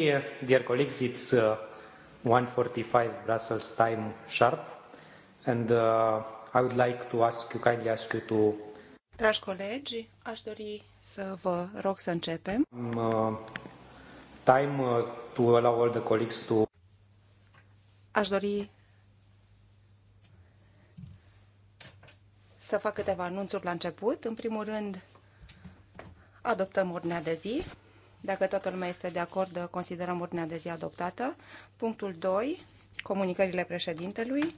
Dear, colleagues, it's uh, 1.45 Brussels time sharp and uh, I would like to ask you, kindly ask you to... Dragi colegi, aș dori să vă rog să începem. Uh, time uh, to allow all the colleagues to... Aș dori să fac câteva anunțuri la început. În primul rând, adoptăm ordinea de zi. Dacă toată lumea este de acord, considerăm ordinea de zi adoptată. Punctul 2. Comunicările președintelui.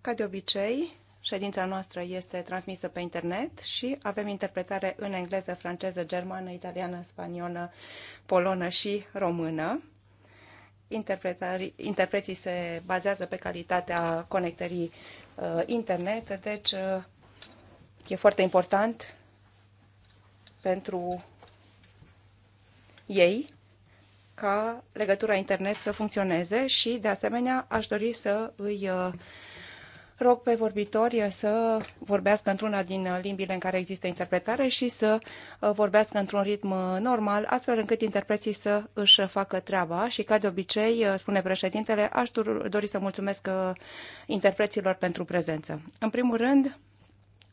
Ca de obicei, ședința noastră este transmisă pe internet și avem interpretare în engleză, franceză, germană, italiană, spaniolă, polonă și română. Interpreții se bazează pe calitatea conectării uh, internet, deci uh, e foarte important pentru ei ca legătura internet să funcționeze și, de asemenea, aș dori să îi uh, rog pe vorbitori să vorbească într-una din limbile în care există interpretare și să uh, vorbească într-un ritm uh, normal, astfel încât interpreții să își facă treaba. Și, ca de obicei, spune președintele, aș dori să mulțumesc interpreților pentru prezență. În primul rând,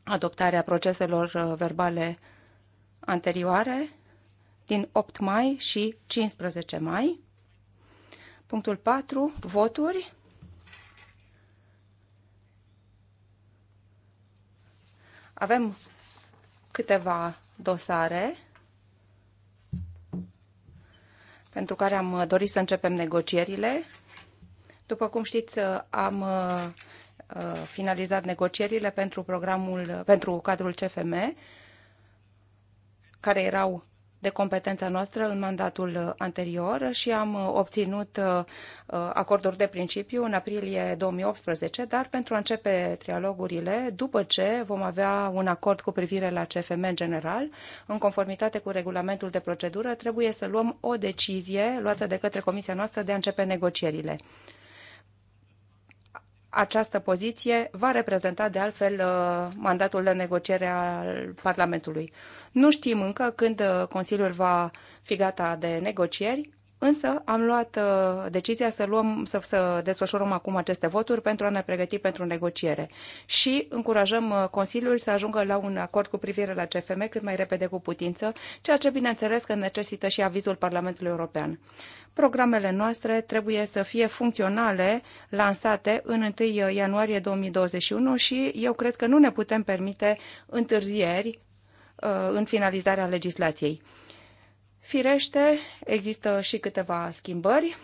adoptarea proceselor verbale anterioare, din 8 mai și 15 mai. Punctul 4. Voturi. Avem câteva dosare pentru care am dorit să începem negocierile. După cum știți, am uh, uh, finalizat negocierile pentru programul pentru cadrul CFM care erau de competența noastră în mandatul uh, anterior și am uh, obținut uh, acorduri de principiu în aprilie 2018, dar pentru a începe trialogurile, după ce vom avea un acord cu privire la CFM în general, în conformitate cu regulamentul de procedură, trebuie să luăm o decizie luată de către comisia noastră de a începe negocierile această poziție va reprezenta de altfel mandatul de negociere al Parlamentului. Nu știm încă când uh, Consiliul va fi gata de negocieri, însă am luat uh, decizia să, luăm, să, să desfășurăm acum aceste voturi pentru a ne pregăti pentru negociere și încurajăm uh, Consiliul să ajungă la un acord cu privire la CFM cât mai repede cu putință, ceea ce bineînțeles că necesită și avizul Parlamentului European. Programele noastre trebuie să fie funcționale, lansate în 1 ianuarie 2021 și eu cred că nu ne putem permite întârzieri Uh, în finalizarea legislației. Firește, există și câteva schimbări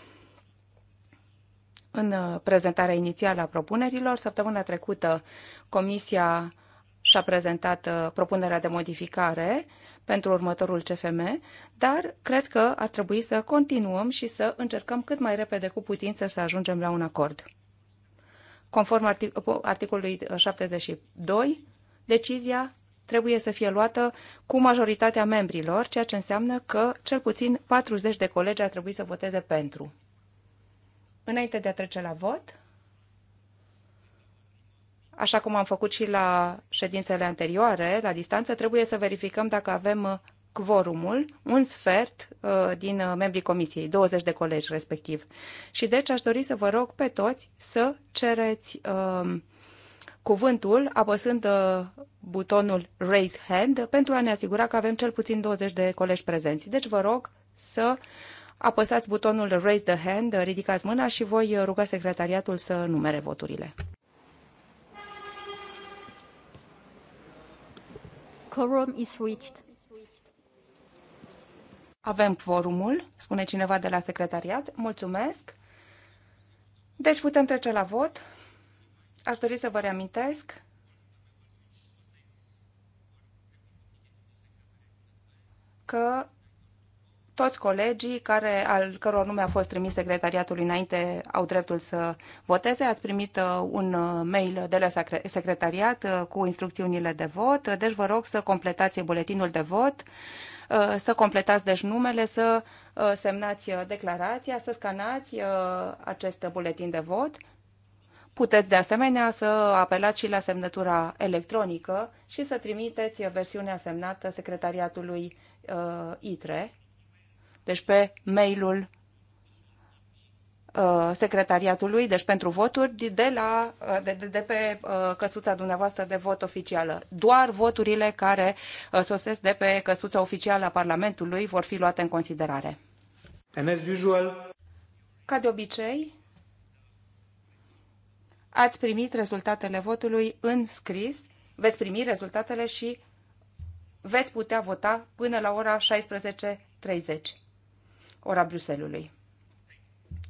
în uh, prezentarea inițială a propunerilor. Săptămâna trecută, Comisia și-a prezentat uh, propunerea de modificare pentru următorul CFM, dar cred că ar trebui să continuăm și să încercăm cât mai repede cu putință să ajungem la un acord. Conform artic- articolului 72, decizia trebuie să fie luată cu majoritatea membrilor, ceea ce înseamnă că cel puțin 40 de colegi ar trebui să voteze pentru. Înainte de a trece la vot, așa cum am făcut și la ședințele anterioare, la distanță, trebuie să verificăm dacă avem uh, quorumul, un sfert uh, din uh, membrii comisiei, 20 de colegi respectiv. Și deci aș dori să vă rog pe toți să cereți uh, cuvântul apăsând butonul Raise Hand pentru a ne asigura că avem cel puțin 20 de colegi prezenți. Deci vă rog să apăsați butonul Raise the Hand, ridicați mâna și voi ruga secretariatul să numere voturile. Quorum is reached. Avem forumul, spune cineva de la secretariat. Mulțumesc. Deci putem trece la vot. Aș dori să vă reamintesc că toți colegii care, al căror nume a fost trimis secretariatului înainte au dreptul să voteze. Ați primit uh, un uh, mail de la secretariat uh, cu instrucțiunile de vot, deci vă rog să completați buletinul de vot, să completați deci numele, să semnați declarația, să scanați acest buletin de vot. Puteți de asemenea să apelați și la semnătura electronică și să trimiteți versiunea semnată secretariatului uh, ITRE, deci pe mailul uh, secretariatului, deci pentru voturi, de, la, uh, de, de, de pe uh, căsuța dumneavoastră de vot oficială. Doar voturile care sosesc de pe căsuța oficială a Parlamentului vor fi luate în considerare. as usual... Ca de obicei, ați primit rezultatele votului în scris, veți primi rezultatele și veți putea vota până la ora 16.30, ora Bruselului.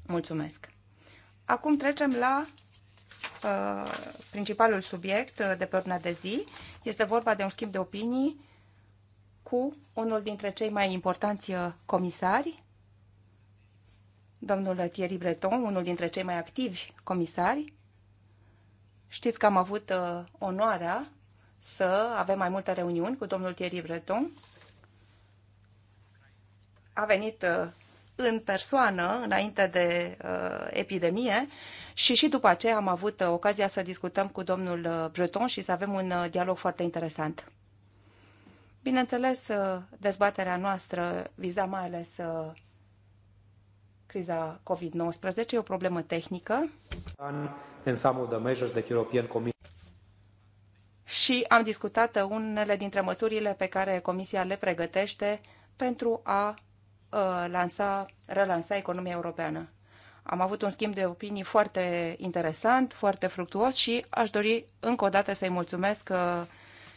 Mulțumesc! Acum trecem la uh, principalul subiect uh, de pe urmă de zi. Este vorba de un schimb de opinii cu unul dintre cei mai importanți uh, comisari, domnul Thierry Breton, unul dintre cei mai activi comisari. Știți că am avut uh, onoarea să avem mai multe reuniuni cu domnul Thierry Breton. A venit uh, în persoană înainte de uh, epidemie și și după aceea am avut uh, ocazia să discutăm cu domnul uh, Breton și să avem un dialog foarte interesant. Bineînțeles, dezbaterea noastră viza mai ales uh, criza COVID-19, e o problemă tehnică. measures European Commission și am discutat unele dintre măsurile pe care Comisia le pregătește pentru a uh, lansa, relansa economia europeană. Am avut un schimb de opinii foarte interesant, foarte fructuos și aș dori încă o dată să-i mulțumesc uh,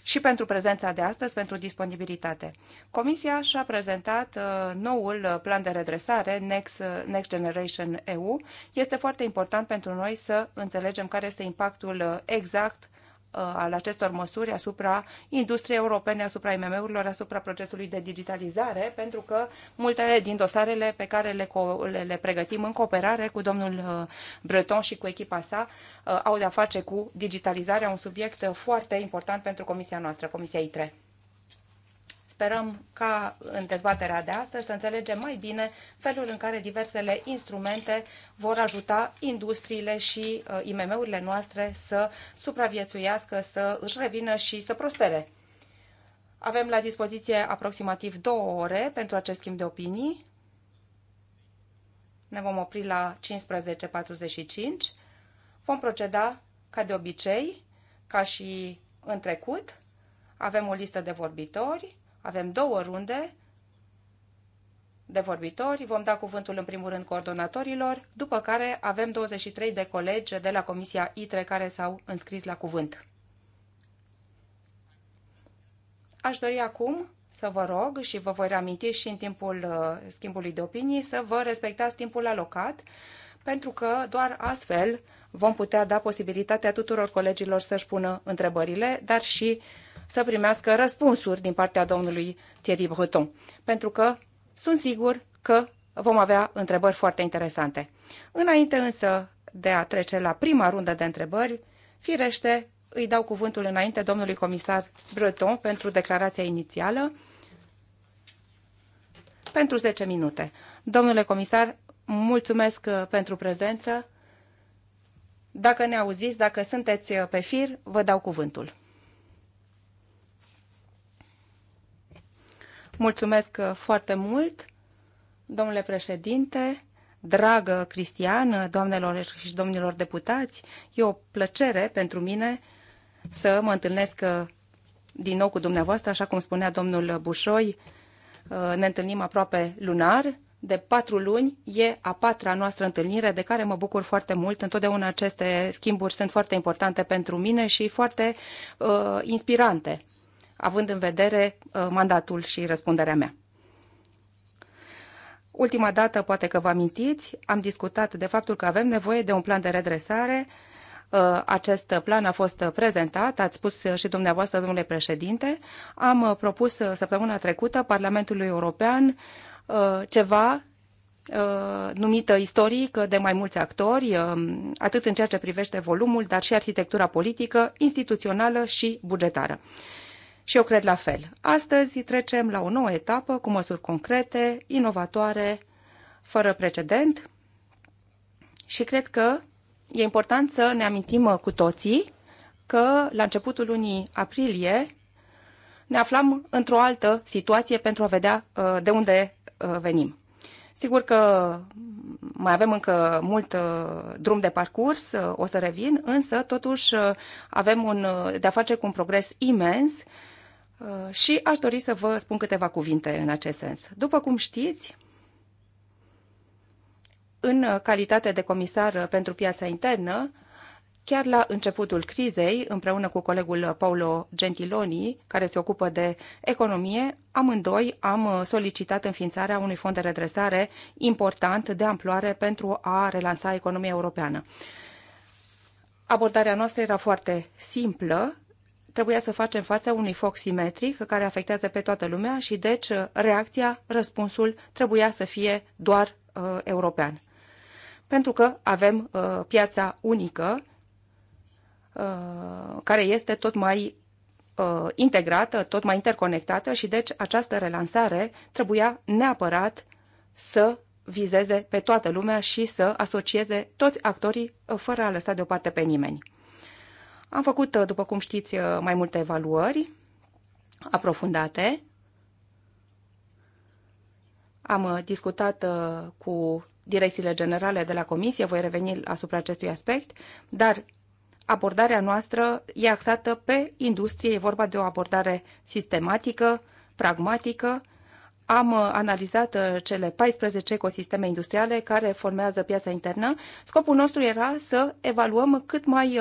și pentru prezența de astăzi, pentru disponibilitate. Comisia și-a prezentat uh, noul plan de redresare Next, Next Generation EU. Este foarte important pentru noi să înțelegem care este impactul exact Uh, al acestor măsuri asupra industriei europene, asupra IMM-urilor, asupra procesului de digitalizare, pentru că multele din dosarele pe care le, le, le pregătim în cooperare cu domnul uh, Breton și cu echipa sa uh, au de-a face cu digitalizarea, un subiect foarte important pentru comisia noastră, Comisia ITRE. Sperăm ca în dezbaterea de astăzi să înțelegem mai bine felul în care diversele instrumente vor ajuta industriile și uh, IMM-urile noastre să supraviețuiască, să își revină și să prospere. Avem la dispoziție aproximativ două ore pentru acest schimb de opinii. Ne vom opri la 15.45. Vom proceda ca de obicei, ca și în trecut. Avem o listă de vorbitori avem două runde de vorbitori. Vom da cuvântul în primul rând coordonatorilor, după care avem 23 de colegi de la Comisia ITRE care s-au înscris la cuvânt. Aș dori acum să vă rog și vă voi reaminti și în timpul uh, schimbului de opinii să vă respectați timpul alocat, pentru că doar astfel vom putea da posibilitatea tuturor colegilor să-și pună întrebările, dar și uh, să primească răspunsuri din partea domnului Thierry Breton, pentru că sunt sigur că vom avea întrebări foarte interesante. Înainte însă de a trece la prima rundă de întrebări, firește, îi dau cuvântul înainte domnului comisar Breton pentru declarația inițială pentru 10 minute. Domnule comisar, mulțumesc uh, pentru prezență. Dacă ne auziți, dacă sunteți uh, pe fir, vă dau cuvântul. Mulțumesc uh, foarte mult, domnule președinte, dragă Cristian, uh, doamnelor și domnilor deputați. E o plăcere pentru mine să mă întâlnesc uh, din nou cu dumneavoastră, așa cum spunea domnul Bușoi. Ne întâlnim aproape lunar, de patru luni e a patra noastră întâlnire de care mă bucur foarte mult. Întotdeauna aceste schimburi sunt foarte importante pentru mine și foarte uh, inspirante având în vedere uh, mandatul și răspunderea mea. Ultima dată, poate că vă amintiți, am discutat de faptul că avem nevoie de un plan de redresare. Uh, acest plan a fost prezentat, ați spus și dumneavoastră, domnule președinte. Am uh, propus săptămâna trecută Parlamentului European ceva numită istoric de mai mulți actori, atât în ceea ce privește volumul, dar și arhitectura politică, instituțională și bugetară. Și eu cred la fel. Astăzi trecem la o nouă etapă cu măsuri concrete, inovatoare, fără precedent și cred că e important să ne amintim cu toții că la începutul lunii aprilie ne aflam într-o altă situație pentru a vedea uh, de unde uh, venim. Sigur că mai avem încă mult uh, drum de parcurs, o să revin, însă totuși avem un, de-a face cu un progres imens Uh, și aș dori să vă spun câteva cuvinte în acest sens. După cum știți, în calitate de comisar pentru piața internă, chiar la începutul crizei, împreună cu colegul Paolo Gentiloni, care se ocupă de economie, amândoi am solicitat înființarea unui fond de redresare important de amploare pentru a relansa economia europeană. Abordarea noastră era foarte simplă, trebuia să facem față unui foc simetric care afectează pe toată lumea și deci reacția, răspunsul trebuia să fie doar uh, european. Pentru că avem uh, piața unică uh, care este tot mai uh, integrată, tot mai interconectată și deci această relansare trebuia neapărat să vizeze pe toată lumea și să asocieze toți actorii uh, fără a lăsa deoparte pe nimeni. Am făcut, uh, după cum știți, uh, mai multe evaluări aprofundate. Am uh, discutat cu direcțiile generale de la Comisie, voi reveni asupra acestui aspect, dar abordarea noastră e axată pe industrie, e vorba de o abordare sistematică, pragmatică. Am analizat cele 14 ecosisteme industriale care formează piața internă. Scopul nostru era să evaluăm cât mai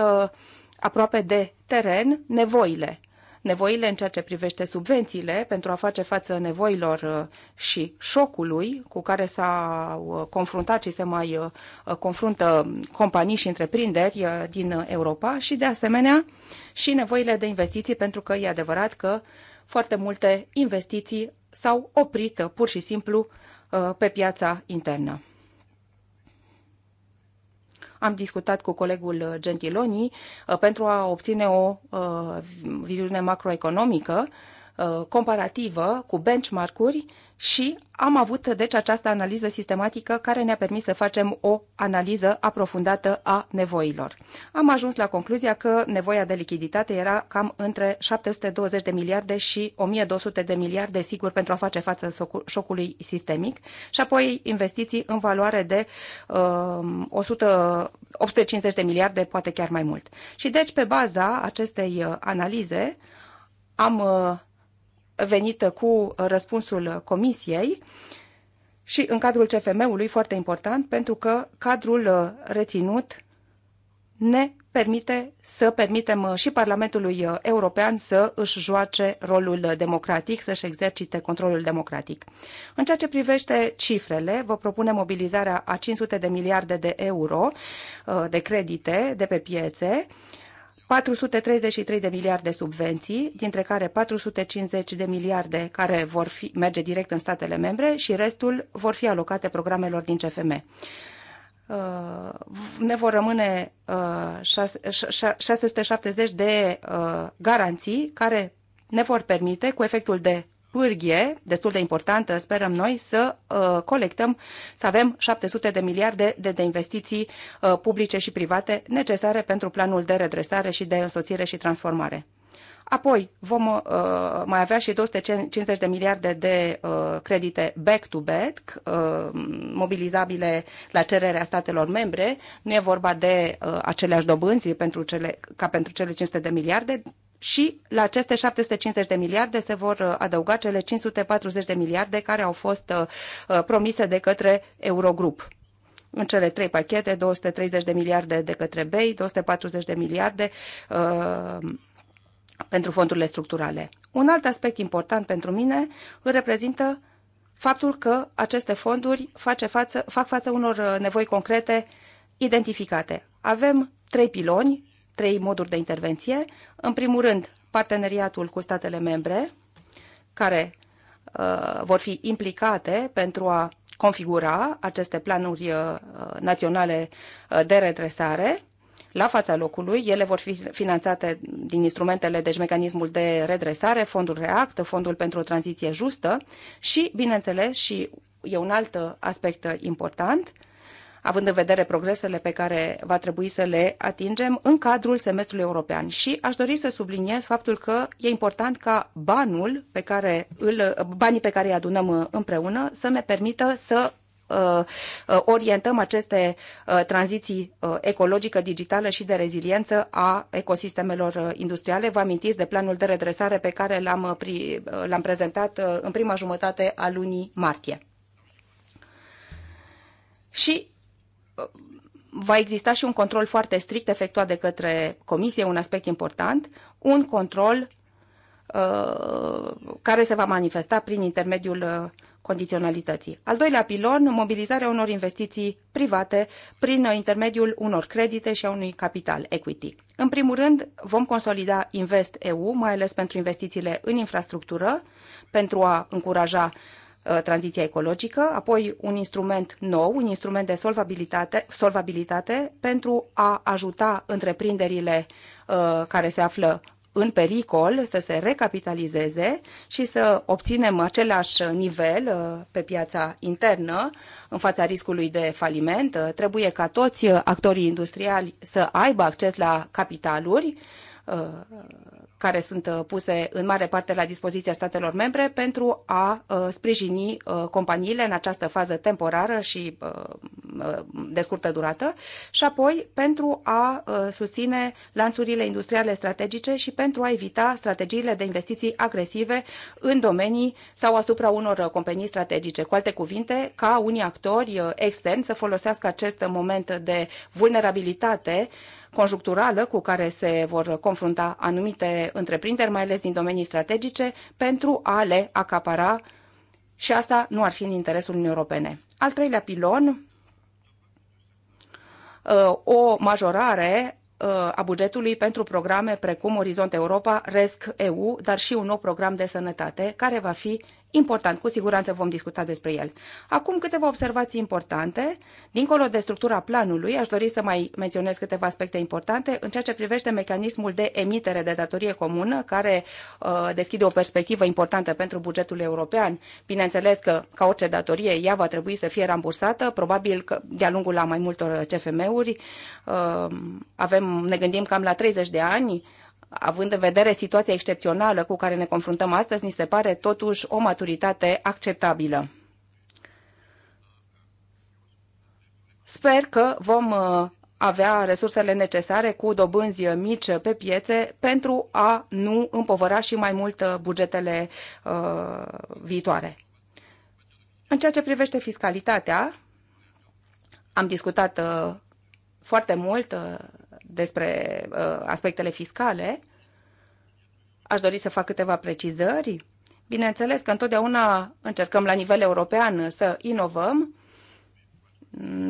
aproape de teren nevoile. Nevoile în ceea ce privește subvențiile pentru a face față nevoilor uh, și șocului cu care s-au uh, confruntat și se mai uh, confruntă companii și întreprinderi din Europa și de asemenea și nevoile de investiții pentru că e adevărat că foarte multe investiții s-au oprit pur și simplu pe piața internă. Am discutat cu colegul uh, Gentiloni uh, pentru a obține o uh, viziune macroeconomică comparativă cu benchmark-uri și am avut deci această analiză sistematică care ne-a permis să facem o analiză aprofundată a nevoilor. Am ajuns la concluzia că nevoia de lichiditate era cam între 720 de miliarde și 1200 de miliarde, sigur, pentru a face față șocului sistemic și apoi investiții în valoare de um, 100, 850 de miliarde, poate chiar mai mult. Și deci, pe baza acestei uh, analize, am uh, venită cu răspunsul Comisiei și în cadrul CFM-ului foarte important pentru că cadrul uh, reținut ne permite să permitem uh, și Parlamentului uh, European să își joace rolul democratic, să-și exercite controlul democratic. În ceea ce privește cifrele, vă propune mobilizarea a 500 de miliarde de euro de credite de pe piețe 433 de miliarde subvenții, dintre care 450 de miliarde care vor fi, merge direct în statele membre și restul vor fi alocate programelor din CFM. Uh, ne vor rămâne 670 uh, de uh, garanții care ne vor permite, cu efectul de pârghie destul de importantă, sperăm noi, să uh, colectăm, să avem 700 de miliarde de, de investiții uh, publice și private necesare pentru planul de redresare și de însoțire și transformare. Apoi vom uh, mai avea și 250 de miliarde de uh, credite back-to-back, uh, mobilizabile la cererea statelor membre. Nu e vorba de uh, aceleași dobânzi pentru cele, ca pentru cele 500 de miliarde, și la aceste 750 de miliarde se vor uh, adăuga cele 540 de miliarde care au fost uh, uh, promise de către Eurogrup. În cele trei pachete, 230 de miliarde de către BEI, 240 de miliarde uh, pentru fondurile structurale. Un alt aspect important pentru mine îl reprezintă faptul că aceste fonduri face față, fac față unor nevoi concrete identificate. Avem trei piloni trei moduri de intervenție. În primul rând, parteneriatul cu statele membre, care uh, vor fi implicate pentru a configura aceste planuri uh, naționale uh, de redresare la fața locului. Ele vor fi finanțate din instrumentele, deci mecanismul de redresare, fondul REACT, fondul pentru o tranziție justă și, bineînțeles, și e un alt aspect important, având în vedere progresele pe care va trebui să le atingem în cadrul semestrului european. Și aș dori să subliniez faptul că e important ca banul pe care îl, banii pe care îi adunăm uh, împreună să ne permită să uh, uh, orientăm aceste tranziții ecologică, digitală și de reziliență a ecosistemelor industriale. Vă amintiți de planul de redresare pe care l-am, l-am prezentat în prima jumătate a lunii martie. Și va exista și un control foarte strict efectuat de către comisie, un aspect important, un control uh, care se va manifesta prin intermediul uh, condiționalității. Al doilea pilon, mobilizarea unor investiții private prin uh, intermediul unor credite și a unui capital equity. În primul rând, vom consolida Invest EU, mai ales pentru investițiile în infrastructură, pentru a încuraja uh, Uh, tranziția ecologică, apoi un instrument nou, un instrument de solvabilitate, solvabilitate pentru a ajuta întreprinderile uh, care se află în pericol să se recapitalizeze și să obținem același nivel uh, pe piața internă în fața riscului de faliment. Trebuie ca toți actorii industriali să aibă acces la capitaluri care sunt uh, puse în mare parte la dispoziția statelor membre pentru a uh, sprijini uh, companiile în această fază temporară și de scurtă durată și apoi pentru a susține lanțurile industriale strategice și pentru a evita strategiile de investiții agresive în domenii sau asupra unor companii strategice. Cu alte cuvinte, ca unii actori externi să folosească acest moment de vulnerabilitate conjuncturală cu care se vor confrunta anumite întreprinderi, mai ales din domenii strategice, pentru a le acapara și asta nu ar fi în interesul Uniunii Europene. Al treilea pilon, uh, o majorare uh, a bugetului pentru programe precum Orizont Europa, RESC EU, dar și un nou program de sănătate care va fi important, cu siguranță vom discuta despre el. Acum câteva observații importante. Dincolo de structura planului, aș dori să mai menționez câteva aspecte importante în ceea ce privește mecanismul de emitere de datorie comună, care uh, deschide o perspectivă importantă pentru bugetul european. Bineînțeles că, ca orice datorie, ea va trebui să fie rambursată, probabil că de-a lungul la mai multor uh, CFM-uri. Uh, avem, ne gândim cam la 30 de ani având în vedere situația excepțională cu care ne confruntăm astăzi, ni se pare totuși o maturitate acceptabilă. Sper că vom uh, avea resursele necesare cu dobânzi mici pe piețe pentru a nu împovăra și mai mult uh, bugetele uh, viitoare. În ceea ce privește fiscalitatea, am discutat uh, foarte mult uh, despre uh, aspectele fiscale. Aș dori să fac câteva precizări. Bineînțeles că întotdeauna încercăm la nivel european să inovăm.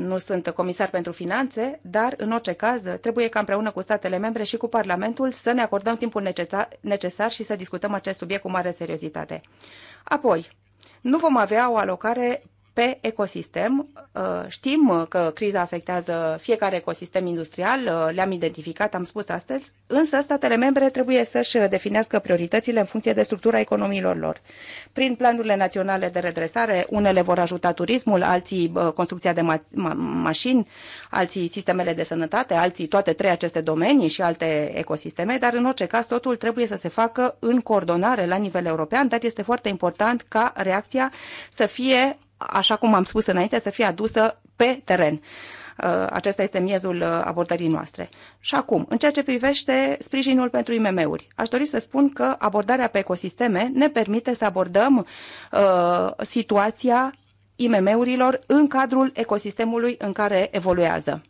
Nu sunt comisar pentru finanțe, dar în orice caz trebuie ca împreună cu statele membre și cu Parlamentul să ne acordăm timpul necesar și să discutăm acest subiect cu mare seriozitate. Apoi, nu vom avea o alocare pe ecosistem. Uh, știm că criza afectează fiecare ecosistem industrial, uh, le-am identificat, am spus astăzi, însă statele membre trebuie să-și definească prioritățile în funcție de structura economiilor lor. Prin planurile naționale de redresare, unele vor ajuta turismul, alții uh, construcția de ma- ma- mașini, alții sistemele de sănătate, alții toate trei aceste domenii și alte ecosisteme, dar în orice caz totul trebuie să se facă în coordonare la nivel european, dar este foarte important ca reacția să fie așa cum am spus înainte, să fie adusă pe teren. Uh, acesta este miezul uh, abordării noastre. Și acum, în ceea ce privește sprijinul pentru IMM-uri, aș dori să spun că abordarea pe ecosisteme ne permite să abordăm uh, situația IMM-urilor în cadrul ecosistemului în care evoluează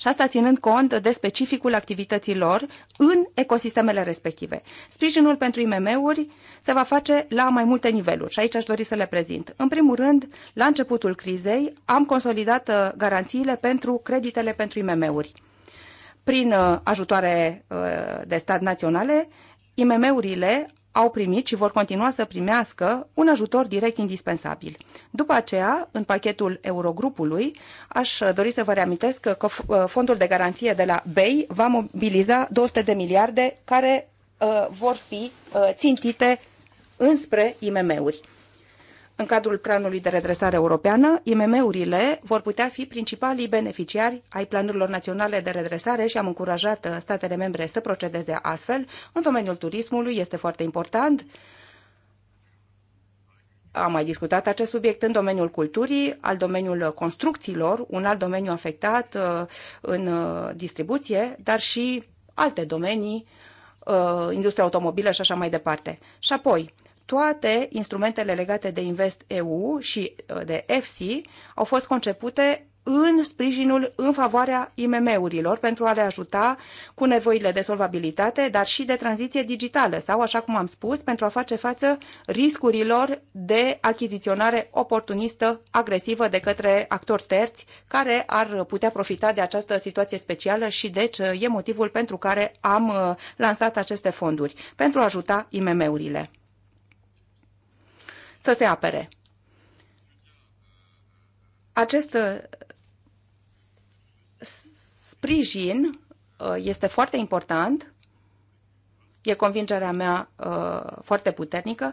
și asta ținând cont de specificul lor în ecosistemele respective. Sprijinul pentru IMM-uri se va face la mai multe niveluri și aici aș dori să le prezint. În primul rând, la începutul crizei am consolidat uh, garanțiile pentru creditele pentru IMM-uri. Prin uh, ajutoare uh, de stat naționale, IMM-urile au primit și vor continua să primească un ajutor direct indispensabil. După aceea, în pachetul Eurogrupului, aș dori să vă reamintesc că uh, fondul de garanție de la BEI va mobiliza 200 de miliarde care uh, vor fi uh, țintite înspre IMM-uri. În cadrul planului de redresare europeană, IMM-urile vor putea fi principalii beneficiari ai planurilor naționale de redresare și am încurajat uh, statele membre să procedeze astfel. În domeniul turismului este foarte important. Am mai discutat acest subiect în domeniul culturii, al domeniul construcțiilor, un alt domeniu afectat uh, în uh, distribuție, dar și alte domenii, industria automobilă și așa mai departe. Și apoi, toate instrumentele legate de Invest EU și uh, de EFSI au fost concepute în sprijinul în favoarea IMM-urilor pentru a le ajuta cu nevoile de solvabilitate, dar și de tranziție digitală sau, așa cum am spus, pentru a face față riscurilor de achiziționare oportunistă agresivă de către actori terți care ar putea profita de această situație specială și deci e motivul pentru care am uh, lansat aceste fonduri, pentru a ajuta IMM-urile să se apere. Acest uh, sprijin uh, este foarte important, e convingerea mea uh, foarte puternică,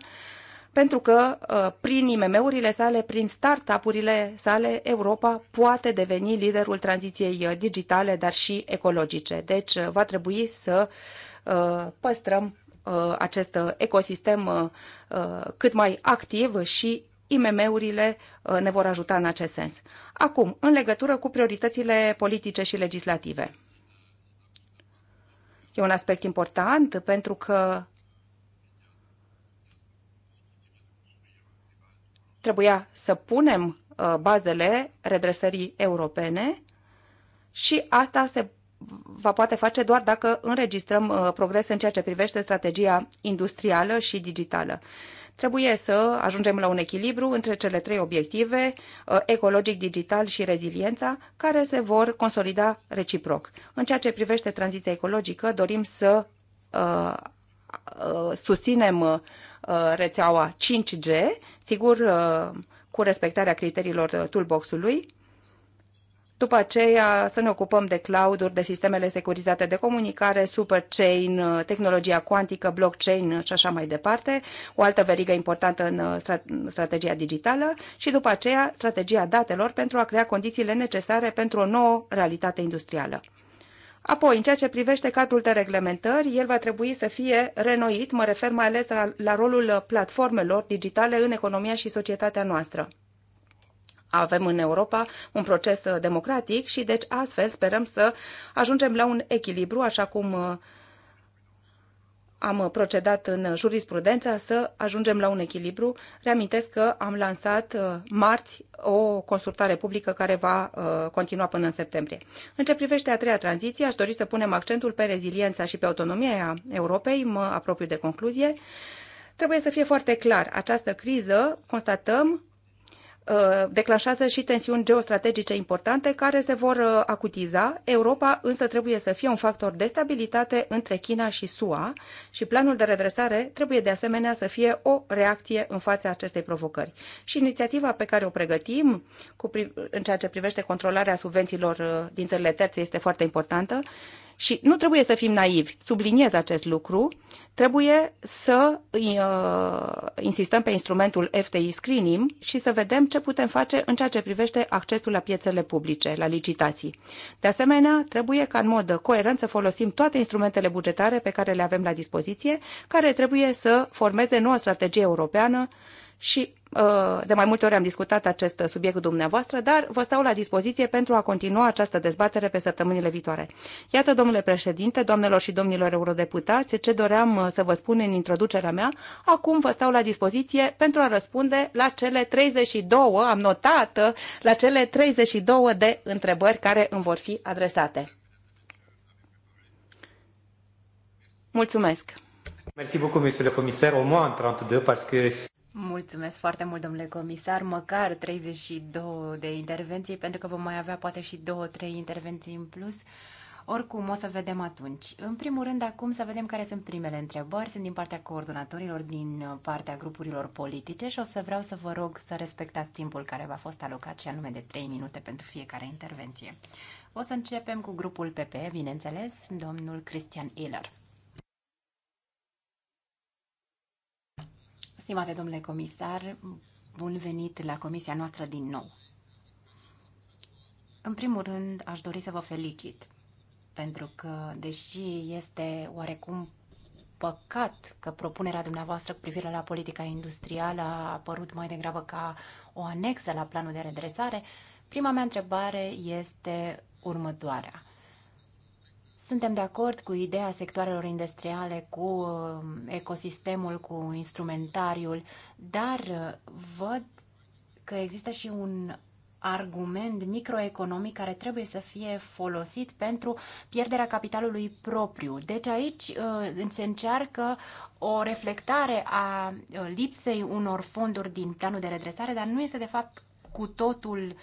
pentru că prin IMM-urile sale, prin startup-urile sale, Europa poate deveni liderul tranziției digitale, dar și ecologice. Deci va trebui să păstrăm Uh, acest uh, ecosistem uh, cât mai activ și IMM-urile ne vor ajuta în acest sens. Acum, în legătură cu prioritățile politice și legislative. E un aspect important pentru că trebuia să punem bazele redresării europene și asta se va poate face doar dacă înregistrăm uh, progrese în ceea ce privește strategia industrială și digitală. Trebuie să ajungem la un echilibru între cele trei obiective, uh, ecologic, digital și reziliența, care se vor consolida reciproc. În ceea ce privește tranziția ecologică, dorim să uh, uh, susținem uh, rețeaua 5G, sigur uh, cu respectarea criteriilor toolbox-ului, după aceea să ne ocupăm de cloud-uri, de sistemele securizate de comunicare, superchain, tehnologia cuantică, blockchain și așa mai departe, o altă verigă importantă în uh, strategia digitală și după aceea strategia datelor pentru a crea condițiile necesare pentru o nouă realitate industrială. Apoi, în ceea ce privește cadrul de reglementări, el va trebui să fie renoit, mă refer mai ales la, la rolul uh, platformelor digitale în economia și societatea noastră avem în Europa un proces uh, democratic și deci astfel sperăm să ajungem la un echilibru, așa cum uh, am procedat în jurisprudența să ajungem la un echilibru. Reamintesc că am lansat uh, marți o consultare publică care va continua până în septembrie. În ce privește a treia tranziție, aș dori să punem accentul pe reziliența și pe autonomia Europei, mă apropiu de concluzie. Trebuie să fie foarte clar, această criză, constatăm, Uh, declanșează și tensiuni geostrategice importante care se vor uh, acutiza. Europa însă trebuie să fie un factor de stabilitate între China și SUA și planul de redresare trebuie de asemenea să fie o reacție în fața acestei provocări. Și inițiativa pe care o pregătim cu, în ceea ce privește controlarea subvențiilor uh, din țările terțe este foarte importantă. Și nu trebuie să fim naivi, subliniez acest lucru, trebuie să uh, insistăm pe instrumentul FTI Screening și să vedem ce putem face în ceea ce privește accesul la piețele publice, la licitații. De asemenea, trebuie ca în mod coerent să folosim toate instrumentele bugetare pe care le avem la dispoziție, care trebuie să formeze noua strategie europeană și Uh, de mai multe ori am discutat acest subiect cu dumneavoastră, dar vă stau la dispoziție pentru a continua această dezbatere pe săptămânile viitoare. Iată, domnule președinte, doamnelor și domnilor eurodeputați, ce doream uh, să vă spun în introducerea mea. Acum vă stau la dispoziție pentru a răspunde la cele 32, am notat, uh, la cele 32 de întrebări care îmi vor fi adresate. Mulțumesc! Mulțumesc, beaucoup, monsieur le commissaire. Au moins 32, parce que Mulțumesc foarte mult, domnule comisar, măcar 32 de intervenții, pentru că vom mai avea poate și 2-3 intervenții în plus. Oricum, o să vedem atunci. În primul rând, acum să vedem care sunt primele întrebări. Sunt din partea coordonatorilor, din partea grupurilor politice și o să vreau să vă rog să respectați timpul care v-a fost alocat, și anume de 3 minute pentru fiecare intervenție. O să începem cu grupul PP, bineînțeles, domnul Cristian Iller. Stimate domnule comisar, bun venit la comisia noastră din nou. În primul rând, aș dori să vă felicit, pentru că, deși este oarecum păcat că propunerea dumneavoastră cu privire la politica industrială a apărut mai degrabă ca o anexă la planul de redresare, prima mea întrebare este următoarea. Suntem de acord cu ideea sectoarelor industriale, cu um, ecosistemul, cu instrumentariul, dar uh, văd că există și un argument microeconomic care trebuie să fie folosit pentru pierderea capitalului propriu. Deci aici uh, se încearcă o reflectare a uh, lipsei unor fonduri din planul de redresare, dar nu este de fapt cu totul uh,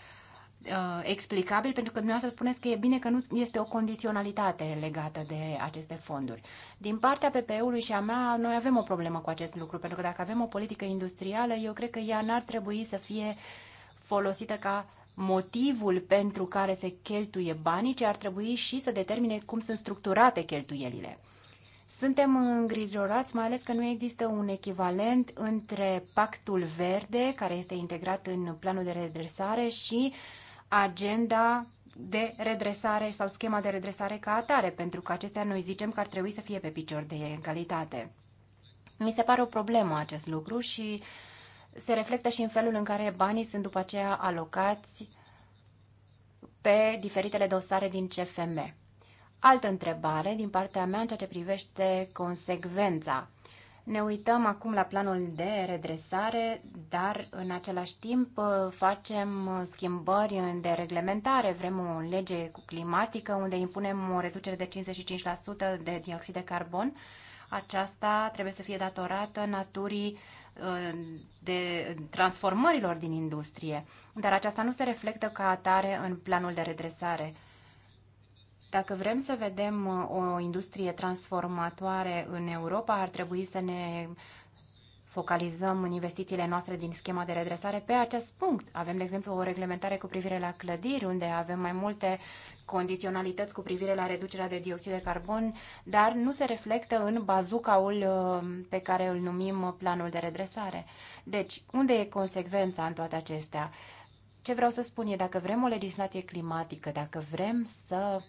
uh, explicabil, pentru că dumneavoastră spuneți că e bine că nu este o condiționalitate legată de aceste fonduri. Din partea PPE-ului și a mea, noi avem o problemă cu acest lucru, pentru că dacă avem o politică industrială, eu cred că ea n-ar trebui să fie folosită ca motivul pentru care se cheltuie banii, ci ar trebui și să determine cum sunt structurate cheltuielile. Suntem îngrijorați mai ales că nu există un echivalent între pactul verde, care este integrat în planul de redresare, și uh, agenda de redresare sau schema de redresare ca atare, pentru că acestea noi zicem că ar trebui să fie pe picior de calitate. Mi se pare o problemă acest lucru și se reflectă și în felul în care banii sunt după aceea alocați pe diferitele dosare din CFM. Altă întrebare din partea mea în ceea ce privește consecvența ne uităm acum la planul de redresare, dar în același timp uh, facem uh, schimbări de reglementare. Vrem o lege cu climatică unde impunem o reducere de 55% de dioxid de carbon. Aceasta trebuie să fie datorată naturii uh, de transformărilor din industrie, dar aceasta nu se reflectă ca atare în planul de redresare. Dacă vrem să vedem uh, o industrie transformatoare în Europa, ar trebui să ne focalizăm în investițiile noastre din schema de redresare pe acest punct. Avem, de exemplu, o reglementare cu privire la clădiri, unde avem mai multe condiționalități cu privire la reducerea de dioxid de carbon, dar nu se reflectă în bazucaul uh, pe care îl numim planul de redresare. Deci, unde e consecvența în toate acestea? Ce vreau să spun e, dacă vrem o legislație climatică, dacă vrem să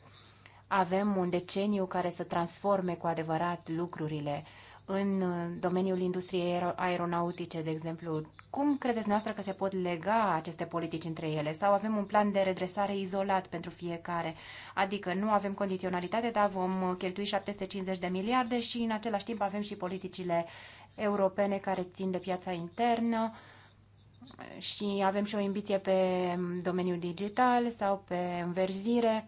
avem un deceniu care să transforme cu adevărat lucrurile în uh, domeniul industriei aeronautice, de exemplu. Cum credeți noastră că se pot lega aceste politici între ele? Sau avem un plan de redresare izolat pentru fiecare? Adică nu avem condiționalitate, dar vom uh, cheltui 750 de miliarde și în același timp avem și politicile europene care țin de piața internă și avem și o ambiție pe um, domeniul digital sau pe înverzire.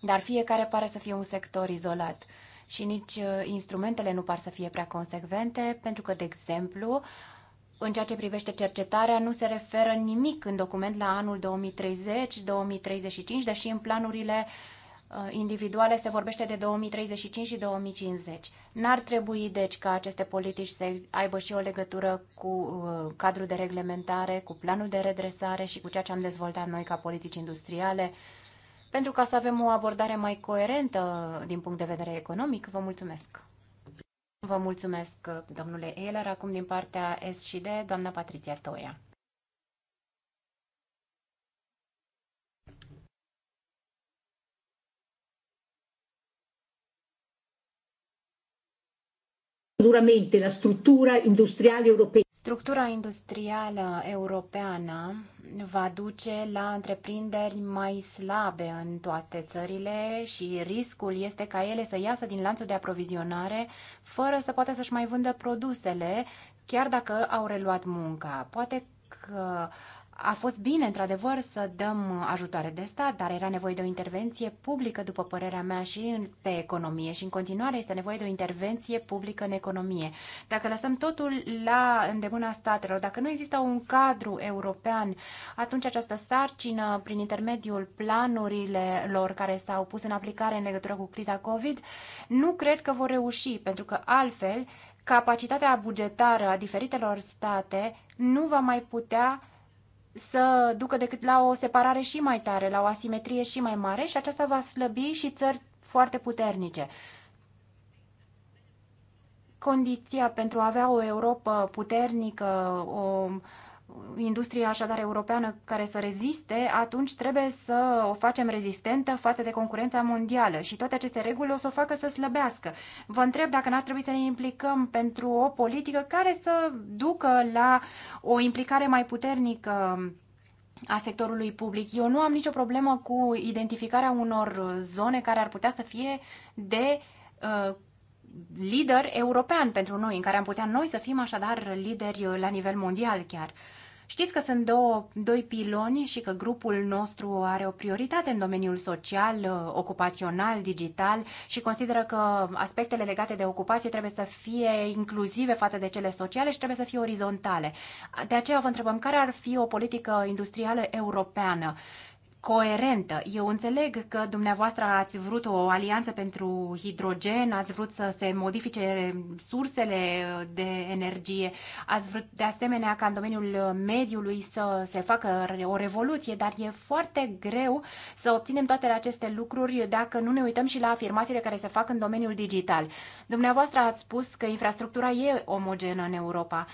Dar fiecare pare să fie un sector izolat și nici uh, instrumentele nu par să fie prea consecvente, pentru că, de exemplu, în ceea ce privește cercetarea, nu se referă nimic în document la anul 2030, 2035, deși în planurile uh, individuale se vorbește de 2035 și 2050. N-ar trebui, deci, ca aceste politici să aibă și o legătură cu uh, cadrul de reglementare, cu planul de redresare și cu ceea ce am dezvoltat noi ca politici industriale, pentru ca să avem o abordare mai coerentă din punct de vedere economic. Vă mulțumesc! Vă mulțumesc, domnule Eller, acum din partea S și D, doamna Patricia Toia. duramente la struttura industriale europea. Structura industrială europeană va duce la întreprinderi mai slabe în toate țările și riscul este ca ele să iasă din lanțul de aprovizionare fără să poată să-și mai vândă produsele, chiar dacă au reluat munca. Poate că a fost bine, într-adevăr, să dăm ajutoare de stat, dar era nevoie de o intervenție publică, după părerea mea, și pe economie. Și în continuare este nevoie de o intervenție publică în economie. Dacă lăsăm totul la îndemâna statelor, dacă nu există un cadru european, atunci această sarcină, prin intermediul planurilor care s-au pus în aplicare în legătură cu criza COVID, nu cred că vor reuși, pentru că altfel capacitatea bugetară a diferitelor state nu va mai putea să ducă decât la o separare și mai tare, la o asimetrie și mai mare și aceasta va slăbi și țări foarte puternice. Condiția pentru a avea o Europa puternică, o industrie așadar europeană care să reziste, atunci trebuie să o facem rezistentă față de concurența mondială și toate aceste reguli o să o facă să slăbească. Vă întreb dacă n-ar trebui să ne implicăm pentru o politică care să ducă la o implicare mai puternică a sectorului public. Eu nu am nicio problemă cu identificarea unor zone care ar putea să fie de uh, lider european pentru noi, în care am putea noi să fim așadar lideri la nivel mondial chiar. Știți că sunt două, doi piloni și că grupul nostru are o prioritate în domeniul social, uh, ocupațional, digital și consideră că aspectele legate de ocupație trebuie să fie inclusive față de cele sociale și trebuie să fie orizontale. De aceea vă întrebăm care ar fi o politică industrială europeană coerentă. Eu înțeleg că dumneavoastră ați vrut o alianță pentru hidrogen, ați vrut să se modifice sursele de energie, ați vrut de asemenea ca în domeniul mediului să se facă o revoluție, dar e foarte greu să obținem toate aceste lucruri dacă nu ne uităm și la afirmațiile care se fac în domeniul digital. Dumneavoastră ați spus că infrastructura e omogenă în Europa.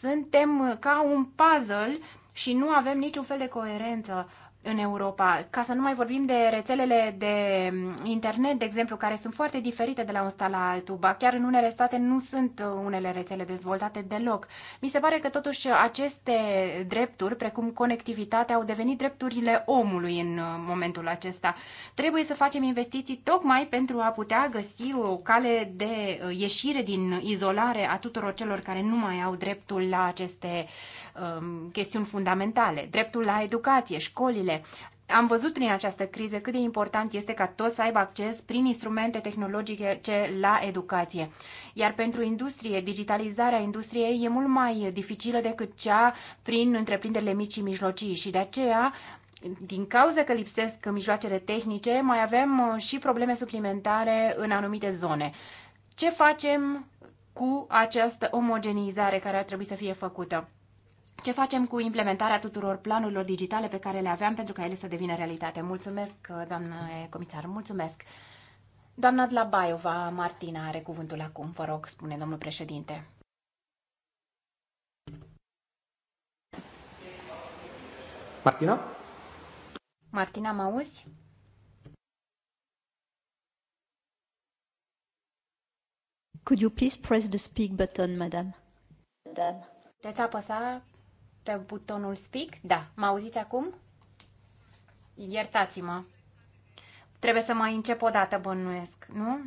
Suntem ca un puzzle și nu avem niciun fel de coerență în Europa. Ca să nu mai vorbim de rețelele de mm, internet, de exemplu, care sunt foarte diferite de la un stat la altul. Ba chiar în unele state nu sunt uh, unele rețele dezvoltate deloc. Mi se pare că totuși aceste drepturi, precum conectivitatea, au devenit drepturile omului în uh, momentul acesta. Trebuie să facem investiții tocmai pentru a putea găsi o cale de uh, ieșire din izolare a tuturor celor care nu mai au dreptul la aceste um, chestiuni fundamentale. Dreptul la educație, școlile, ele. Am văzut prin această criză cât de important este ca toți să aibă acces prin instrumente tehnologice la educație. Iar pentru industrie, digitalizarea industriei e mult mai dificilă decât cea prin întreprinderile mici și mijlocii și de aceea din cauza că lipsesc mijloacele tehnice, mai avem uh, și probleme suplimentare în anumite zone. Ce facem cu această omogenizare care ar trebui să fie făcută? ce facem cu implementarea tuturor planurilor digitale pe care le aveam pentru ca ele să devină realitate. Mulțumesc, uh, doamnă comisar, mulțumesc. Doamna de la Baiova, Martina, are cuvântul acum, vă rog, spune domnul președinte. Martina? Martina, mă auzi? Could you please press the speak button, madam? Madam. Puteți apăsa pe butonul speak? Da. Mă auziți acum? Iertați-mă. Trebuie să mai încep o dată, bănuiesc, nu?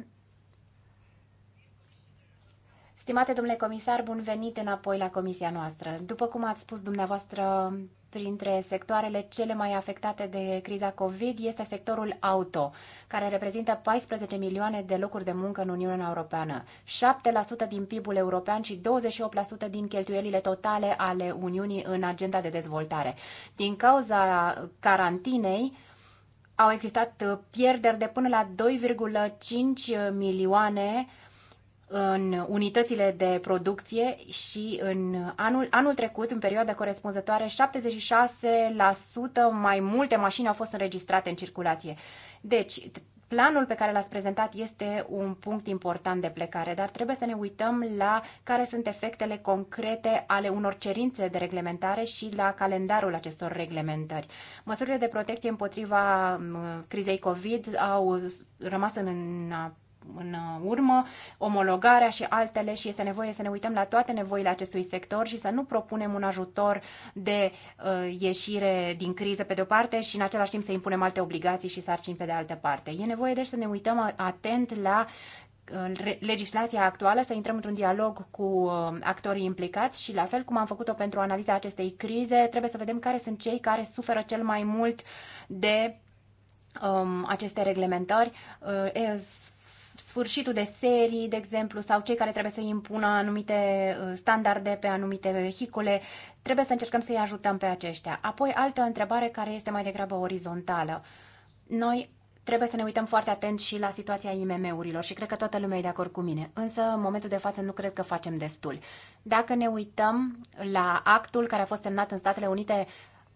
Stimate domnule comisar, bun venit înapoi la comisia noastră. După cum ați spus dumneavoastră printre sectoarele cele mai afectate de criza COVID este sectorul auto, care reprezintă 14 milioane de locuri de muncă în Uniunea Europeană, 7% din PIB-ul european și 28% din cheltuielile totale ale Uniunii în agenda de dezvoltare. Din cauza carantinei, au existat pierderi de până la 2,5 milioane în unitățile de producție și în anul, anul trecut, în perioada corespunzătoare, 76% mai multe mașini au fost înregistrate în circulație. Deci, planul pe care l-ați prezentat este un punct important de plecare, dar trebuie să ne uităm la care sunt efectele concrete ale unor cerințe de reglementare și la calendarul acestor reglementări. Măsurile de protecție împotriva uh, crizei COVID au rămas în în uh, urmă, omologarea și altele și este nevoie să ne uităm la toate nevoile acestui sector și să nu propunem un ajutor de uh, ieșire din criză pe de-o parte și în același timp să impunem alte obligații și sarcini pe de altă parte. E nevoie deci să ne uităm uh, atent la uh, legislația actuală, să intrăm într-un dialog cu actorii implicați și la fel cum am făcut-o pentru analiza acestei crize, trebuie să vedem care sunt cei care suferă cel mai mult de um, aceste reglementări, uh, sfârșitul de serii, de exemplu, sau cei care trebuie să impună anumite uh, standarde pe anumite vehicule, trebuie să încercăm să-i ajutăm pe aceștia. Apoi, altă întrebare care este mai degrabă orizontală. Noi trebuie să ne uităm foarte atent și la situația IMM-urilor și cred că toată lumea e de acord cu mine. Însă, în momentul de față, nu cred că facem destul. Dacă ne uităm la actul care a fost semnat în Statele Unite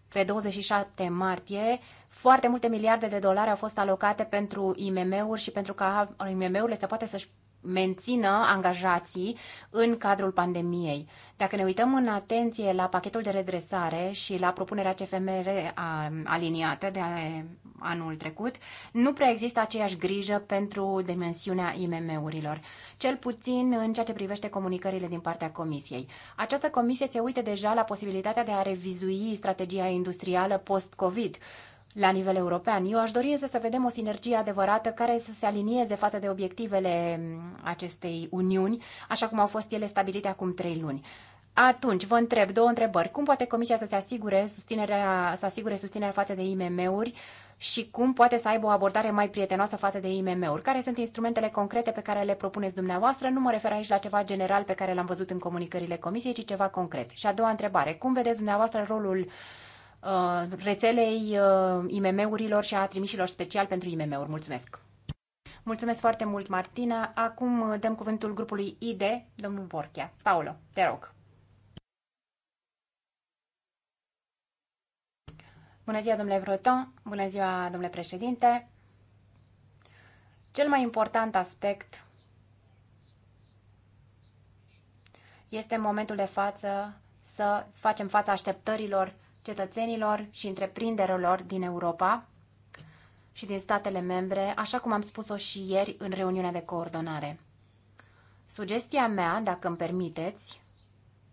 pe 27 martie, foarte multe miliarde de dolari au fost alocate pentru IMM-uri și pentru ca IMM-urile să poată să-și mențină angajații în cadrul pandemiei. Dacă ne uităm în atenție la pachetul de redresare și la propunerea CFMR aliniată de anul trecut, nu prea există aceeași grijă pentru dimensiunea IMM-urilor, cel puțin în ceea ce privește comunicările din partea Comisiei. Această comisie se uită deja la posibilitatea de a revizui strategia industrială post-COVID, la nivel european. Eu aș dori însă să vedem o sinergie adevărată care să se alinieze față de obiectivele acestei uniuni, așa cum au fost ele stabilite acum trei luni. Atunci, vă întreb două întrebări. Cum poate Comisia să se asigure susținerea, să asigure susținerea față de IMM-uri și cum poate să aibă o abordare mai prietenoasă față de IMM-uri. Care sunt instrumentele concrete pe care le propuneți dumneavoastră? Nu mă refer aici la ceva general pe care l-am văzut în comunicările comisiei, ci ceva concret. Și a doua întrebare, cum vedeți dumneavoastră rolul uh, rețelei uh, IMM-urilor și a trimișilor special pentru IMM-uri? Mulțumesc! Mulțumesc foarte mult, Martina. Acum uh, dăm cuvântul grupului ID, domnul Borchea. Paolo, te rog. Bună ziua, domnule Vroton! Bună ziua, domnule președinte! Cel mai important aspect este în momentul de față să facem fața așteptărilor cetățenilor și întreprinderilor din Europa și din statele membre, așa cum am spus-o și ieri în reuniunea de coordonare. Sugestia mea, dacă îmi permiteți,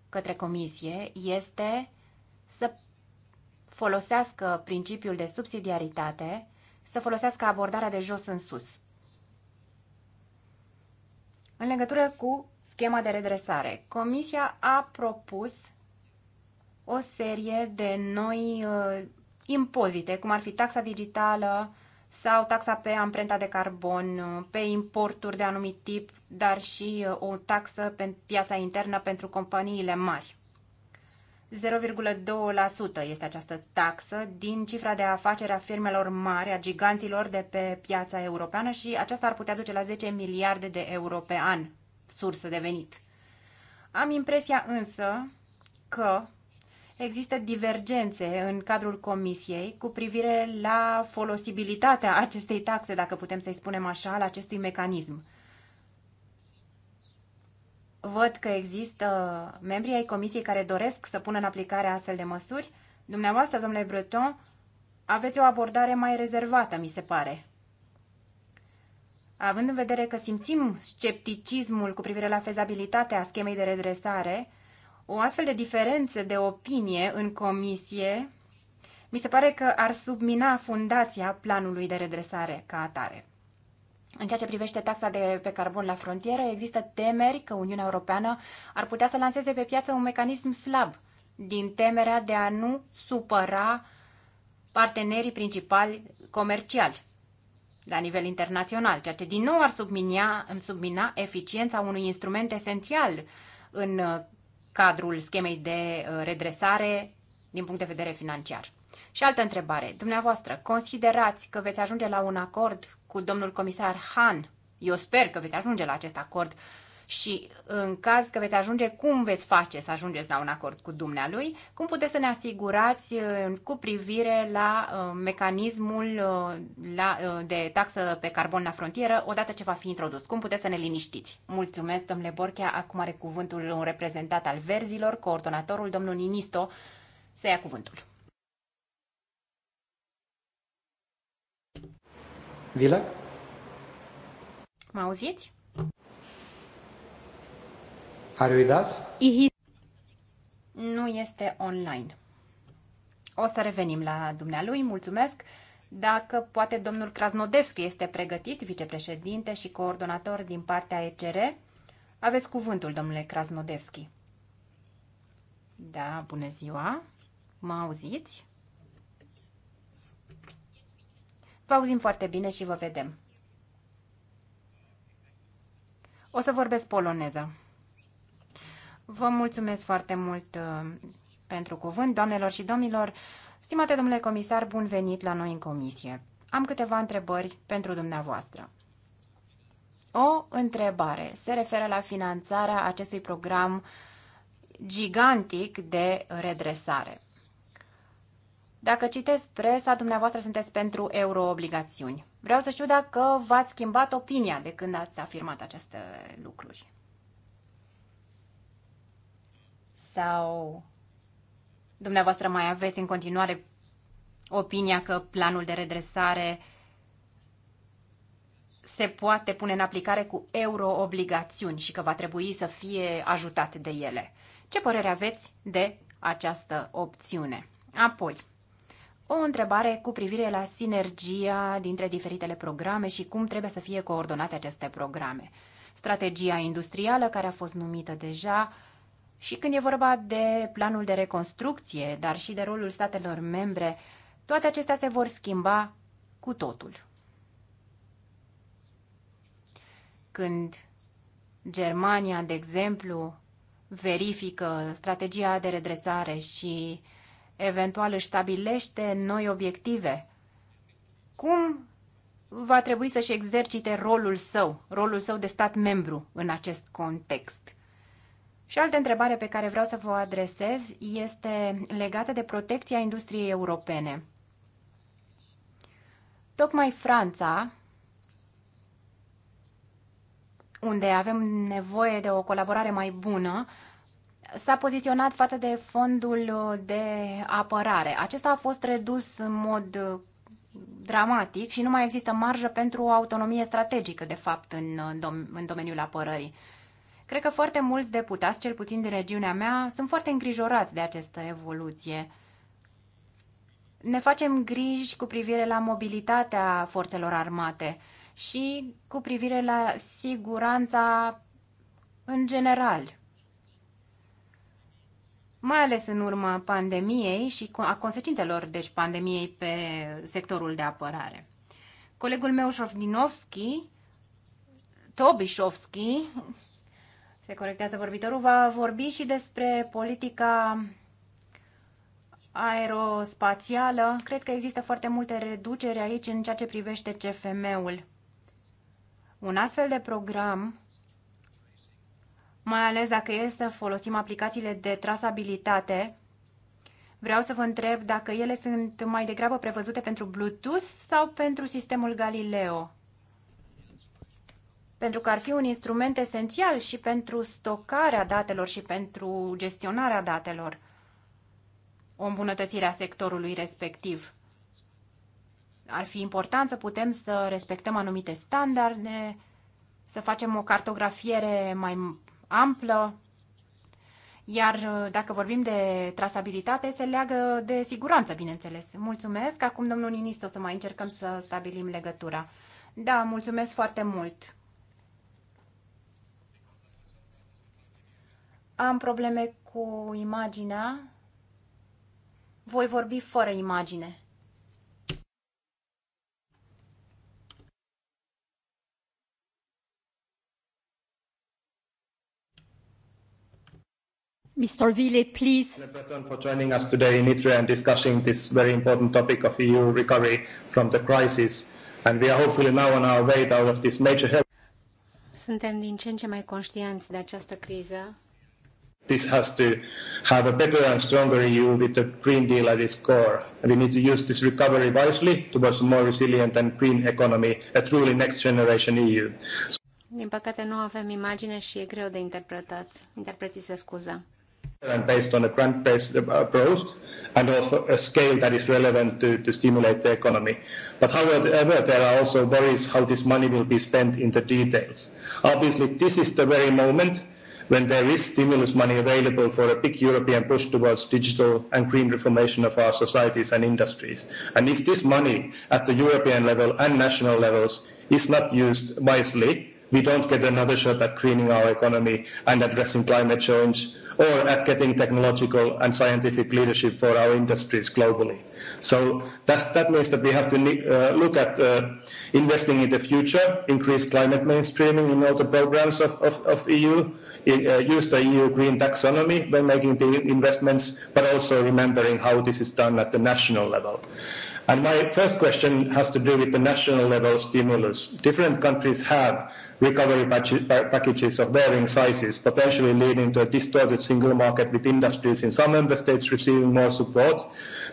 către comisie, este să folosească principiul de subsidiaritate, să folosească abordarea de jos în sus. În legătură cu schema de redresare, Comisia a propus o serie de noi uh, impozite, cum ar fi taxa digitală sau taxa pe amprenta de carbon, uh, pe importuri de anumit tip, dar și uh, o taxă pe piața internă pentru companiile mari. 0,2% este această taxă din cifra de afaceri a firmelor mari, a giganților de pe piața europeană și aceasta ar putea duce la 10 miliarde de euro pe an, sursă de venit. Am impresia însă că există divergențe în cadrul comisiei cu privire la folosibilitatea acestei taxe, dacă putem să-i spunem așa, la acestui mecanism văd că există membrii ai comisiei care doresc să pună în aplicare astfel de măsuri. Dumneavoastră, domnule Breton, aveți o abordare mai rezervată, mi se pare. Având în vedere că simțim scepticismul cu privire la fezabilitatea schemei de redresare, o astfel de diferență de opinie în comisie mi se pare că ar submina fundația planului de redresare ca atare. În ceea ce privește taxa de, pe carbon la frontieră, există temeri că Uniunea Europeană ar putea să lanseze pe piață un mecanism slab, din temerea de a nu supăra partenerii principali comerciali la nivel internațional, ceea ce din nou ar subminia, submina eficiența unui instrument esențial în uh, cadrul schemei de uh, redresare din punct de vedere financiar. Și altă întrebare. Dumneavoastră, considerați că veți ajunge la un acord cu domnul comisar Han? Eu sper că veți ajunge la acest acord și în caz că veți ajunge, cum veți face să ajungeți la un acord cu dumnealui? Cum puteți să ne asigurați uh, cu privire la uh, mecanismul uh, la, de taxă pe carbon la frontieră odată ce va fi introdus? Cum puteți să ne liniștiți? Mulțumesc, domnule Borchea. Acum are cuvântul un reprezentat al verzilor, coordonatorul, domnul Ninisto, să ia cuvântul. Vila? Mă auziți? Are you Ihi. Nu este online. O să revenim la dumnealui, mulțumesc. Dacă poate domnul Krasnodevski este pregătit, vicepreședinte și coordonator din partea ECR, aveți cuvântul, domnule Krasnodevski. Da, bună ziua. Mă auziți? Vă auzim foarte bine și vă vedem. O să vorbesc poloneză. Vă mulțumesc foarte mult uh, pentru cuvânt, doamnelor și domnilor. Stimate domnule comisar, bun venit la noi în comisie. Am câteva întrebări pentru dumneavoastră. O întrebare se referă la finanțarea acestui program gigantic de redresare. Dacă citeți presa, dumneavoastră sunteți pentru euroobligațiuni. Vreau să știu dacă v-ați schimbat opinia de când ați afirmat aceste lucruri. Sau dumneavoastră mai aveți în continuare opinia că planul de redresare se poate pune în aplicare cu euroobligațiuni și că va trebui să fie ajutat de ele. Ce părere aveți de această opțiune? Apoi, o întrebare cu privire la sinergia dintre diferitele programe și cum trebuie să fie coordonate aceste programe. Strategia industrială care a fost numită deja și când e vorba de planul de reconstrucție, dar și de rolul statelor membre, toate acestea se vor schimba cu totul. Când Germania, de exemplu, verifică strategia de redresare și uh, eventual își stabilește noi obiective, cum va trebui să-și exercite rolul său, rolul său de stat membru în acest context? Și altă întrebare pe care vreau să vă adresez este legată de protecția industriei europene. Tocmai Franța, unde avem nevoie de o colaborare mai bună, s-a poziționat față de fondul de apărare. Acesta a fost redus în mod uh, dramatic și nu mai există marjă pentru o autonomie strategică, de fapt, în, uh, dom- în domeniul apărării. Cred că foarte mulți deputați, cel puțin din regiunea mea, sunt foarte îngrijorați de această evoluție. Ne facem griji cu privire la mobilitatea forțelor armate și cu privire la siguranța în general mai ales în urma pandemiei și a consecințelor, deci, pandemiei pe sectorul de apărare. Colegul meu, Șofdinovski, Tobișovski, se corectează vorbitorul, va vorbi și despre politica aerospațială. Cred că există foarte multe reduceri aici în ceea ce privește CFM-ul. Un astfel de program mai ales dacă e să folosim aplicațiile de trasabilitate. Vreau să vă întreb dacă ele sunt mai degrabă prevăzute pentru Bluetooth sau pentru sistemul Galileo. Pentru că ar fi un instrument esențial și pentru stocarea datelor și pentru gestionarea datelor. O îmbunătățire a sectorului respectiv. Ar fi important să putem să respectăm anumite standarde, să facem o cartografiere mai amplă, iar uh, dacă vorbim de trasabilitate, se leagă de siguranță, bineînțeles. Mulțumesc. Acum, domnul o să mai încercăm să stabilim legătura. Da, mulțumesc foarte mult. Am probleme cu imaginea. Voi vorbi fără imagine. Mr. Ville, please. for joining us today in Itria and discussing this very important topic of EU recovery from the crisis. And we are hopefully now on our way out of this major health. Suntem din ce în ce mai conștienți de această criză. This has to have a better and stronger EU with the Green Deal at its core. And we need to use this recovery wisely towards a more resilient and green economy, a truly next generation EU. Din păcate nu avem imagine și e greu de interpretat. Interpreții se scuză and based on a grant-based approach uh, and also a scale that is relevant to, to stimulate the economy. But however, there are also worries how this money will be spent in the details. Obviously, this is the very moment when there is stimulus money available for a big European push towards digital and green reformation of our societies and industries. And if this money at the European level and national levels is not used wisely, we don't get another shot at greening our economy and addressing climate change or at getting technological and scientific leadership for our industries globally. So that, that means that we have to uh, look at uh, investing in the future, increase climate mainstreaming in all the programs of, of, of EU, in, uh, use the EU green taxonomy when making the investments, but also remembering how this is done at the national level. And my first question has to do with the national level stimulus. Different countries have recovery packages of varying sizes, potentially leading to a distorted single market with industries in some member states receiving more support.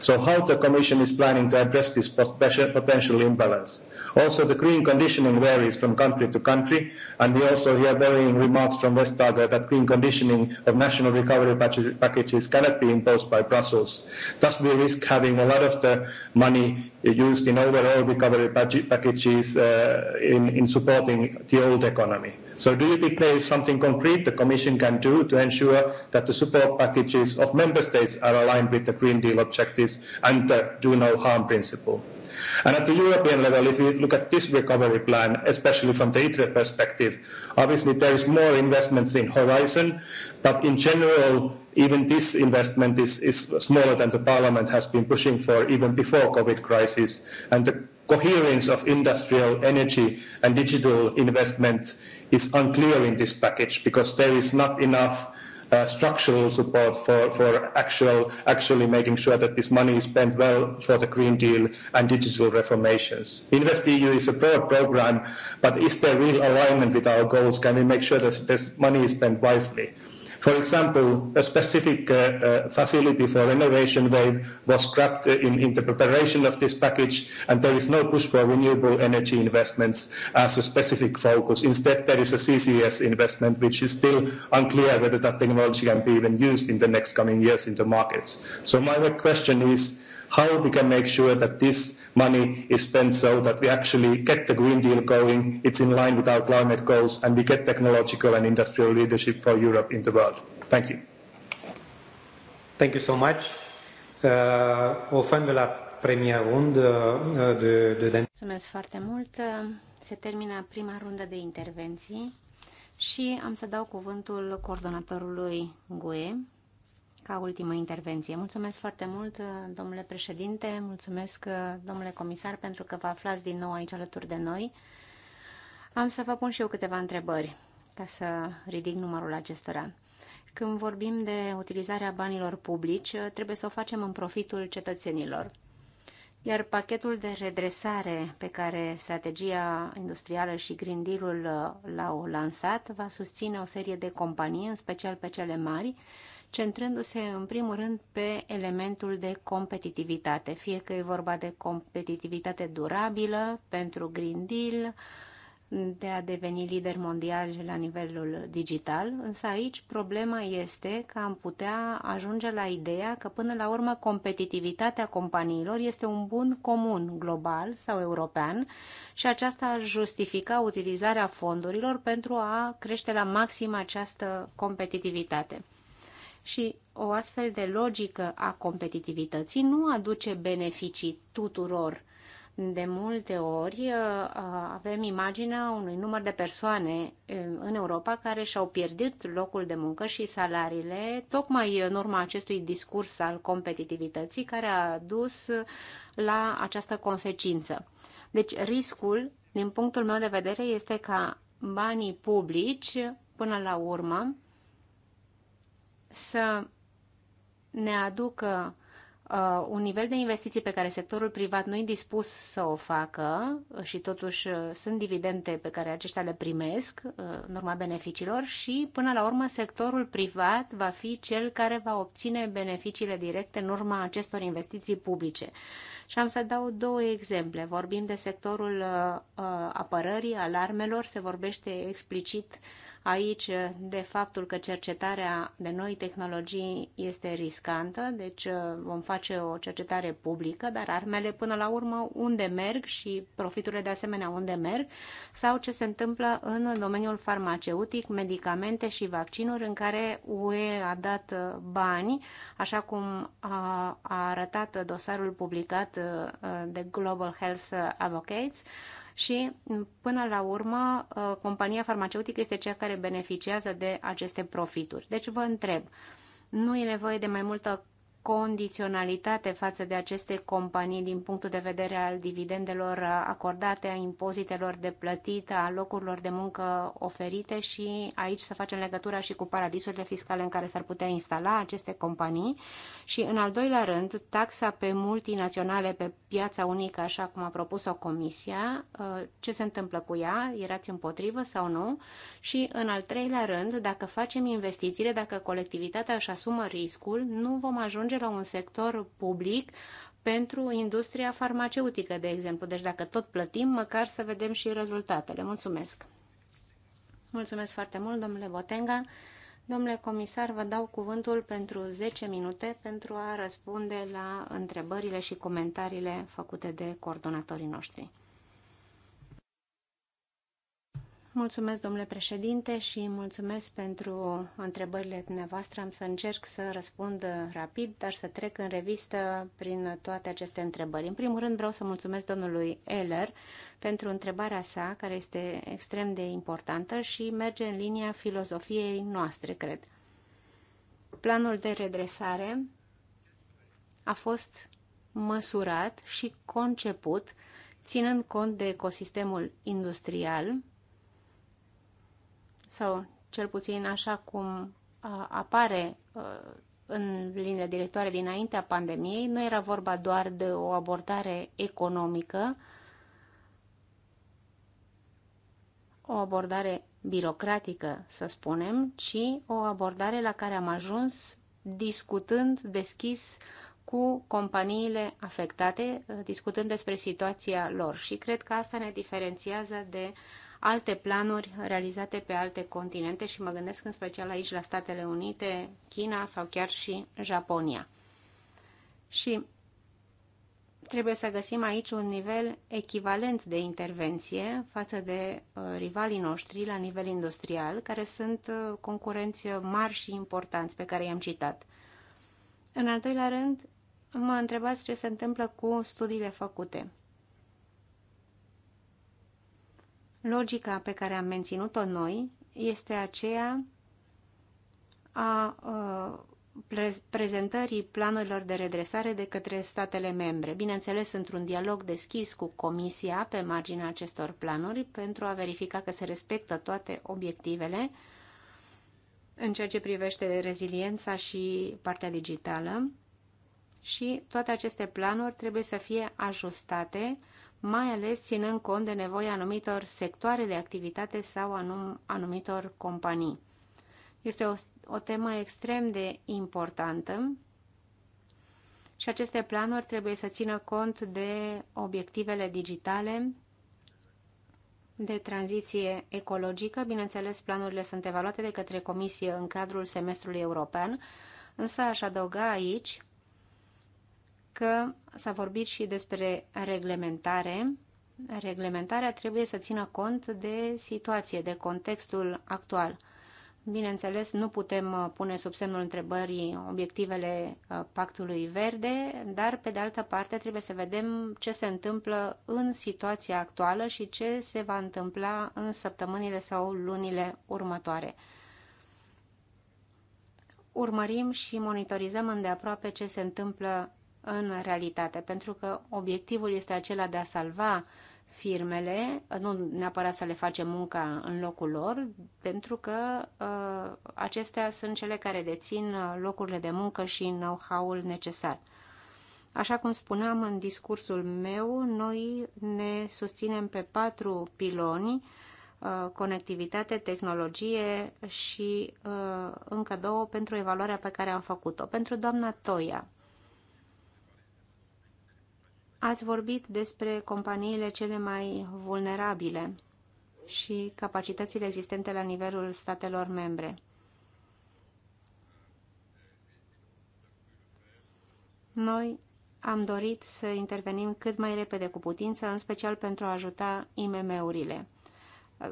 So how the Commission is planning to address this potential imbalance? Also, the green conditioning varies from country to country, and we also hear varying remarks from Vestager that green conditioning of national recovery packages cannot be imposed by Brussels. Thus, we risk having a lot of the money used in overall recovery packages uh, in, in supporting the old economy. So do you think there is something concrete the Commission can do to ensure that the support packages of Member States are aligned with the Green Deal objectives and the do no harm principle? And At the European level, if you look at this recovery plan, especially from the ITRE perspective, obviously there is more investments in Horizon, but in general, even this investment is smaller than the parliament has been pushing for even before COVID crisis. And The coherence of industrial energy and digital investments is unclear in this package because there is not enough Uh, structural support for, for actual, actually making sure that this money is spent well for the Green Deal and digital reformations. InvestEU is a broad program, but is there real alignment with our goals? Can we make sure that this money is spent wisely? For example, a specific uh, uh, facility for renovation wave was scrapped uh, in the preparation of this package, and there is no push for renewable energy investments as a specific focus. Instead, there is a CCS investment, which is still unclear whether that technology can be even used in the next coming years in the markets. So my question is, how we can make sure that this money is spent so that we actually get the Green Deal going, it's in line with our climate goals, and we get technological and industrial leadership for Europe in the world. Thank you. Thank you so much. Uh, au fin de la première runde uh, uh, de, de... Mulțumesc foarte mult. Uh, se termină prima rundă de intervenții și am să dau cuvântul coordonatorului GUE, ca ultimă intervenție. Mulțumesc foarte mult, domnule președinte, mulțumesc, domnule comisar, pentru că vă aflați din nou aici alături de noi. Am să vă pun și eu câteva întrebări ca să ridic numărul acestora. Când vorbim de utilizarea banilor publici, trebuie să o facem în profitul cetățenilor. Iar pachetul de redresare pe care strategia industrială și Green Deal-ul l-au lansat va susține o serie de companii, în special pe cele mari, centrându-se în primul rând pe elementul de competitivitate, fie că e vorba de competitivitate durabilă pentru Green Deal, de a deveni lider mondial la nivelul digital, însă aici problema este că am putea ajunge la ideea că până la urmă competitivitatea companiilor este un bun comun global sau european și aceasta justifica utilizarea fondurilor pentru a crește la maxim această competitivitate și o astfel de logică a competitivității nu aduce beneficii tuturor. De multe ori uh, avem imaginea unui număr de persoane uh, în Europa care și-au pierdut locul de muncă și salariile, tocmai în urma acestui discurs al competitivității care a dus la această consecință. Deci riscul, din punctul meu de vedere, este ca banii publici, până la urmă, să ne aducă uh, un nivel de investiții pe care sectorul privat nu e dispus să o facă uh, și totuși uh, sunt dividende pe care aceștia le primesc uh, în urma beneficiilor și până la urmă sectorul privat va fi cel care va obține beneficiile directe în urma acestor investiții publice. Și am să dau două exemple. Vorbim de sectorul uh, uh apărării, alarmelor, se vorbește explicit uh, aici de faptul că cercetarea de noi tehnologii este riscantă, deci uh, vom face o cercetare publică, dar armele până la urmă unde merg și profiturile de asemenea unde merg sau ce se întâmplă în domeniul farmaceutic, medicamente și vaccinuri în care UE a dat uh, bani, așa cum a, a arătat dosarul publicat uh, de Global Health Advocates, și, mm, până la urmă, uh, compania farmaceutică este cea care beneficiază de aceste profituri. Deci vă întreb, nu e nevoie de mai multă condiționalitate față de aceste companii din punctul de vedere al dividendelor acordate, a impozitelor de plătit, a locurilor de muncă oferite și aici să facem legătura și cu paradisurile fiscale în care s-ar putea instala aceste companii și în al doilea rând taxa pe multinaționale pe piața unică așa cum a propus-o Comisia, ce se întâmplă cu ea, erați împotrivă sau nu și în al treilea rând dacă facem investițiile, dacă colectivitatea își asumă riscul, nu vom ajunge ajunge la un sector public pentru industria farmaceutică, de exemplu. Deci dacă tot plătim, măcar să vedem și rezultatele. Mulțumesc! Mulțumesc foarte mult, domnule Botenga. Domnule comisar, vă dau cuvântul pentru 10 minute pentru a răspunde la întrebările și comentariile făcute de coordonatorii noștri. Mulțumesc, domnule președinte, și mulțumesc pentru întrebările dumneavoastră. Am să încerc să răspund rapid, dar să trec în revistă prin toate aceste întrebări. În primul rând, vreau să mulțumesc domnului Eller pentru întrebarea sa, care este extrem de importantă și merge în linia filozofiei noastre, cred. Planul de redresare a fost măsurat și conceput ținând cont de ecosistemul industrial, sau cel puțin așa cum apare în linia directoare dinaintea pandemiei, nu era vorba doar de o abordare economică, o abordare birocratică, să spunem, ci o abordare la care am ajuns discutând deschis cu companiile afectate, discutând despre situația lor. Și cred că asta ne diferențiază de uh, alte planuri realizate pe alte continente și mă gândesc în special aici la Statele Unite, China sau chiar și Japonia. Și trebuie să găsim aici un nivel echivalent de intervenție față de uh, rivalii noștri la nivel industrial, care sunt uh, concurenți mari și importanți pe care i-am citat. În al doilea rând, mă întrebați ce se întâmplă cu studiile făcute. Logica pe care am menținut-o noi este aceea a prezentării planurilor de redresare de către statele membre, bineînțeles într-un dialog deschis cu Comisia pe marginea acestor planuri pentru a verifica că se respectă toate obiectivele în ceea ce privește reziliența și partea digitală și toate aceste planuri trebuie să fie ajustate mai ales ținând cont de nevoia anumitor sectoare de activitate sau anum, anumitor companii. Este o, o temă extrem de importantă și aceste planuri trebuie să țină cont de obiectivele digitale, de tranziție ecologică. Bineînțeles, planurile sunt evaluate de către Comisie în cadrul semestrului european, însă aș adăuga aici că s-a vorbit și despre reglementare. Reglementarea trebuie să țină cont de situație, de contextul actual. Bineînțeles, nu putem uh, pune sub semnul întrebării obiectivele uh, pactului verde, dar, pe de altă parte, trebuie să vedem ce se întâmplă în situația actuală și ce se va întâmpla în săptămânile sau lunile următoare. Urmărim și monitorizăm îndeaproape ce se întâmplă în realitate, pentru că obiectivul este acela de a salva firmele, nu neapărat să le facem munca în locul lor, pentru că uh, acestea sunt cele care dețin uh, locurile de muncă și know-how-ul necesar. Așa cum spuneam în discursul meu, noi ne susținem pe patru piloni, uh, conectivitate, tehnologie și uh, încă două pentru evaluarea pe care am făcut-o. Pentru doamna Toia, Ați vorbit despre companiile cele mai vulnerabile și capacitățile existente la nivelul statelor membre. Noi am dorit să intervenim cât mai repede cu putință, în special pentru a ajuta IMM-urile.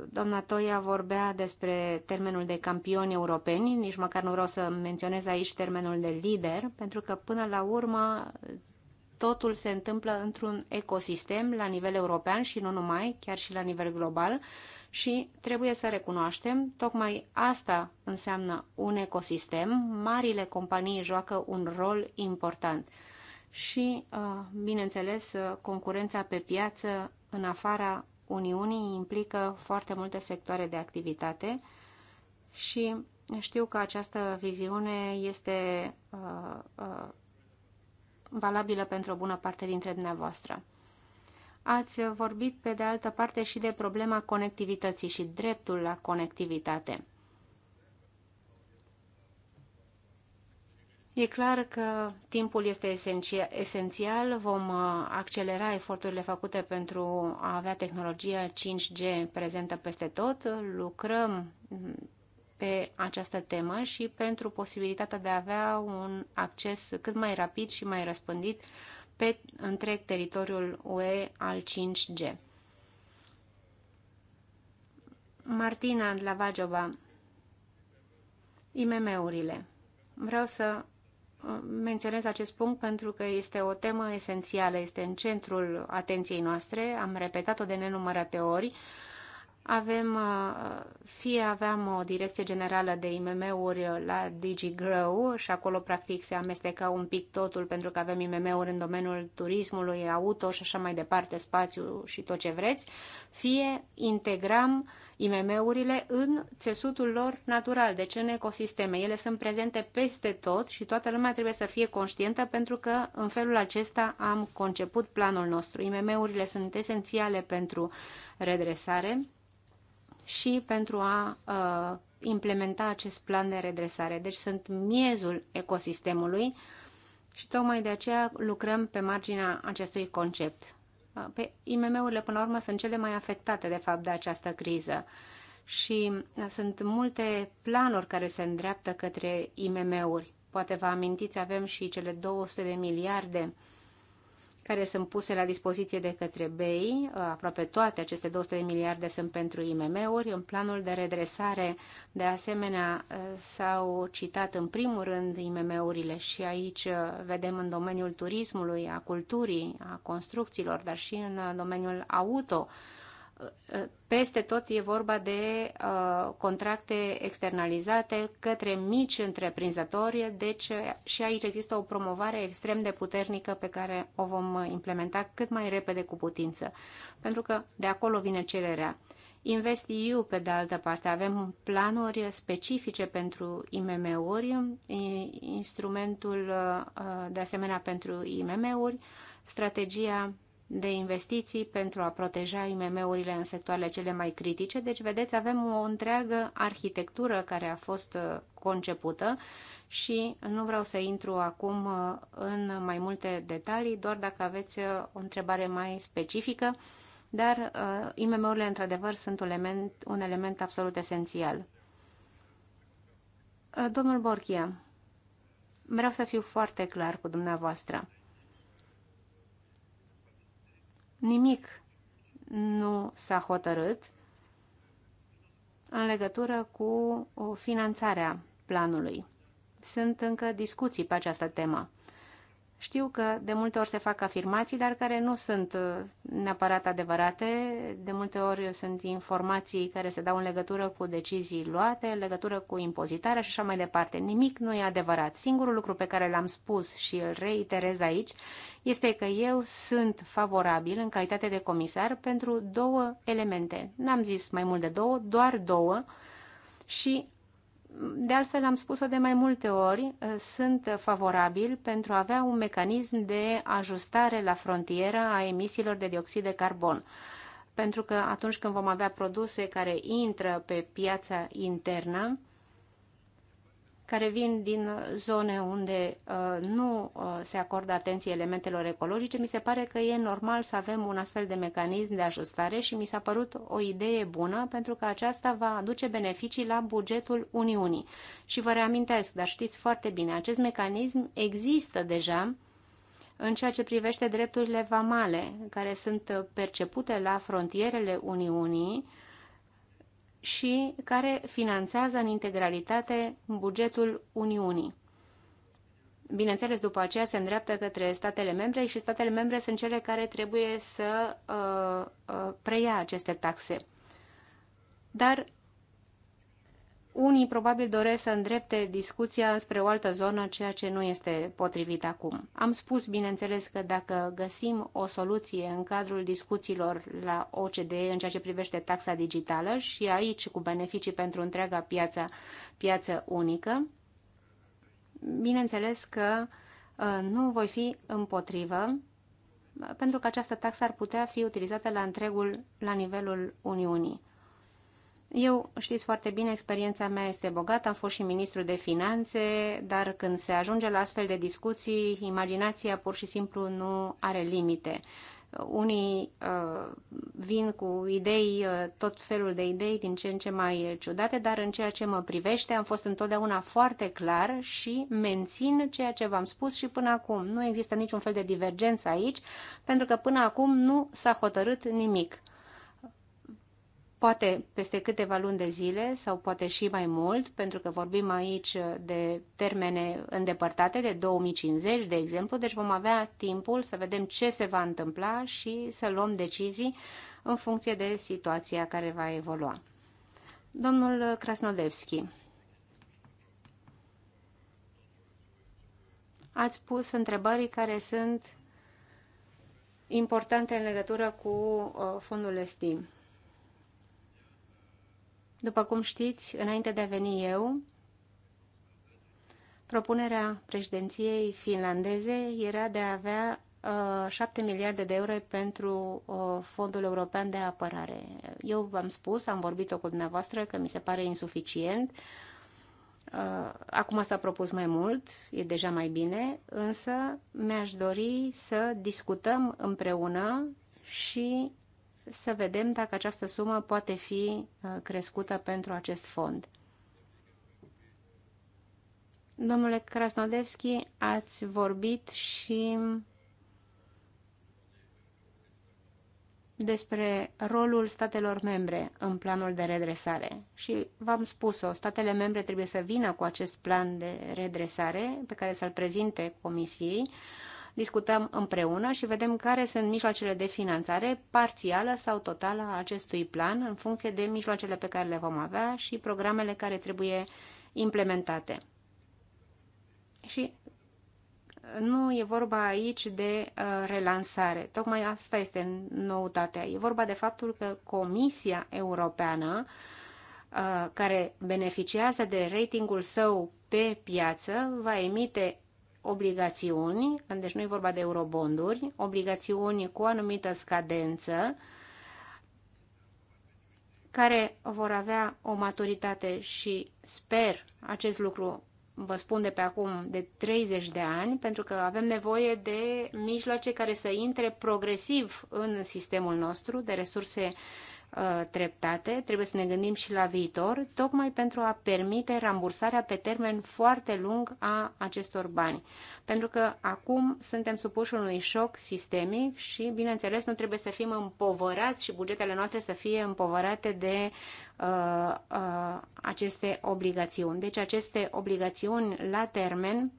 Doamna Toia vorbea despre termenul de campioni europeni, nici măcar nu vreau să menționez aici termenul de lider, pentru că până la urmă totul se întâmplă într-un ecosistem la nivel european și nu numai, chiar și la nivel global și trebuie să recunoaștem, tocmai asta înseamnă un ecosistem, marile companii joacă un rol important și, uh, bineînțeles, uh, concurența pe piață în afara Uniunii implică foarte multe sectoare de activitate și știu că această viziune este uh, uh, valabilă pentru o bună parte dintre dumneavoastră. Ați vorbit, pe de altă parte, și de problema conectivității și dreptul la conectivitate. E clar că timpul este esențial. Vom uh, accelera eforturile făcute pentru a avea tehnologia 5G prezentă peste tot. Lucrăm pe această temă și pentru posibilitatea de a avea un acces cât mai rapid și mai răspândit pe întreg teritoriul UE al 5G. Martina de la Vagioba, IMM-urile. Vreau să uh, menționez acest punct pentru că este o temă esențială, este în centrul atenției noastre, am repetat-o de nenumărate ori, avem, uh, fie aveam o direcție generală de IMM-uri la DigiGrow și acolo practic se amesteca un pic totul pentru că avem IMM-uri în domeniul turismului, auto și așa mai departe, spațiu și tot ce vreți, fie integram IMM-urile în țesutul lor natural, deci în ecosisteme. Ele sunt prezente peste tot și toată lumea trebuie să fie conștientă pentru că în felul acesta am conceput planul nostru. IMM-urile sunt esențiale pentru redresare și pentru a uh, implementa acest plan de redresare. Deci sunt miezul ecosistemului și tocmai de aceea lucrăm pe marginea acestui concept. Uh, IMM-urile, până la urmă, sunt cele mai afectate, de fapt, de această criză și sunt multe planuri care se îndreaptă către IMM-uri. Poate vă amintiți, avem și cele 200 de miliarde uh, care sunt puse la dispoziție de către BEI. Aproape toate aceste 200 de miliarde sunt pentru IMM-uri. În planul de redresare, de asemenea, s-au citat în primul rând IMM-urile și aici uh, vedem în domeniul turismului, a culturii, a construcțiilor, dar și în uh, domeniul auto, peste tot e vorba de uh, contracte externalizate către mici întreprinzători, deci uh, și aici există o promovare extrem de puternică pe care o vom uh, implementa cât mai repede cu putință, pentru că de acolo vine cererea. InvestEU, pe de altă parte, avem planuri specifice pentru IMM-uri, instrumentul uh, de asemenea pentru IMM-uri, strategia de investiții pentru a proteja IMM-urile în sectoarele cele mai critice. Deci, vedeți, avem o întreagă arhitectură care a fost uh, concepută și nu vreau să intru acum uh, în mai multe detalii, doar dacă aveți uh, o întrebare mai specifică, dar IMM-urile, într-adevăr, sunt un element, un element absolut esențial. Domnul Borchia, vreau să fiu foarte clar cu dumneavoastră nimic nu s-a hotărât în legătură cu uh, finanțarea planului. Sunt încă discuții pe această temă. Știu că de multe ori se fac afirmații, dar care nu sunt uh, neapărat adevărate. De multe ori sunt informații care se dau în legătură cu decizii luate, în legătură cu impozitarea și așa mai departe. Nimic nu e adevărat. Singurul lucru pe care l-am spus și îl reiterez aici este că eu sunt favorabil în calitate de comisar pentru două elemente. N-am zis mai mult de două, doar două și de altfel am spus-o de mai multe ori, uh, sunt favorabil pentru a avea un mecanism de ajustare la frontieră a emisiilor de dioxid de carbon. Pentru că atunci când vom avea produse care intră pe piața internă, care vin din zone unde uh, nu uh, se acordă atenție elementelor ecologice, mi se pare că e normal să avem un astfel de mecanism de ajustare și mi s-a părut o idee bună pentru că aceasta va aduce beneficii la bugetul Uniunii. Și vă reamintesc, dar știți foarte bine, acest mecanism există deja în ceea ce privește drepturile vamale, care sunt percepute la frontierele Uniunii, și care finanțează în integralitate bugetul Uniunii. Bineînțeles, după aceea se îndreaptă către statele membre și statele membre sunt cele care trebuie să uh, uh, preia aceste taxe. Dar unii probabil doresc să îndrepte discuția spre o altă zonă, ceea ce nu este potrivit acum. Am spus, bineînțeles, că dacă găsim o soluție în cadrul discuțiilor la OCDE în ceea ce privește taxa digitală și aici cu beneficii pentru întreaga piață, piață unică, bineînțeles că ă, nu voi fi împotrivă pentru că această taxă ar putea fi utilizată la întregul, la nivelul Uniunii. Eu știți foarte bine, experiența mea este bogată, am fost și ministru de finanțe, dar când se ajunge la astfel de discuții, imaginația pur și simplu nu are limite. Unii uh, vin cu idei, uh, tot felul de idei din ce în ce mai ciudate, dar în ceea ce mă privește am fost întotdeauna foarte clar și mențin ceea ce v-am spus și până acum. Nu există niciun fel de divergență aici, pentru că până acum nu s-a hotărât nimic poate peste câteva luni de zile sau poate și mai mult, pentru că vorbim aici de termene îndepărtate, de 2050, de exemplu, deci vom avea timpul să vedem ce se va întâmpla și să luăm decizii în funcție de situația care va evolua. Domnul Krasnodevski, ați pus întrebări care sunt importante în legătură cu uh, fondul STIM. După cum știți, înainte de a veni eu, propunerea președinției finlandeze era de a avea 7 uh, miliarde de euro pentru uh, Fondul European de Apărare. Eu v-am spus, am vorbit-o cu dumneavoastră, că mi se pare insuficient. Uh, acum s-a propus mai mult, e deja mai bine, însă mi-aș dori să discutăm împreună și să vedem dacă această sumă poate fi uh, crescută pentru acest fond. Domnule Krasnodevski, ați vorbit și despre rolul statelor membre în planul de redresare. Și v-am spus-o, statele membre trebuie să vină cu acest plan de redresare pe care să-l prezinte Comisiei, discutăm împreună și vedem care sunt mijloacele de finanțare parțială sau totală a acestui plan în funcție de mijloacele pe care le vom avea și programele care trebuie implementate. Și nu e vorba aici de uh, relansare. Tocmai asta este noutatea. E vorba de faptul că Comisia Europeană, uh, care beneficiază de ratingul său pe piață, va emite obligațiuni, deci nu e vorba de eurobonduri, obligațiuni cu o anumită scadență, care vor avea o maturitate și sper acest lucru vă spun de pe acum, de 30 de ani, pentru că avem nevoie de mijloace care să intre progresiv în sistemul nostru, de resurse treptate, uh, trebuie să ne gândim și la viitor, tocmai pentru a permite rambursarea pe termen foarte lung a acestor bani. Pentru că acum suntem supuși unui șoc sistemic și, bineînțeles, nu trebuie să fim împovărați și bugetele noastre să fie împovărate de uh, uh, aceste obligațiuni. Deci aceste obligațiuni la termen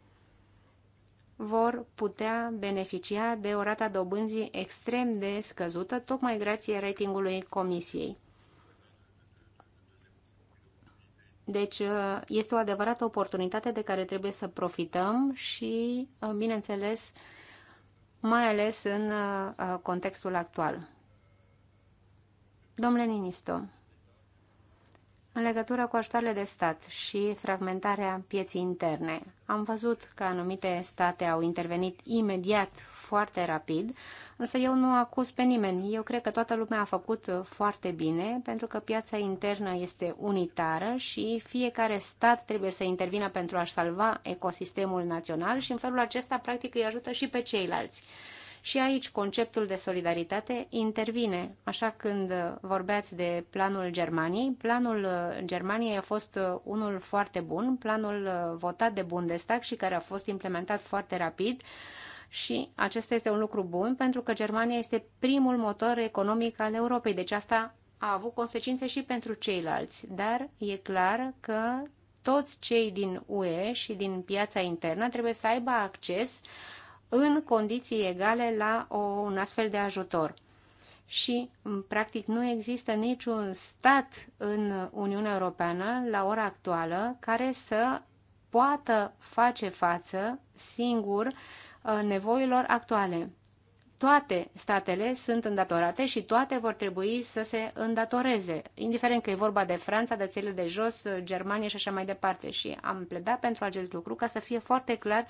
vor putea beneficia de o rata dobânzii extrem de scăzută, tocmai grație ratingului Comisiei. Deci uh, este o adevărată oportunitate de care trebuie să profităm și, uh, bineînțeles, mai ales în uh, contextul actual. Domnule Ninisto, în legătură cu ajutoarele de stat și fragmentarea pieții interne, am văzut că anumite state au intervenit imediat, foarte rapid, însă eu nu acuz pe nimeni. Eu cred că toată lumea a făcut uh, foarte bine, pentru că piața internă este unitară și fiecare stat trebuie să intervină pentru a-și salva ecosistemul național și în felul acesta, practic, îi ajută și pe ceilalți. Și aici conceptul de solidaritate intervine. Așa când vorbeați de planul Germaniei, planul uh, Germaniei a fost uh, unul foarte bun, planul uh, votat de Bundestag și care a fost implementat foarte rapid și acesta este un lucru bun pentru că Germania este primul motor economic al Europei, deci asta a avut consecințe și pentru ceilalți, dar e clar că toți cei din UE și din piața internă trebuie să aibă acces în condiții egale la o, un astfel de ajutor. Și, practic, nu există niciun stat în Uniunea Europeană, la ora actuală, care să poată face față singur uh, nevoilor actuale. Toate statele sunt îndatorate și toate vor trebui să se îndatoreze, indiferent că e vorba de Franța, de țările de jos, uh, Germania și așa mai departe. Și am pledat pentru acest lucru ca să fie foarte clar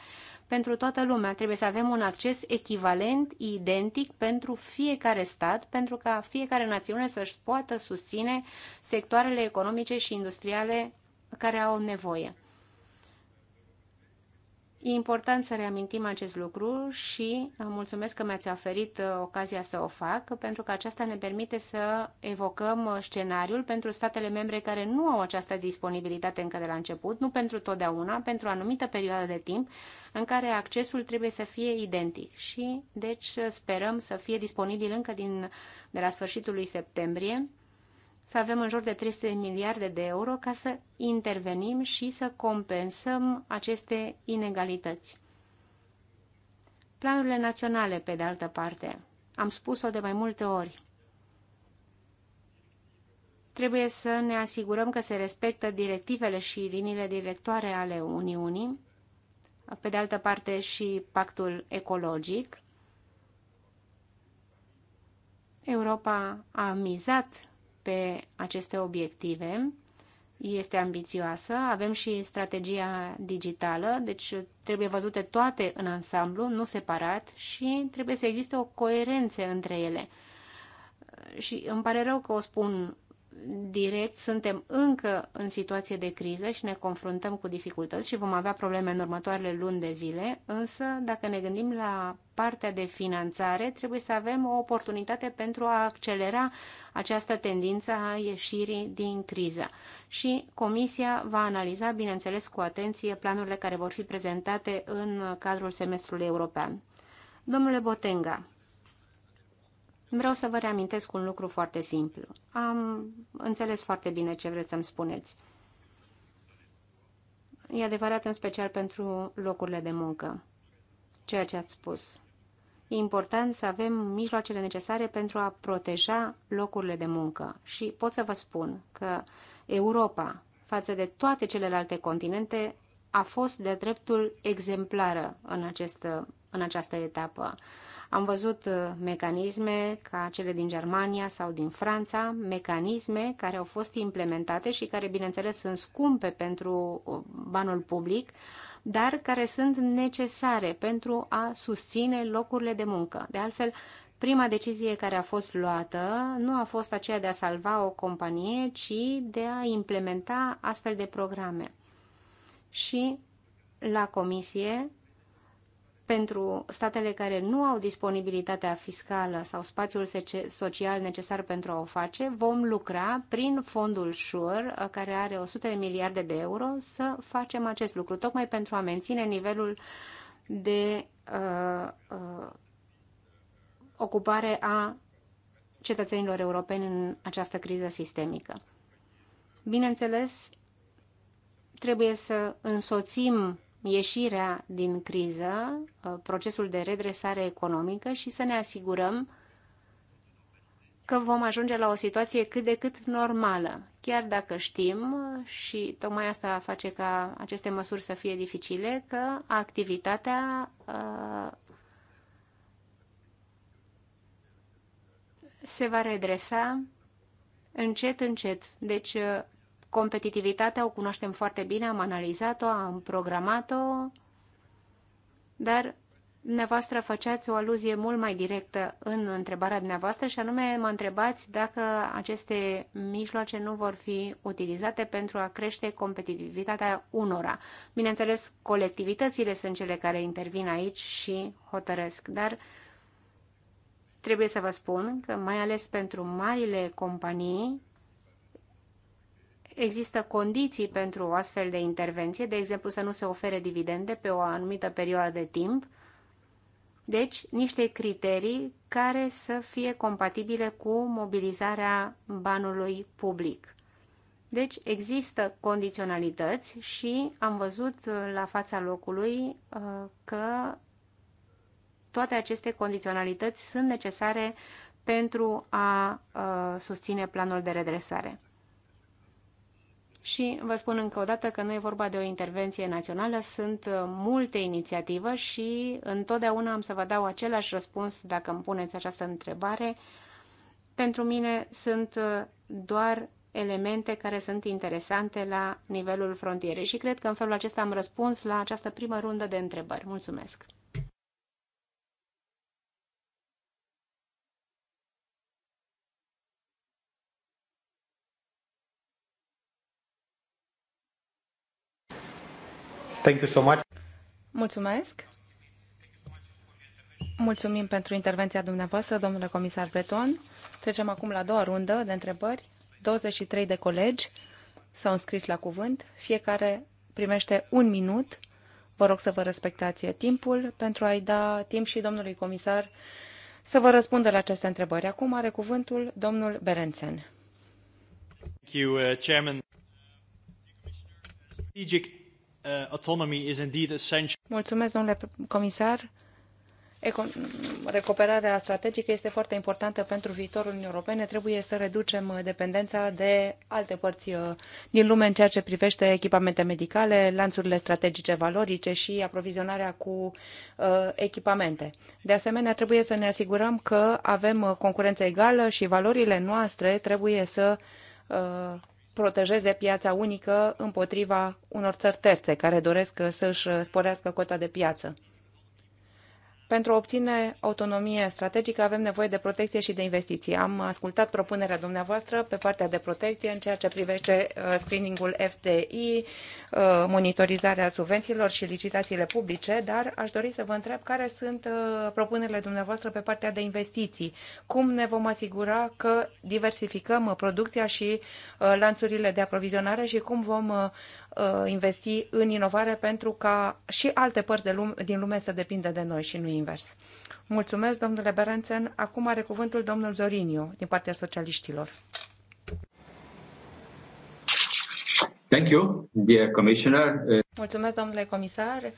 pentru toată lumea. Trebuie să avem un acces echivalent, identic pentru fiecare stat, pentru ca fiecare națiune să-și poată susține sectoarele economice și industriale care au nevoie. E important să reamintim acest lucru și uh, mulțumesc că mi-ați oferit uh, ocazia să o fac, pentru că aceasta ne permite să evocăm uh, scenariul pentru statele membre care nu au această disponibilitate încă de la început, nu pentru totdeauna, pentru o anumită perioadă de timp, în care accesul trebuie să fie identic și, deci, sperăm să fie disponibil încă din, de la sfârșitul lui septembrie, să avem în jur de 300 de miliarde de euro ca să intervenim și să compensăm aceste inegalități. Planurile naționale, pe de altă parte, am spus-o de mai multe ori, trebuie să ne asigurăm că se respectă directivele și liniile directoare ale Uniunii pe de altă parte și pactul ecologic. Europa a mizat pe aceste obiective, este ambițioasă, avem și strategia digitală, deci trebuie văzute toate în ansamblu, nu separat și trebuie să existe o coerență între ele. Și îmi pare rău că o spun direct suntem încă în situație de criză și ne confruntăm cu dificultăți și vom avea probleme în următoarele luni de zile, însă dacă ne gândim la partea de finanțare, trebuie să avem o oportunitate pentru a accelera această tendință a ieșirii din criză. Și Comisia va analiza, bineînțeles, cu atenție planurile care vor fi prezentate în cadrul semestrului european. Domnule Botenga, Vreau să vă reamintesc un lucru foarte simplu. Am înțeles foarte bine ce vreți să-mi spuneți. E adevărat în special pentru locurile de muncă. Ceea ce ați spus. E important să avem mijloacele necesare pentru a proteja locurile de muncă. Și pot să vă spun că Europa, față de toate celelalte continente, a fost de dreptul exemplară în, acest, în această etapă. Am văzut uh, mecanisme ca cele din Germania sau din Franța, mecanisme care au fost implementate și care, bineînțeles, sunt scumpe pentru uh, banul public, dar care sunt necesare pentru a susține locurile de muncă. De altfel, prima decizie care a fost luată nu a fost aceea de a salva o companie, ci de a implementa astfel de programe. Și la comisie pentru statele care nu au disponibilitatea fiscală sau spațiul social necesar pentru a o face, vom lucra prin fondul SURE, uh, care are 100 de miliarde de euro, să facem acest lucru, tocmai pentru a menține nivelul de uh, uh, ocupare a cetățenilor europeni în această criză sistemică. Bineînțeles, trebuie să însoțim ieșirea din criză, uh, procesul de redresare economică și să ne asigurăm că vom ajunge la o situație cât de cât normală, chiar dacă știm, uh, și tocmai asta face ca aceste măsuri să fie dificile, că activitatea uh, se va redresa încet, încet. Deci, Competitivitatea o cunoaștem foarte bine, am analizat-o, am programat-o, dar dumneavoastră faceați o aluzie mult mai directă în întrebarea dumneavoastră și anume mă întrebați dacă aceste mijloace nu vor fi utilizate pentru a crește competitivitatea unora. Bineînțeles, colectivitățile sunt cele care intervin aici și hotărăsc, dar trebuie să vă spun că mai ales pentru marile companii există condiții pentru o astfel de intervenție, de exemplu să nu se ofere dividende pe o anumită perioadă de timp, deci niște criterii care să fie compatibile cu mobilizarea banului public. Deci există condiționalități și am văzut la fața locului uh, că toate aceste condiționalități sunt necesare pentru a uh, susține planul de redresare. Și vă spun încă o dată că nu e vorba de o intervenție națională, sunt uh, multe inițiative și întotdeauna am să vă dau același răspuns dacă îmi puneți această întrebare. Pentru mine sunt uh, doar elemente care sunt interesante la nivelul frontierei și cred că în felul acesta am răspuns la această primă rundă de întrebări. Mulțumesc! Thank you so much. Mulțumesc. Mulțumim pentru intervenția dumneavoastră, domnule comisar Breton. Trecem acum la a doua rundă de întrebări. 23 de colegi s-au înscris la cuvânt. Fiecare primește un minut. Vă rog să vă respectați timpul pentru a-i da timp și domnului comisar să vă răspundă la aceste întrebări. Acum are cuvântul domnul Berențen. Thank you, uh, Chairman. Strategic Uh, autonomy is indeed essential. Mulțumesc, domnule comisar. Econ recuperarea strategică este foarte importantă pentru viitorul Uniunii Europene. Trebuie să reducem uh, dependența de alte părți uh, din lume în ceea ce privește echipamente medicale, lanțurile strategice valorice și aprovizionarea cu uh, echipamente. De asemenea, trebuie să ne asigurăm că avem concurență egală și valorile noastre trebuie să uh, protejeze piața unică împotriva unor țări terțe care doresc să își sporească cota de piață. Pentru a obține autonomie strategică avem nevoie de protecție și de investiții. Am ascultat propunerea dumneavoastră pe partea de protecție în ceea ce privește uh, screeningul FDI, uh, monitorizarea subvențiilor și licitațiile publice, dar aș dori să vă întreb care sunt uh, propunerile dumneavoastră pe partea de investiții. Cum ne vom asigura că diversificăm producția și lanțurile de aprovizionare și cum vom Uh, investi în inovare pentru ca și alte părți de lume, din lume să depindă de noi și nu invers. Mulțumesc, domnule Berențen. Acum are cuvântul domnul Zoriniu, din partea socialiștilor. Thank you, dear commissioner. Mulțumesc, domnule comisar.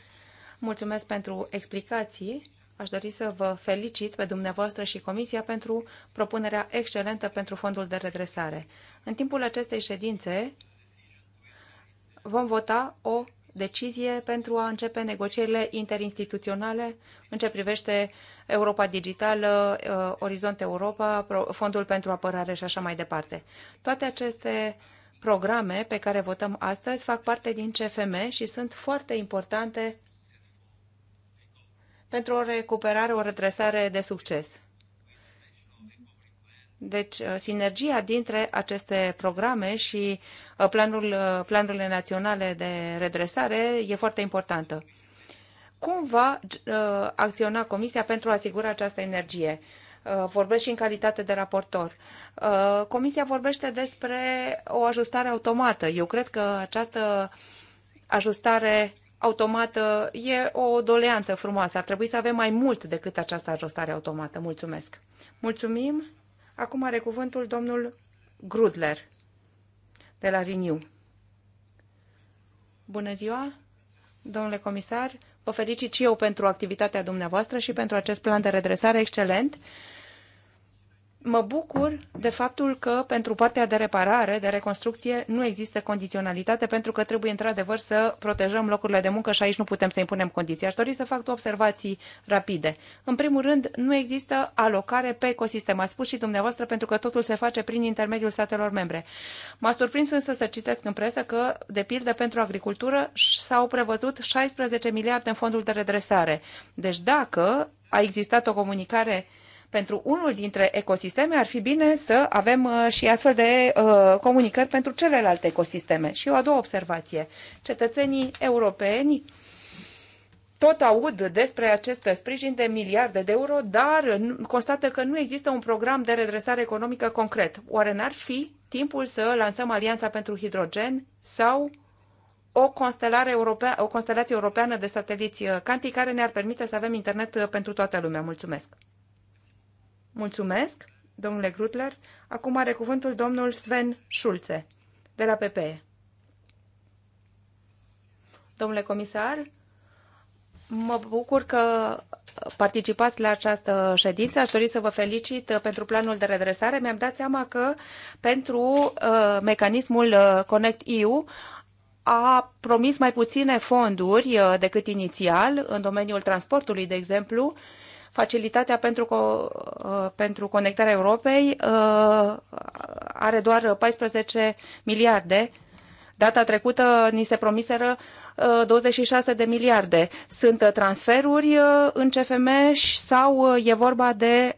Mulțumesc pentru explicații. Aș dori să vă felicit pe dumneavoastră și Comisia pentru propunerea excelentă pentru fondul de redresare. În timpul acestei ședințe, vom vota o decizie pentru a începe negocierile interinstituționale în ce privește Europa Digitală, uh, Orizont Europa, Fondul pentru Apărare și așa mai departe. Toate aceste programe pe care votăm astăzi fac parte din CFM și sunt foarte importante pentru o recuperare, o redresare de succes. Deci, uh, sinergia dintre aceste programe și uh, planul, uh, planurile naționale de redresare e foarte importantă. Cum va acționa Comisia pentru a asigura această energie? vorbesc și în calitate de raportor. Comisia vorbește despre o ajustare automată. Eu cred că această ajustare automată e o doleanță frumoasă. Ar trebui să avem mai mult decât această ajustare automată. Mulțumesc! Mulțumim! Acum are cuvântul domnul Grudler de la Renew. Bună ziua, domnule comisar! Vă felicit și eu pentru activitatea dumneavoastră și pentru acest plan de redresare excelent mă bucur de faptul că pentru partea de reparare, de reconstrucție, nu există condiționalitate pentru că trebuie într-adevăr să protejăm locurile de muncă și aici nu putem să impunem condiții. Aș dori să fac două observații rapide. În primul rând, nu există alocare pe ecosistem. a spus și dumneavoastră pentru că totul se face prin intermediul statelor membre. M-a surprins însă să citesc în presă că, de pildă pentru agricultură, s-au prevăzut 16 miliarde în fondul de redresare. Deci dacă a existat o comunicare uh, pentru unul dintre ecosisteme, ar fi bine să avem uh, și astfel de uh, comunicări pentru celelalte ecosisteme. Și o a doua observație. Cetățenii europeni tot aud despre acest sprijin de miliarde de euro, dar constată că nu există un program de redresare economică concret. Oare n-ar fi timpul să lansăm Alianța pentru Hidrogen sau o, constelare europea, o constelație europeană de sateliți uh, canti care ne-ar permite să avem internet pentru toată lumea? Mulțumesc! Mulțumesc, domnule Grutler. Acum are cuvântul domnul Sven Schulze, de la PPE. Domnule comisar, mă bucur că participați la această ședință. Aș dori să vă felicit uh, pentru planul de redresare. Mi-am dat seama că pentru uh, mecanismul uh, Connect EU a promis mai puține fonduri uh, decât inițial în domeniul transportului, de exemplu, uh, Facilitatea pentru, co- uh, pentru conectarea Europei uh, are doar 14 miliarde. Data trecută ni se promiseră 26 uh, de miliarde. Sunt uh, transferuri uh, în CFM sau e vorba de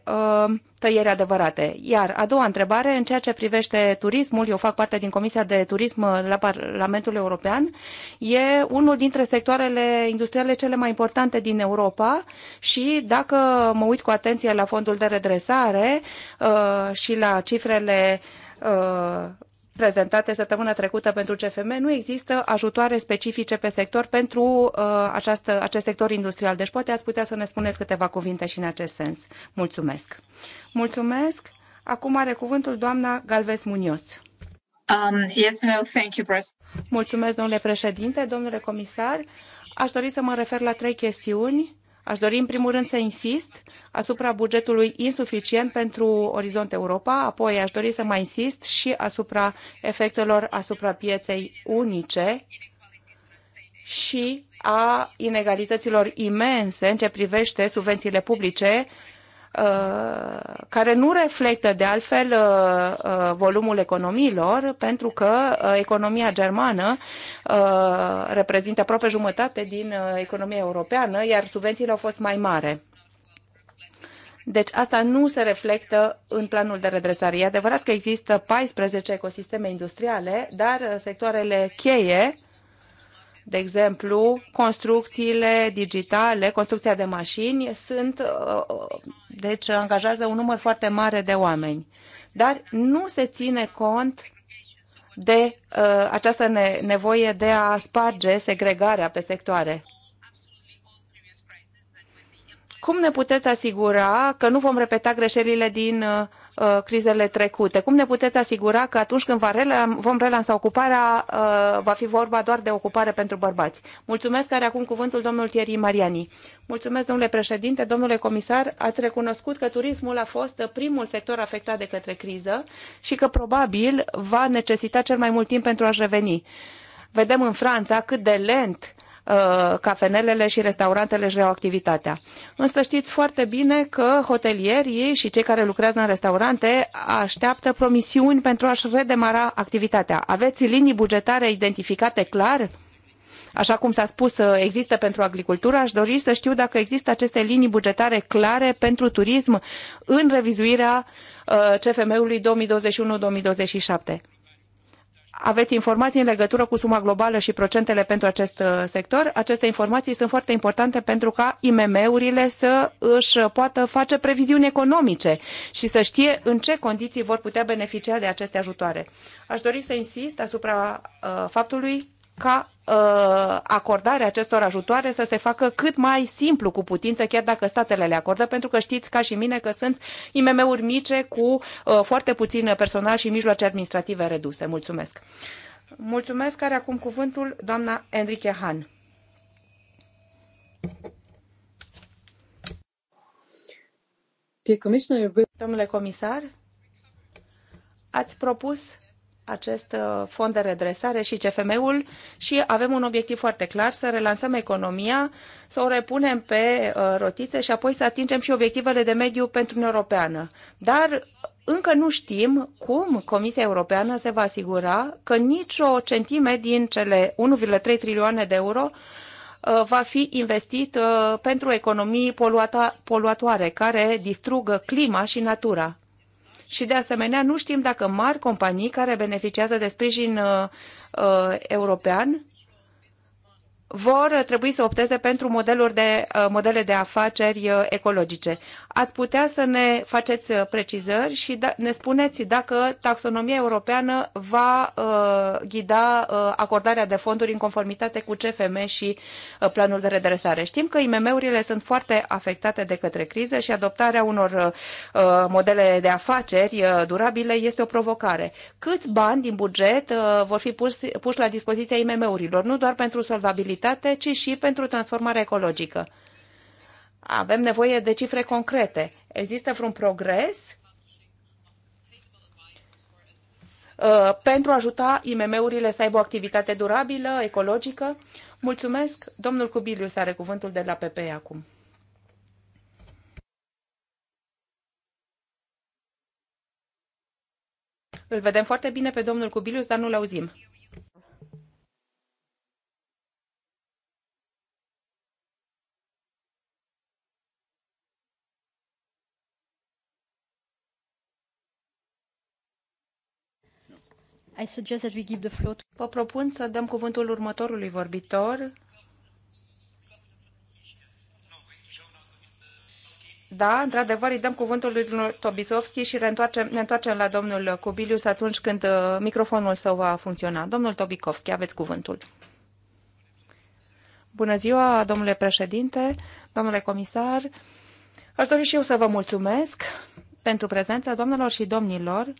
tăieri adevărate. Iar a doua întrebare, în ceea ce privește turismul, eu fac parte din Comisia de Turism la Parlamentul European, e unul dintre sectoarele industriale cele mai importante din Europa și dacă mă uit cu atenție la fondul de redresare uh, și la cifrele uh, prezentate săptămâna trecută pentru CFM, nu există ajutoare specifice pe sector pentru uh, această, acest sector industrial. Deci poate ați putea să ne spuneți câteva cuvinte și în acest sens. Mulțumesc. Mulțumesc. Acum are cuvântul doamna Galvez Munios. Um, yes, no, thank you, Mulțumesc, domnule președinte, domnule comisar. Aș dori să mă refer la trei chestiuni Aș dori în primul rând să insist asupra bugetului insuficient pentru Orizont Europa, apoi aș dori să mai insist și asupra efectelor asupra pieței unice și a inegalităților imense în ce privește subvențiile publice Uh, care nu reflectă de altfel uh, uh, volumul economiilor, pentru că economia germană reprezintă aproape jumătate din economia europeană, iar subvențiile au fost mai mari. Deci asta nu se reflectă în planul de redresare. E adevărat că există 14 ecosisteme industriale, dar sectoarele cheie de exemplu, construcțiile digitale, construcția de mașini, sunt, uh, uh, deci angajează un număr foarte mare de oameni. Dar nu se ține cont de uh, această ne- nevoie de a sparge segregarea pe sectoare. Cum ne puteți asigura că nu vom repeta greșelile din uh, Uh, crizele trecute. Cum ne puteți asigura că atunci când vom relansa ocuparea, uh, va fi vorba doar de ocupare pentru bărbați? Mulțumesc, are acum cuvântul domnul Thierry Mariani. Mulțumesc, domnule președinte, domnule comisar, ați recunoscut că turismul a fost primul sector afectat de către criză și că probabil va necesita cel mai mult timp pentru a-și reveni. Vedem în Franța cât de lent Uh, cafenelele și restaurantele își reau activitatea. Însă știți foarte bine că hotelierii și cei care lucrează în restaurante așteaptă promisiuni pentru a-și redemara activitatea. Aveți linii bugetare identificate clar? Așa cum s-a spus, uh, există pentru agricultură. Aș dori să știu dacă există aceste linii bugetare clare pentru turism în revizuirea uh, CFM-ului 2021-2027 aveți informații în legătură cu suma globală și procentele pentru acest uh, sector. Aceste informații sunt foarte importante pentru ca IMM-urile să își poată face previziuni economice și să știe în ce condiții vor putea beneficia de aceste ajutoare. Aș dori să insist asupra uh, faptului ca uh, acordarea acestor ajutoare să se facă cât mai simplu cu putință, chiar dacă statele le acordă, pentru că știți ca și mine că sunt IMM-uri mici cu uh, foarte puțin personal și mijloace administrative reduse. Mulțumesc! Mulțumesc, care acum cuvântul doamna Enrique Han. Domnule comisar, ați propus acest uh, fond de redresare și CFM-ul și avem un obiectiv foarte clar, să relansăm economia, să o repunem pe uh, rotițe și apoi să atingem și obiectivele de mediu pentru Uniunea Europeană. Dar încă nu știm cum Comisia Europeană se va asigura că nicio centime din cele 1,3 trilioane de euro uh, va fi investit pentru economii poluatoare care distrugă clima și natura și, de asemenea, nu știm dacă mari companii care beneficiază de sprijin uh, uh, european vor trebui să opteze pentru modeluri de, uh, modele de afaceri uh, ecologice ați putea să ne faceți uh, precizări și da, ne spuneți dacă taxonomia europeană va uh, ghida uh, acordarea de fonduri în conformitate cu CFM și planul de redresare. Știm că IMM-urile sunt foarte afectate de către criză și adoptarea unor modele de afaceri durabile este o provocare. Câți bani din buget vor fi puși, puși la dispoziția IMM-urilor, nu doar pentru solvabilitate, ci și pentru transformarea ecologică? Avem nevoie de cifre concrete. Există vreun progres uh, pentru a ajuta IMM-urile să aibă o activitate durabilă, ecologică? Mulțumesc. Domnul Cubilius are cuvântul de la PP acum. Îl vedem foarte bine pe domnul Cubilius, dar nu-l auzim. I suggest that we give the floor to... Vă propun să dăm cuvântul următorului vorbitor. Da, într-adevăr, îi dăm cuvântul lui Tobizovski și ne întoarcem la domnul Cubilius atunci când uh, microfonul său va funcționa. Domnul Tobikovski, aveți cuvântul. Bună ziua, domnule președinte, domnule comisar. Aș dori și eu să vă mulțumesc pentru prezența doamnelor și domnilor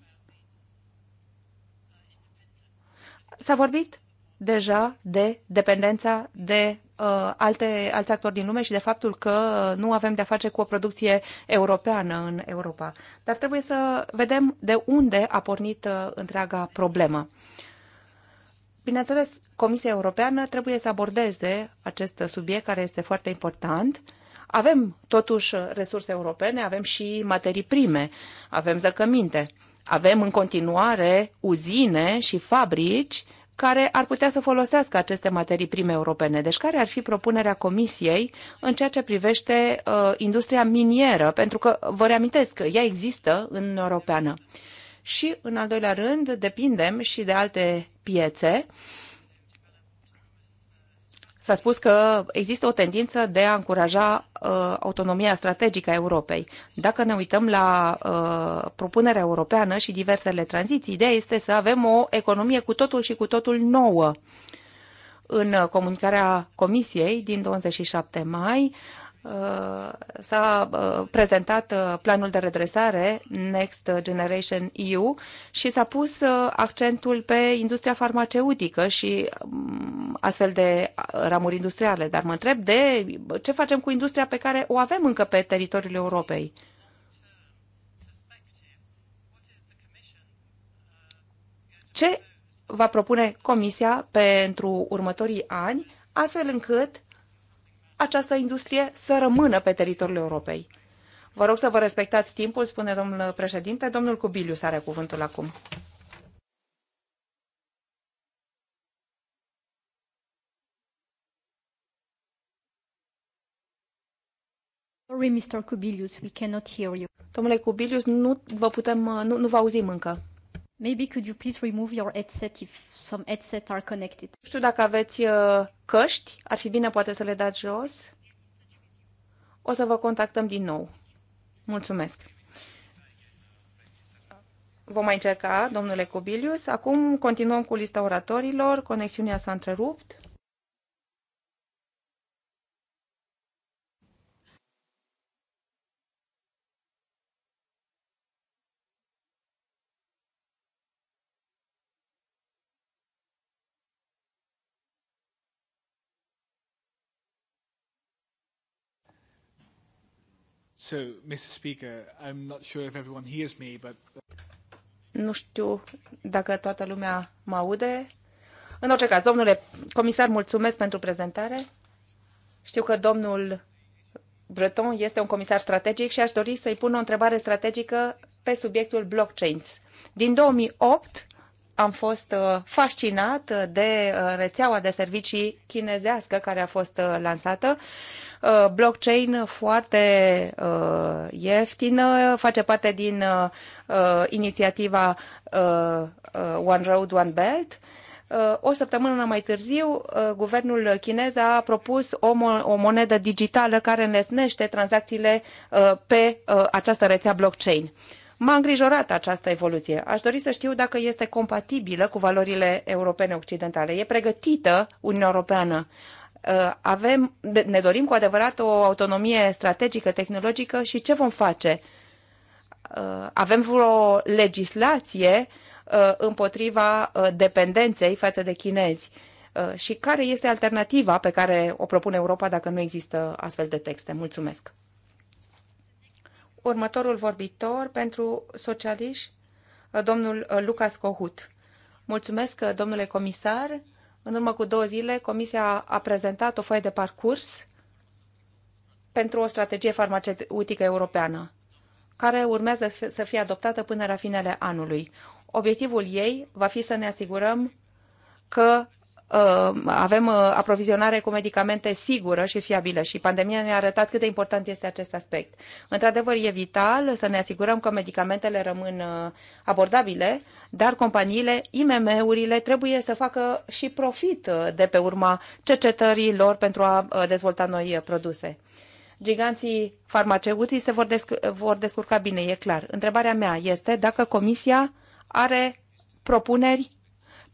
S-a vorbit deja de dependența de uh, alte, alți actori din lume și de faptul că nu avem de-a face cu o producție europeană în Europa. Dar trebuie să vedem de unde a pornit uh, întreaga problemă. Bineînțeles, Comisia Europeană trebuie să abordeze acest subiect care este foarte important. Avem totuși resurse europene, avem și materii prime, avem zăcăminte avem în continuare uzine și fabrici care ar putea să folosească aceste materii prime europene. Deci care ar fi propunerea Comisiei în ceea ce privește uh, industria minieră? Pentru că, vă reamintesc, ea există în Europeană. Și, în al doilea rând, depindem și de alte piețe. Uh, S-a spus că există o tendință de a încuraja uh, autonomia strategică a Europei. Dacă ne uităm la uh, propunerea europeană și diversele tranziții, ideea este să avem o economie cu totul și cu totul nouă. În uh, comunicarea Comisiei din 27 mai, uh, s-a uh, prezentat uh, planul de redresare Next Generation EU și s-a pus uh, accentul pe industria farmaceutică și mm, astfel de ramuri industriale. Dar mă întreb de ce facem cu industria pe care o avem încă pe teritoriul Europei. Ce va propune Comisia pentru următorii ani, astfel încât această industrie să rămână pe teritoriul Europei. Vă rog să vă respectați timpul, spune domnul președinte. Domnul Cubilius are cuvântul acum. Sorry, Mr. Cubilius, we cannot hear you. Domnule Cubilius, nu vă putem, nu, nu vă auzim încă. Maybe could you please remove your headset if some headset are connected. Nu știu dacă aveți uh, căști, ar fi bine poate să le dați jos. O să vă contactăm din nou. Mulțumesc. Vom mai încerca, domnule Cobilius. Acum continuăm cu lista oratorilor. Conexiunea s-a întrerupt. So, Mr. Speaker, I'm not sure if everyone hears me, but... Uh, nu știu dacă toată lumea mă aude. În orice caz, domnule comisar, mulțumesc pentru prezentare. Știu că domnul Breton este un comisar strategic și aș dori să-i pun o întrebare strategică pe subiectul blockchains. Din 2008, am fost uh, fascinat uh, de uh, rețeaua de servicii chinezească care a fost lansată. Blockchain foarte ieftină, face parte din inițiativa One Road, One Belt. O săptămână mai târziu, guvernul chinez a propus o, mo- o monedă digitală care înlesnește tranzacțiile pe această rețea blockchain. M-a îngrijorat această evoluție. Aș dori să știu dacă este compatibilă cu valorile europene occidentale. E pregătită Uniunea Europeană uh, avem, ne dorim cu adevărat o autonomie strategică, tehnologică și ce vom face? Uh, avem vreo legislație uh, împotriva dependenței față de chinezi? Și care este alternativa pe care o propune Europa dacă nu există astfel de texte? Mulțumesc! următorul vorbitor pentru socialiști, domnul uh, Lucas Cohut. Mulțumesc, uh, domnule comisar. În urmă cu două zile, Comisia a prezentat o foaie de parcurs pentru o strategie farmaceutică europeană, care urmează să fie adoptată până la finele anului. Obiectivul ei va fi să ne asigurăm că Uh, avem uh, aprovizionare cu medicamente sigură și fiabilă și pandemia ne-a arătat cât de important este acest aspect. Într-adevăr, e vital să ne asigurăm că medicamentele rămân uh, abordabile, dar companiile, IMM-urile trebuie să facă și profit de pe urma cercetării lor pentru a dezvolta noi produse. Giganții farmaceuții se vor, desc- vor descurca bine, e clar. Întrebarea mea este dacă Comisia are propuneri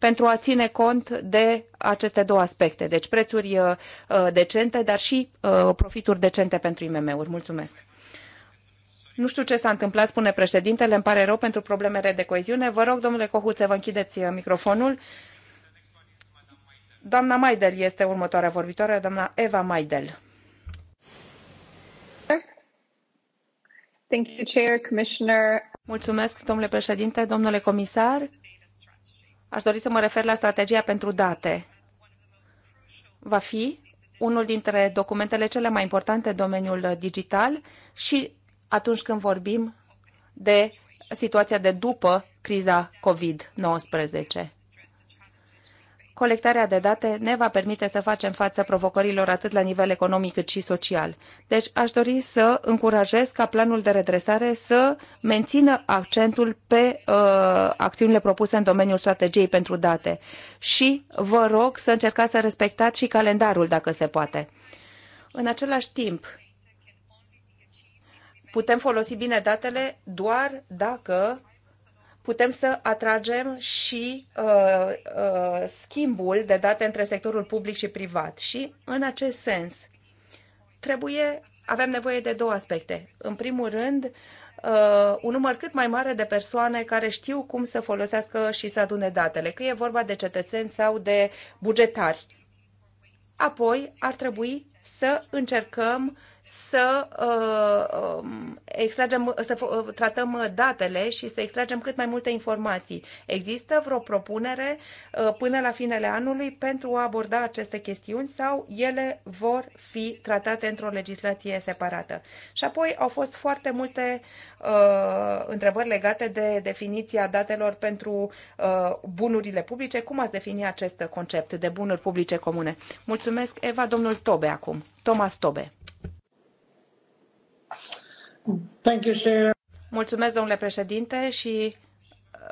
pentru a ține cont de aceste două aspecte, deci prețuri uh, uh, decente, dar și uh, profituri decente pentru IMM-uri. Mulțumesc! Nu știu ce s-a întâmplat, spune președintele, îmi pare rău pentru problemele de coeziune. Vă rog, domnule Cohuțe, vă închideți microfonul. Doamna Maidel este următoarea vorbitoare, doamna Eva Maidel. Thank you, Chair, Commissioner. Mulțumesc, domnule președinte, domnule comisar. Aș dori să mă refer la strategia pentru date. Va fi unul dintre documentele cele mai importante în domeniul digital și atunci când vorbim de situația de după criza COVID-19 colectarea de date ne va permite să facem față provocărilor atât la nivel economic cât și social. Deci aș dori să încurajez ca planul de redresare să mențină accentul pe uh, acțiunile propuse în domeniul strategiei pentru date și vă rog să încercați să respectați și calendarul dacă se poate. În același timp, putem folosi bine datele doar dacă putem să atragem și uh, uh, schimbul de date între sectorul public și privat. Și, în acest sens, trebuie, avem nevoie de două aspecte. În primul rând, uh, un număr cât mai mare de persoane care știu cum să folosească și să adune datele, că e vorba de cetățeni sau de bugetari. Apoi, ar trebui să încercăm uh, să uh, um, extragem, să uh, tratăm datele și să extragem cât mai multe informații. Există vreo propunere uh, până la finele anului pentru a aborda aceste chestiuni sau ele vor fi tratate într-o legislație separată? Și apoi au fost foarte multe uh, întrebări legate de definiția datelor pentru uh, bunurile publice. Cum ați defini acest concept de bunuri publice comune? Mulțumesc, Eva, domnul Tobe acum. Thomas Tobe. Thank you, Mulțumesc, domnule președinte, și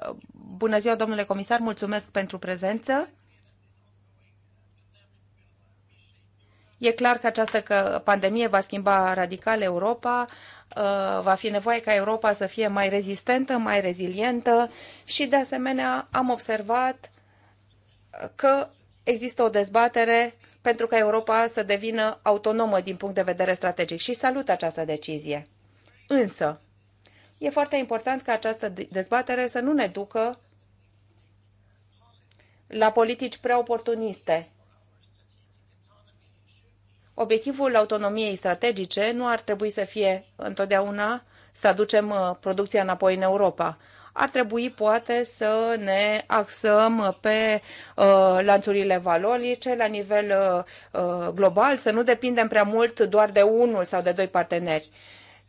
uh, bună ziua, domnule comisar, mulțumesc pentru prezență. E clar că această că pandemie va schimba radical Europa, uh, va fi nevoie ca Europa să fie mai rezistentă, mai rezilientă și, de asemenea, am observat că există o dezbatere pentru ca Europa să devină autonomă din punct de vedere strategic și salut această decizie. Însă, e foarte important ca această dezbatere să nu ne ducă la politici prea oportuniste. Obiectivul autonomiei strategice nu ar trebui să fie întotdeauna să aducem uh, producția înapoi în Europa ar trebui poate să ne axăm pe uh, lanțurile valorice la nivel uh, uh, global, să nu depindem prea mult doar de unul sau de doi parteneri.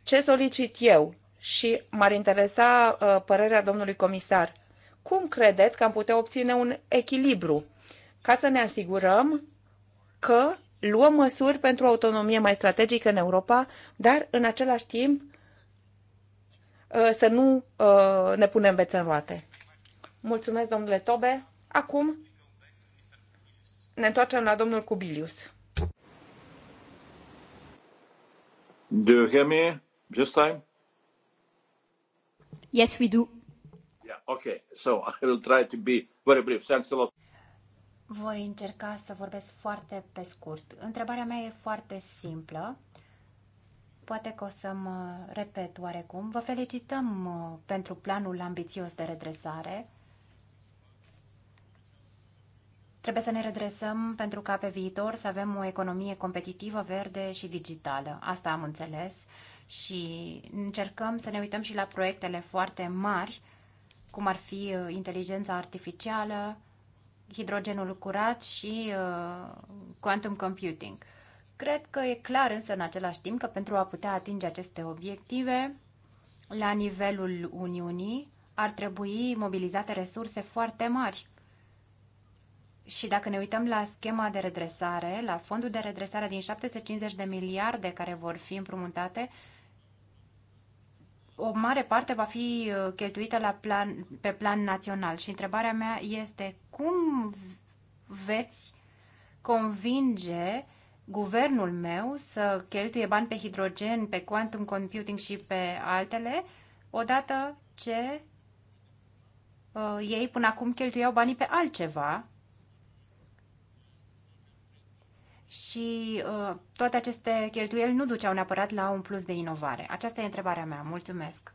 Ce solicit eu? Și m-ar interesa uh, părerea domnului comisar. Cum credeți că am putea obține un echilibru ca să ne asigurăm că luăm măsuri pentru o autonomie mai strategică în Europa, dar în același timp Uh, să nu uh, ne punem bețe în roate. Mulțumesc, domnule Tobe. Acum ne întoarcem la domnul Cubilius. Do you hear me this time? Yes, we do. Yeah, okay. So I will try to be very brief. Thanks a lot. Voi încerca să vorbesc foarte pe scurt. Întrebarea mea e foarte simplă. Poate că o să mă repet oarecum. Vă felicităm uh, pentru planul ambițios de redresare. Trebuie să ne redresăm pentru ca pe viitor să avem o economie competitivă, verde și digitală. Asta am înțeles și încercăm să ne uităm și la proiectele foarte mari, cum ar fi uh, inteligența artificială, hidrogenul curat și uh, quantum computing. Cred că e clar însă în același timp că pentru a putea atinge aceste obiective, la nivelul Uniunii, ar trebui mobilizate resurse foarte mari. Și dacă ne uităm la schema de redresare, la fondul de redresare din 750 de miliarde care vor fi împrumutate, o mare parte va fi uh, cheltuită la plan, pe plan național. Și întrebarea mea este cum veți convinge uh, guvernul meu să cheltuie bani pe hidrogen, pe quantum computing și pe altele, odată ce uh, ei până acum cheltuiau banii pe altceva și uh, toate aceste cheltuieli nu duceau neapărat la un plus de inovare. Aceasta e întrebarea mea. Mulțumesc!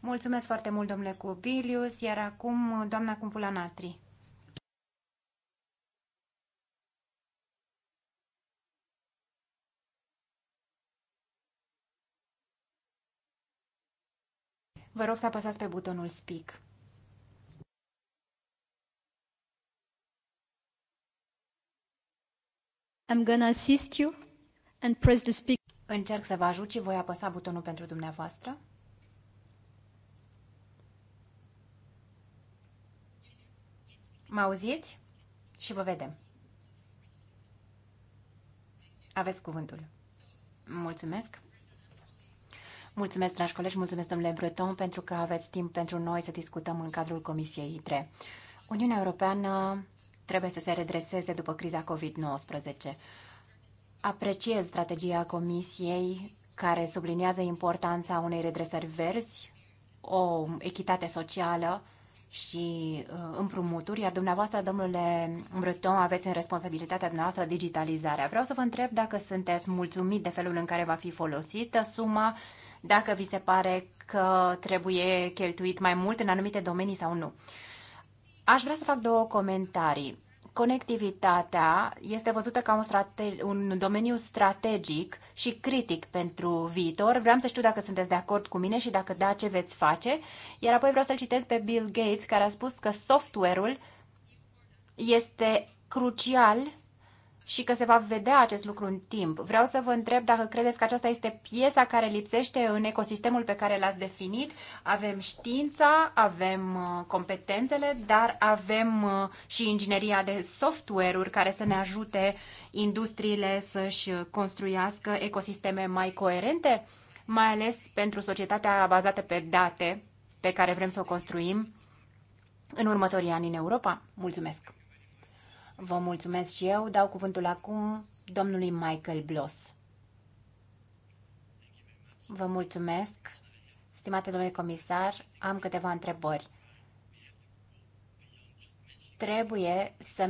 Mulțumesc foarte mult, domnule Cubilius, iar acum doamna Cumpula Natri. Vă rog să apăsați pe butonul Speak. I'm gonna assist you and press the speak. Încerc să vă ajut și voi apăsa butonul pentru dumneavoastră. Mă auziți? Și vă vedem. Aveți cuvântul. Mulțumesc. Mulțumesc, dragi colegi, mulțumesc, domnule Breton, pentru că aveți timp pentru noi să discutăm în cadrul Comisiei ITRE. Uniunea Europeană trebuie să se redreseze după criza COVID-19. Apreciez strategia Comisiei care subliniază importanța unei redresări verzi, o echitate socială și uh, împrumuturi, iar dumneavoastră, domnule Breton, aveți în responsabilitatea dumneavoastră digitalizarea. Vreau să vă întreb dacă sunteți mulțumit de felul în care va fi folosită suma dacă vi se pare că trebuie cheltuit mai mult în anumite domenii sau nu. Aș vrea să fac două comentarii. Conectivitatea este văzută ca un, strate- un domeniu strategic și critic pentru viitor. Vreau să știu dacă sunteți de acord cu mine și dacă da, ce veți face. Iar apoi vreau să-l citesc pe Bill Gates, care a spus că software-ul este crucial și că se va vedea acest lucru în timp. Vreau să vă întreb dacă credeți că aceasta este piesa care lipsește în ecosistemul pe care l-ați definit. Avem știința, avem uh, competențele, dar avem uh, și ingineria de software-uri care să ne ajute industriile să-și uh, construiască ecosisteme mai coerente, mai ales pentru societatea bazată pe date pe care vrem să o construim în următorii ani în Europa. Mulțumesc! Vă mulțumesc și eu. Dau cuvântul acum domnului Michael Bloss. Vă mulțumesc. Stimate domnule comisar, am câteva întrebări. Trebuie să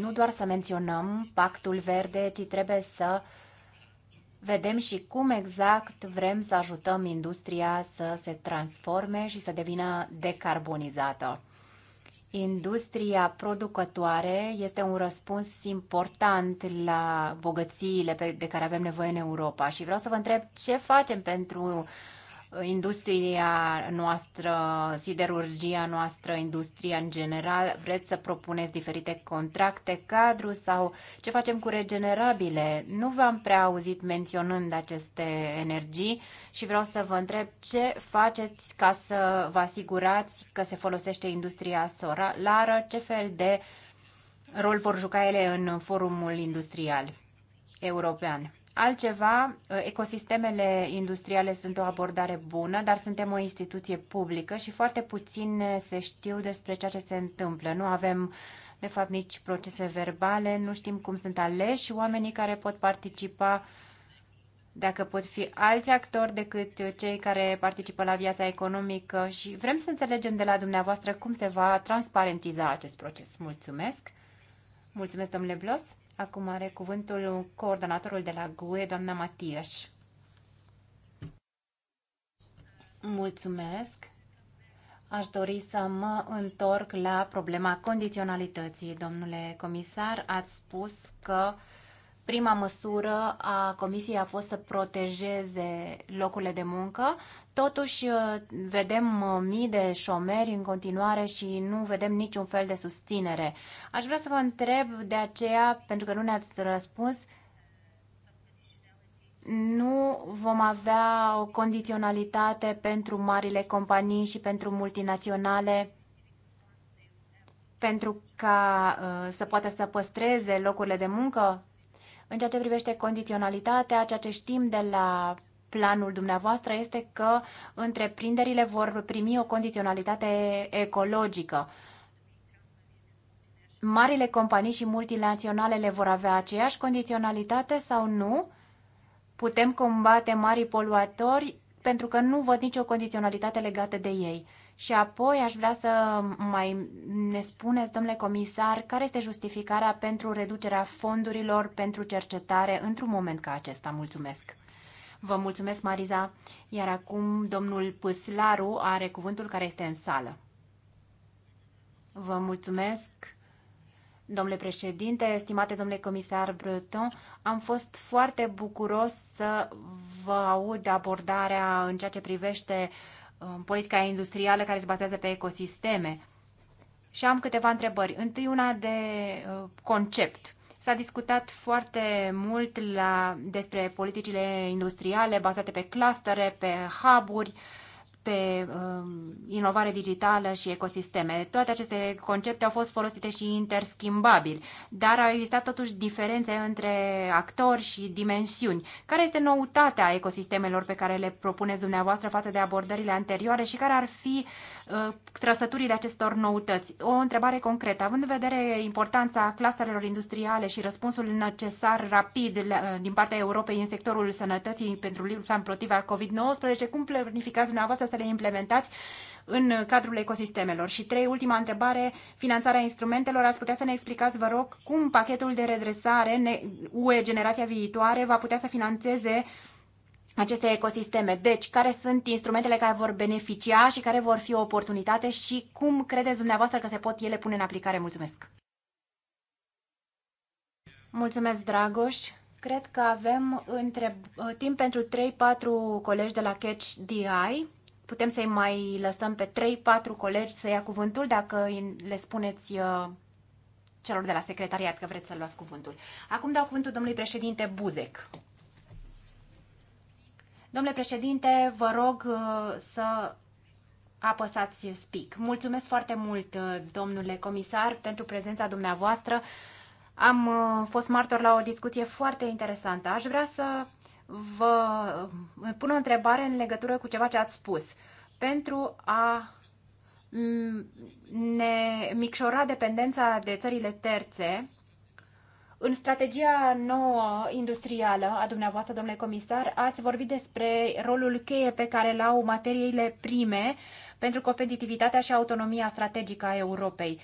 nu doar să menționăm pactul verde, ci trebuie să vedem și cum exact vrem să ajutăm industria să se transforme și să devină decarbonizată. Industria producătoare este un răspuns important la bogățiile de care avem nevoie în Europa și vreau să vă întreb ce facem pentru industria noastră, siderurgia noastră, industria în general, vreți să propuneți diferite contracte, cadru sau ce facem cu regenerabile? Nu v-am prea auzit menționând aceste energii și vreau să vă întreb ce faceți ca să vă asigurați că se folosește industria solară, ce fel de rol vor juca ele în forumul industrial european. Altceva, ă, ecosistemele industriale sunt o abordare bună, dar suntem o instituție publică și foarte puțin se știu despre ceea ce se întâmplă. Nu avem, de fapt, nici procese verbale, nu știm cum sunt aleși oamenii care pot participa, dacă pot fi alți actori decât cei care participă la viața economică și vrem să înțelegem de la dumneavoastră cum se va transparentiza acest proces. Mulțumesc! Mulțumesc, domnule Blos! Acum are cuvântul coordonatorul de la GUE, doamna Matias. Mulțumesc. Aș dori să mă întorc la problema condiționalității. Domnule comisar, ați spus că uh, Prima măsură a Comisiei a fost să protejeze locurile de muncă. Totuși, uh, vedem uh, mii de șomeri în continuare și nu vedem niciun fel de susținere. Aș vrea să vă întreb de aceea, pentru că nu ne-ați răspuns, nu vom avea o condiționalitate pentru marile companii și pentru multinaționale pentru ca uh, să poată să păstreze locurile de muncă? În ceea ce privește condiționalitatea, ceea ce știm de la planul dumneavoastră este că întreprinderile vor primi o condiționalitate ecologică. Marile companii și le vor avea aceeași condiționalitate sau nu? Putem combate marii poluatori pentru că nu văd nicio condiționalitate legată de ei. Și apoi aș vrea să mai ne spuneți, domnule comisar, care este justificarea pentru reducerea fondurilor pentru cercetare într-un moment ca acesta. Mulțumesc! Vă mulțumesc, Mariza. Iar acum domnul Păslaru are cuvântul care este în sală. Vă mulțumesc. Domnule președinte, stimate domnule comisar Breton, am fost foarte bucuros să vă aud abordarea în ceea ce privește uh, politica industrială care se bazează pe ecosisteme. Și am câteva întrebări. Întâi una de uh, concept. S-a discutat foarte mult la, despre politicile industriale bazate pe clustere, pe hub-uri, uh, pe uh, inovare digitală și ecosisteme. Toate aceste concepte au fost folosite și interschimbabil, dar au existat totuși diferențe între actori și dimensiuni. Care este noutatea ecosistemelor pe care le propuneți dumneavoastră față de abordările anterioare și care ar fi uh, Uh, trăsăturile acestor noutăți. O întrebare concretă. Având în vedere importanța clusterelor industriale și răspunsul necesar rapid uh, din partea Europei în sectorul sănătății pentru lupta împotriva COVID-19, cum planificați dumneavoastră să le implementați în cadrul ecosistemelor? Și trei, ultima întrebare, finanțarea instrumentelor. Ați putea să ne explicați, vă rog, cum pachetul de redresare UE Generația Viitoare va putea să financeze aceste ecosisteme. Deci, care sunt instrumentele care vor beneficia și care vor fi o oportunitate și cum credeți dumneavoastră că se pot ele pune în aplicare? Mulțumesc! Mulțumesc, Dragoș! Cred că avem între, uh, timp pentru 3-4 colegi de la Catch DI. Putem să-i mai lăsăm pe 3-4 colegi să ia cuvântul dacă le spuneți uh, celor de la secretariat că vreți să luați cuvântul. Acum dau cuvântul domnului președinte Buzec. Domnule președinte, vă rog uh, să apăsați speak. Mulțumesc foarte mult, uh, domnule comisar, pentru prezența dumneavoastră. Am uh, fost martor la o discuție foarte interesantă. Aș vrea să vă pun o întrebare în legătură cu ceva ce ați spus. Pentru a mm, ne micșora dependența de țările terțe, în strategia nouă industrială a dumneavoastră, domnule comisar, ați vorbit despre rolul cheie pe care îl au materiile prime pentru competitivitatea și autonomia strategică a Europei.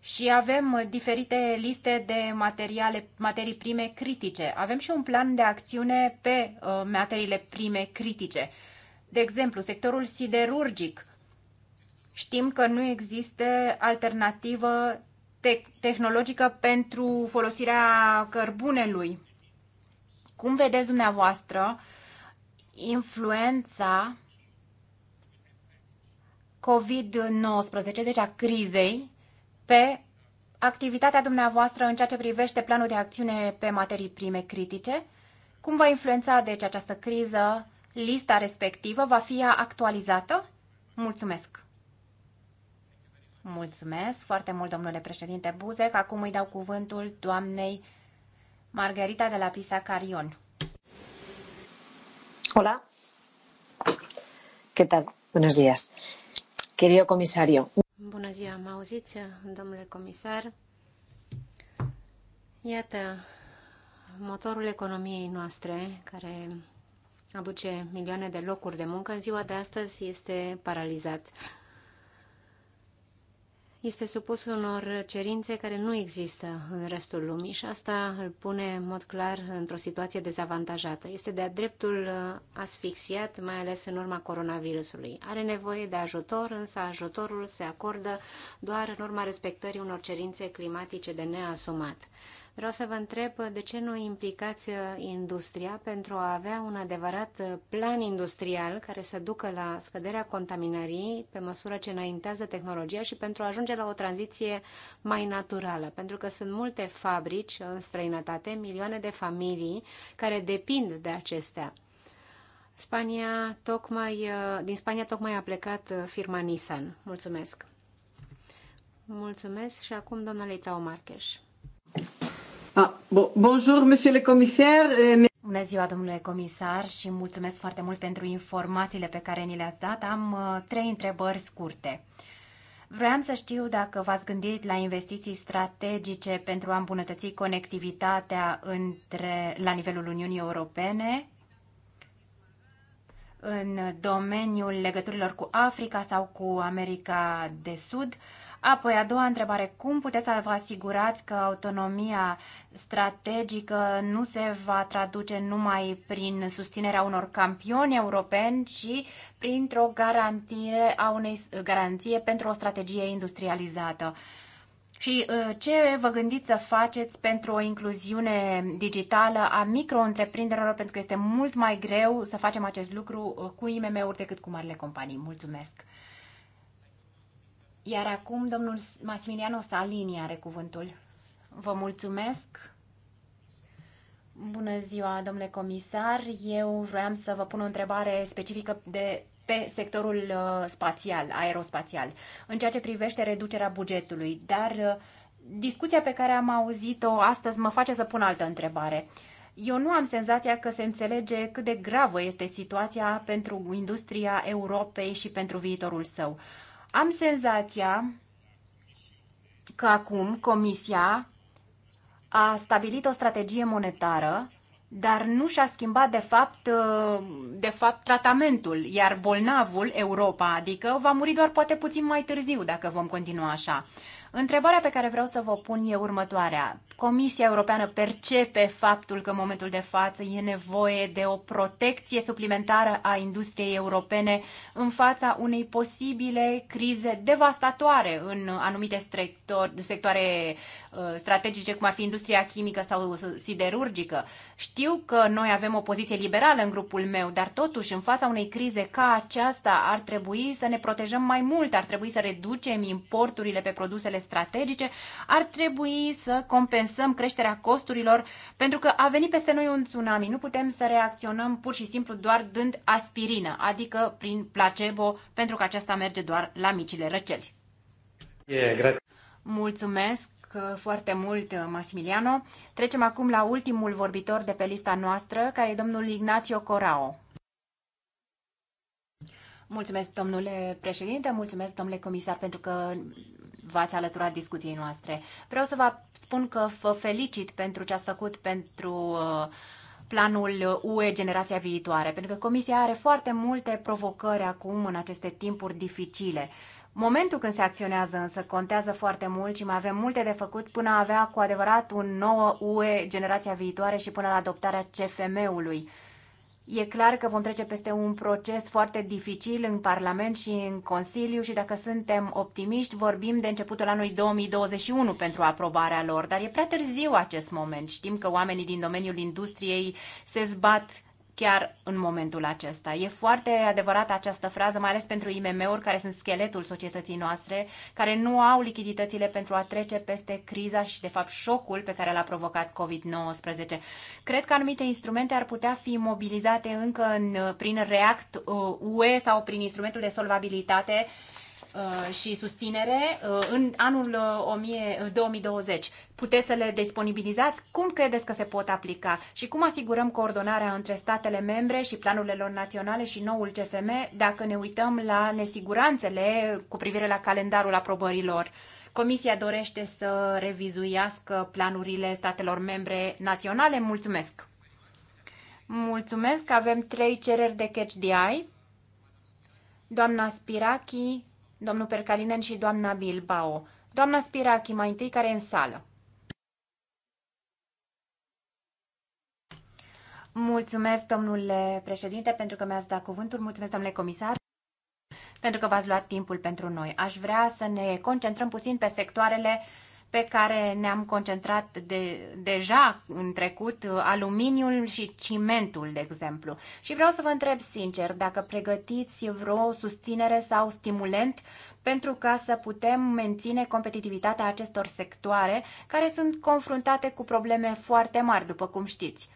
Și avem diferite liste de materiale, materii prime critice. Avem și un plan de acțiune pe uh, materiile prime critice. De exemplu, sectorul siderurgic. Știm că nu există alternativă te- tehnologică pentru folosirea cărbunelui. Cum vedeți dumneavoastră influența COVID-19, deci a crizei, pe activitatea dumneavoastră în ceea ce privește planul de acțiune pe materii prime critice? Cum va influența, deci, această criză? Lista respectivă va fi actualizată? Mulțumesc! Mulțumesc foarte mult, domnule președinte Buzec. Acum îi dau cuvântul doamnei Margarita de la Pisa Carion. Hola. ¿Qué tal? Buenos días. Querido comisario. Bună ziua, mă auziți, domnule comisar? Iată, motorul economiei noastre, care aduce milioane de locuri de muncă, în ziua de astăzi este paralizat este supus unor cerințe care nu există în restul lumii și asta îl pune în mod clar într-o situație dezavantajată. Este de-a dreptul uh, asfixiat, mai ales în urma coronavirusului. Are nevoie de ajutor, însă ajutorul se acordă doar în urma respectării unor cerințe climatice de neasumat. Vreau să vă întreb de ce nu implicați uh, industria pentru a avea un adevărat uh, plan industrial care să ducă la scăderea contaminării pe măsură ce înaintează tehnologia și pentru a ajunge la o tranziție mai naturală. Pentru că sunt multe fabrici în străinătate, milioane de familii care depind de acestea. Spania tocmai, uh, din Spania tocmai a plecat firma Nissan. Mulțumesc! Mulțumesc și acum doamna Leitao Marcheș. Ah, bonjour, monsieur le commissaire. Eh, Bună ziua, domnule comisar, și mulțumesc foarte mult pentru informațiile pe care ni le-ați dat. Am uh, trei întrebări scurte. Vreau să știu dacă v-ați gândit la investiții strategice pentru a îmbunătăți conectivitatea între, la nivelul Uniunii Europene în domeniul legăturilor cu Africa sau cu America de Sud Apoi, a doua întrebare, cum puteți să vă asigurați că autonomia strategică nu se va traduce numai prin susținerea unor campioni europeni, ci printr-o garanție, a unei, garanție pentru o strategie industrializată? Și ă, ce vă gândiți să faceți pentru o incluziune digitală a micro-întreprinderilor, pentru că este mult mai greu să facem acest lucru ă, cu IMM-uri decât cu marile companii. Mulțumesc! Iar acum domnul Massimiliano Salini are cuvântul. Vă mulțumesc! Bună ziua, domnule comisar! Eu vreau să vă pun o întrebare specifică de pe sectorul uh, spațial, aerospațial, în ceea ce privește reducerea bugetului. Dar uh, discuția pe care am auzit-o astăzi mă face să pun altă întrebare. Eu nu am senzația că se înțelege cât de gravă este situația pentru industria Europei și pentru viitorul său. Am senzația că acum Comisia a stabilit o strategie monetară, dar nu și-a schimbat de fapt, uh, de fapt tratamentul, iar bolnavul, Europa, adică, va muri doar poate puțin mai târziu dacă vom continua așa. Întrebarea pe care vreau să vă pun e următoarea. Comisia Europeană percepe faptul că în momentul de față e nevoie de o protecție suplimentară a industriei europene în fața unei posibile crize devastatoare în anumite sectoare Uh, strategice, cum ar fi industria chimică sau siderurgică. Știu că noi avem o poziție liberală în grupul meu, dar totuși, în fața unei crize ca aceasta, ar trebui să ne protejăm mai mult, ar trebui să reducem importurile pe produsele strategice, ar trebui să compensăm creșterea costurilor, pentru că a venit peste noi un tsunami. Nu putem să reacționăm pur și simplu doar dând aspirină, adică prin placebo, pentru că aceasta merge doar la micile răceli. Yeah, Mulțumesc! foarte mult, uh, Massimiliano. Trecem acum la ultimul vorbitor de pe lista noastră, care e domnul Ignacio Corao. Mulțumesc, domnule președinte, mulțumesc, domnule comisar, pentru că v-ați alăturat discuției noastre. Vreau să vă spun că vă felicit pentru ce ați făcut pentru uh, planul UE Generația Viitoare, pentru că Comisia are foarte multe provocări acum în aceste timpuri dificile. Momentul când se acționează însă contează foarte mult și mai avem multe de făcut până a avea cu adevărat un nou UE generația viitoare și până la adoptarea CFM-ului. E clar că vom trece peste un proces foarte dificil în Parlament și în Consiliu și dacă suntem optimiști, vorbim de începutul anului 2021 pentru aprobarea lor, dar e prea târziu acest moment. Știm că oamenii din domeniul industriei se zbat chiar în momentul acesta. E foarte adevărată această frază, mai ales pentru IMM-uri care sunt scheletul societății noastre, care nu au lichiditățile pentru a trece peste criza și, de fapt, șocul pe care l-a provocat COVID-19. Cred că anumite instrumente ar putea fi mobilizate încă în, prin React UE uh, sau prin instrumentul de solvabilitate Uh, și susținere uh, în anul 2020. Uh, Puteți să le disponibilizați? Cum credeți că se pot aplica? Și cum asigurăm coordonarea între statele membre și planurile lor naționale și noul CFM dacă ne uităm la nesiguranțele cu privire la calendarul aprobărilor? Comisia dorește să revizuiască planurile statelor membre naționale. Mulțumesc! Mulțumesc! Avem trei cereri de catch the eye. Doamna Spirachi, domnul Percalinen și doamna Bilbao. Doamna Spirachi, mai întâi, care e în sală. Mulțumesc, domnule președinte, pentru că mi-ați dat cuvântul. Mulțumesc, domnule comisar, pentru că v-ați luat timpul pentru noi. Aș vrea să ne concentrăm puțin pe sectoarele uh, pe care ne-am concentrat de, deja în trecut, uh, aluminiul și cimentul, de exemplu. Și vreau să vă întreb sincer dacă pregătiți vreo susținere sau stimulent pentru ca să putem menține competitivitatea acestor sectoare care sunt confruntate cu probleme foarte mari, după cum știți.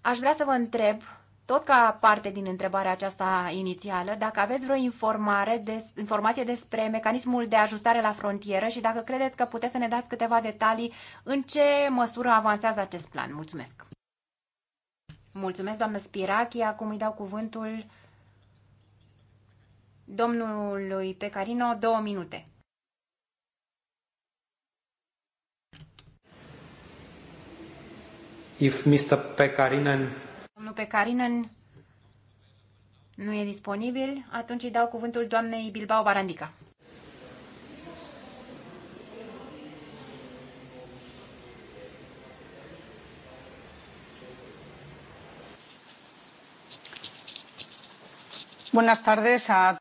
Aș vrea să vă întreb tot ca parte din întrebarea aceasta inițială, dacă aveți vreo informare des, informație despre mecanismul de ajustare la frontieră și dacă credeți că puteți să ne dați câteva detalii în ce măsură avansează acest plan. Mulțumesc! Mulțumesc, doamnă Spirachi. Acum îi dau cuvântul domnului Pecarino. Două minute. If Mr. Pecarinen Domnul Pecarinen nu e disponibil, atunci îi dau cuvântul doamnei Bilbao Barandica. Buenas tardes a...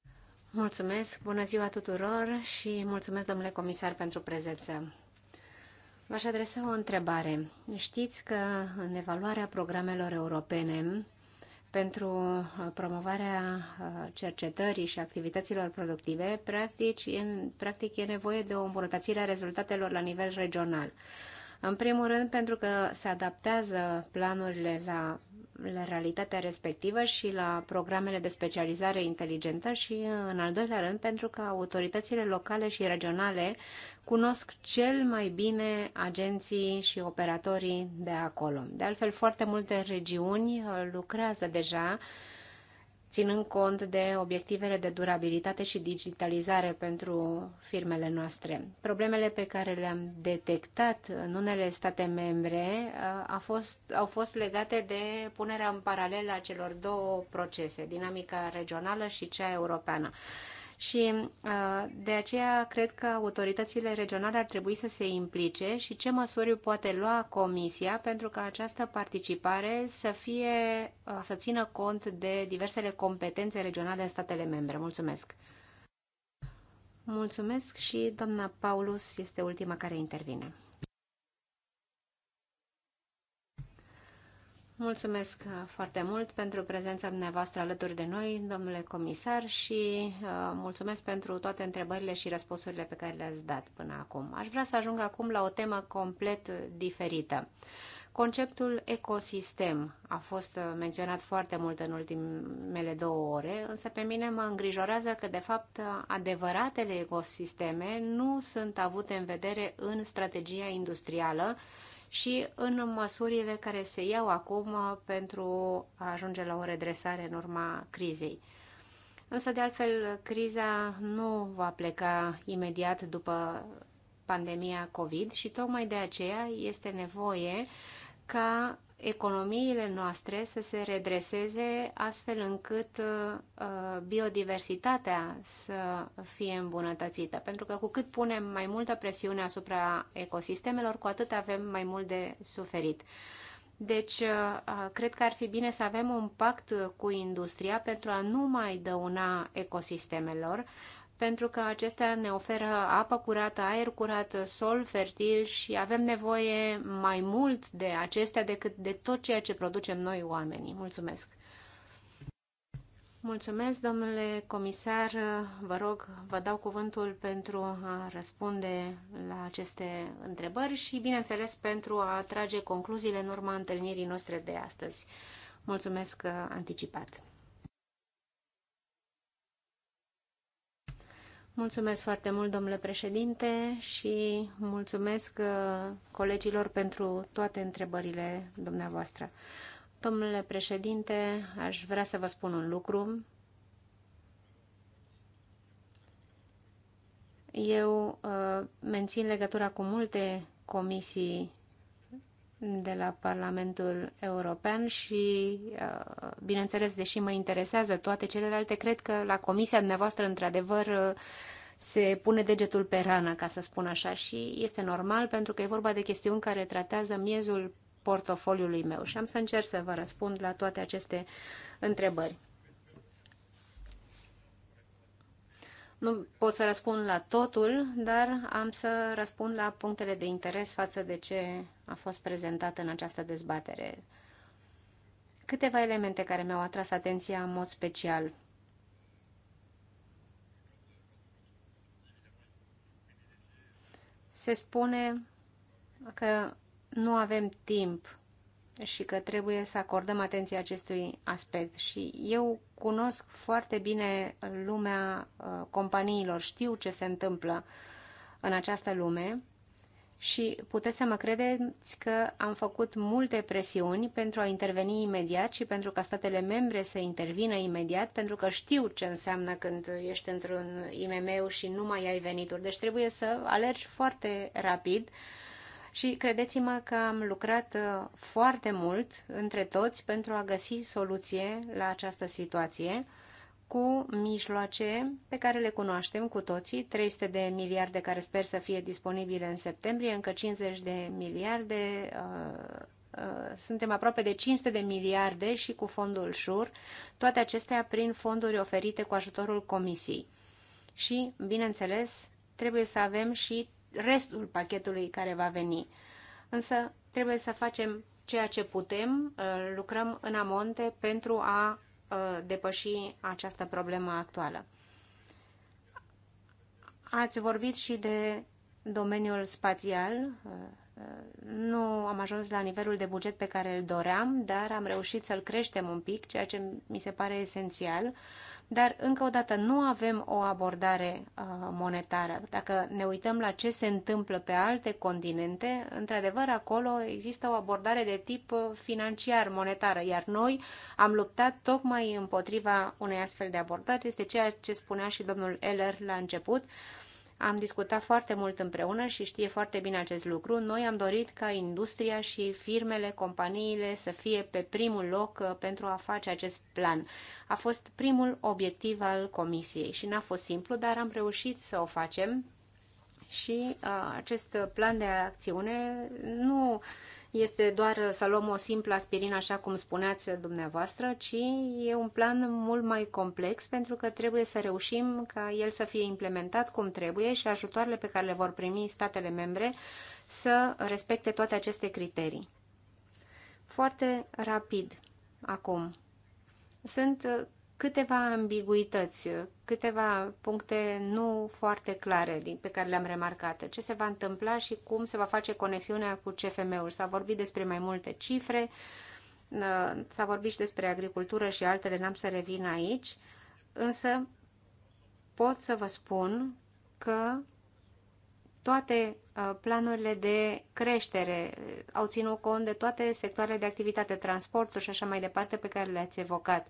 Mulțumesc, bună ziua tuturor și mulțumesc, domnule comisar, pentru prezență. V-aș adresa o întrebare. Știți că în evaluarea programelor europene pentru uh, promovarea uh, cercetării și activităților productive, practic, în, practic e nevoie de o îmbunătățire a rezultatelor la nivel regional. În primul rând, pentru că se adaptează planurile la la realitatea respectivă și la programele de specializare inteligentă și, în al doilea rând, pentru că autoritățile locale și regionale cunosc cel mai bine agenții și operatorii de acolo. De altfel, foarte multe regiuni uh, lucrează deja uh, ținând cont de obiectivele de durabilitate și digitalizare pentru firmele noastre. Problemele pe care le-am detectat în unele state membre uh, a fost, au fost legate de punerea în paralel a celor două procese, dinamica regională și cea europeană și uh, de aceea cred că autoritățile regionale ar trebui să se implice și ce măsuri poate lua Comisia pentru ca această participare să fie, uh, să țină cont de diversele competențe regionale în statele membre. Mulțumesc! Mulțumesc și doamna Paulus este ultima care intervine. Mulțumesc uh, foarte mult pentru prezența dumneavoastră alături de noi, domnule comisar, și uh, mulțumesc pentru toate întrebările și răspunsurile pe care le-ați dat până acum. Aș vrea să ajung acum la o temă complet diferită. Conceptul ecosistem a fost uh, menționat foarte mult în ultimele două ore, însă pe mine mă îngrijorează că, de fapt, uh, adevăratele ecosisteme nu sunt avute în vedere în strategia industrială, și în măsurile care se iau acum uh, pentru a ajunge la o redresare în urma crizei. Însă, de altfel, criza nu va pleca imediat după pandemia COVID și tocmai de aceea este nevoie ca economiile noastre să se redreseze astfel încât uh, biodiversitatea să fie îmbunătățită. Pentru că cu cât punem mai multă presiune asupra ecosistemelor, cu atât avem mai mult de suferit. Deci, uh, cred că ar fi bine să avem un pact cu industria pentru a nu mai dăuna ecosistemelor, pentru că acestea ne oferă apă curată, aer curat, sol fertil și avem nevoie mai mult de acestea decât de tot ceea ce producem noi oamenii. Mulțumesc! Mulțumesc, domnule comisar. Vă rog, vă dau cuvântul pentru a răspunde la aceste întrebări și, bineînțeles, pentru a trage concluziile în urma întâlnirii noastre de astăzi. Mulțumesc anticipat! Mulțumesc foarte mult, domnule președinte, și mulțumesc uh, colegilor pentru toate întrebările dumneavoastră. Domnule președinte, aș vrea să vă spun un lucru. Eu uh, mențin legătura cu multe comisii de la Parlamentul European și, uh, bineînțeles, deși mă interesează toate celelalte, cred că la comisia dumneavoastră, într-adevăr, uh, se pune degetul pe rană, ca să spun așa, și este normal pentru că e vorba de chestiuni care tratează miezul portofoliului meu și am să încerc să vă răspund la toate aceste întrebări. Nu pot să răspund la totul, dar am să răspund la punctele de interes față de ce a fost prezentat în această dezbatere. Câteva elemente care mi-au atras atenția în mod special. Se spune că nu avem timp și că trebuie să acordăm atenție acestui aspect. Și eu cunosc foarte bine lumea uh, companiilor, știu ce se întâmplă în această lume și puteți să mă credeți că am făcut multe presiuni pentru a interveni imediat și pentru ca statele membre să intervină imediat, pentru că știu ce înseamnă când ești într-un IMM și nu mai ai venituri. Deci trebuie să alergi foarte rapid uh, și credeți-mă că am lucrat uh, foarte mult între toți pentru a găsi soluție la această situație cu mijloace pe care le cunoaștem cu toții, 300 de miliarde care sper să fie disponibile în septembrie, încă 50 de miliarde, uh, uh, suntem aproape de 500 de miliarde și cu fondul SUR, toate acestea prin fonduri oferite cu ajutorul Comisiei. Și, bineînțeles, trebuie să avem și restul pachetului care va veni. Însă trebuie să facem ceea ce putem, uh, lucrăm în amonte pentru a uh, depăși această problemă actuală. Ați vorbit și de domeniul spațial. Uh, nu am ajuns la nivelul de buget pe care îl doream, dar am reușit să-l creștem un pic, ceea ce mi se pare esențial. Dar, încă o dată, nu avem o abordare uh, monetară. Dacă ne uităm la ce se întâmplă pe alte continente, într-adevăr, acolo există o abordare de tip uh, financiar, monetară, iar noi am luptat tocmai împotriva unei astfel de abordări. Este ceea ce spunea și domnul Eller la început. Uh, am discutat foarte mult împreună și știe foarte bine acest lucru. Noi am dorit ca industria și firmele, companiile să fie pe primul loc uh, pentru a face acest plan. A fost primul obiectiv al comisiei și n-a fost simplu, dar am reușit să o facem și uh, acest plan de acțiune nu este doar să luăm o simplă aspirină, așa cum spuneați dumneavoastră, ci e un plan mult mai complex pentru că trebuie să reușim ca el să fie implementat cum trebuie și ajutoarele pe care le vor primi statele membre să respecte toate aceste criterii. Foarte rapid acum. Sunt câteva ambiguități, câteva puncte nu foarte clare din, pe care le-am remarcat. Ce se va întâmpla și cum se va face conexiunea cu CFM-ul. S-a vorbit despre mai multe cifre, s-a vorbit și despre agricultură și altele, n-am să revin aici, însă pot să vă spun că toate ă, planurile de creștere ă, au ținut cont de toate sectoarele de activitate, transportul și așa mai departe pe care le-ați evocat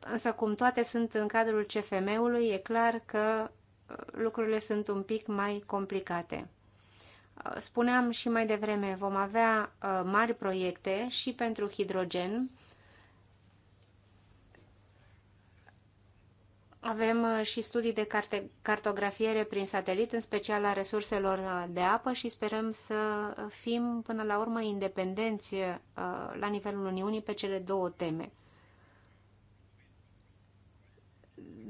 însă cum toate sunt în cadrul CFM-ului, e clar că uh, lucrurile sunt un pic mai complicate. Uh, spuneam și mai devreme, vom avea uh, mari proiecte și pentru hidrogen. Avem și studii de cartografiere prin satelit, în special a resurselor de apă și sperăm să fim până la urmă independenți la nivelul Uniunii pe cele două teme.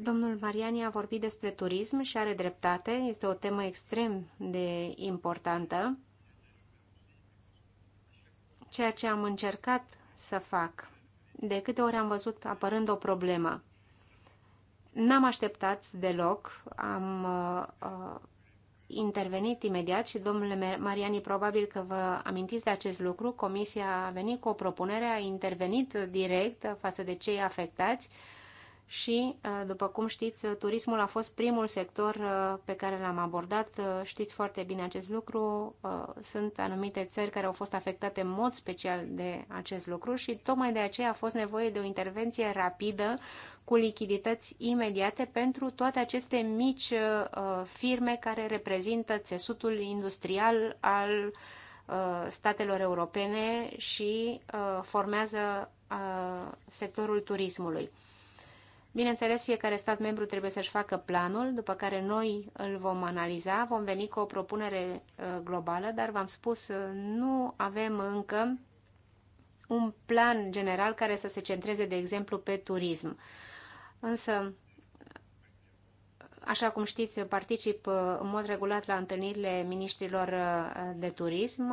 Domnul Mariani a vorbit despre turism și are dreptate. Este o temă extrem de importantă. Ceea ce am încercat să fac, de câte ori am văzut apărând o problemă, n-am așteptat deloc, am uh, uh, intervenit imediat și domnule Mariani, probabil că vă amintiți de acest lucru, comisia a venit cu o propunere, a intervenit direct față de cei afectați, uh, și, uh, după cum știți, uh, turismul a fost primul sector uh, pe care l-am abordat. Știți foarte bine acest lucru. Sunt anumite țări care au fost afectate în mod special de acest lucru și tocmai de aceea a fost nevoie de o intervenție rapidă cu lichidități imediate pentru toate aceste mici firme care reprezintă țesutul industrial al statelor europene și formează sectorul turismului. Bineînțeles, fiecare stat membru trebuie să-și facă planul, după care noi îl vom analiza, vom veni cu o propunere uh, globală, dar v-am spus, uh, nu avem încă un plan general care să se centreze, de exemplu, pe turism. Însă, așa cum știți, particip uh, în mod regulat la întâlnirile ministrilor de turism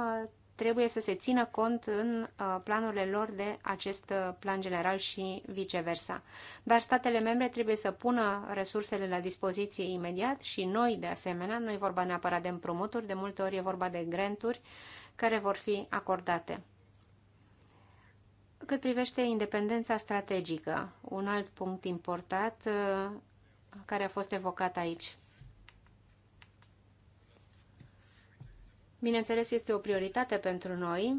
trebuie să se țină cont în uh, planurile lor de acest uh, plan general și viceversa. Dar statele membre trebuie să pună resursele la dispoziție imediat și noi, de asemenea, nu e vorba neapărat de împrumuturi, de multe ori e vorba de granturi care vor fi acordate. Cât privește independența strategică, un alt punct important uh, care a fost evocat aici. Bineînțeles, este o prioritate pentru noi.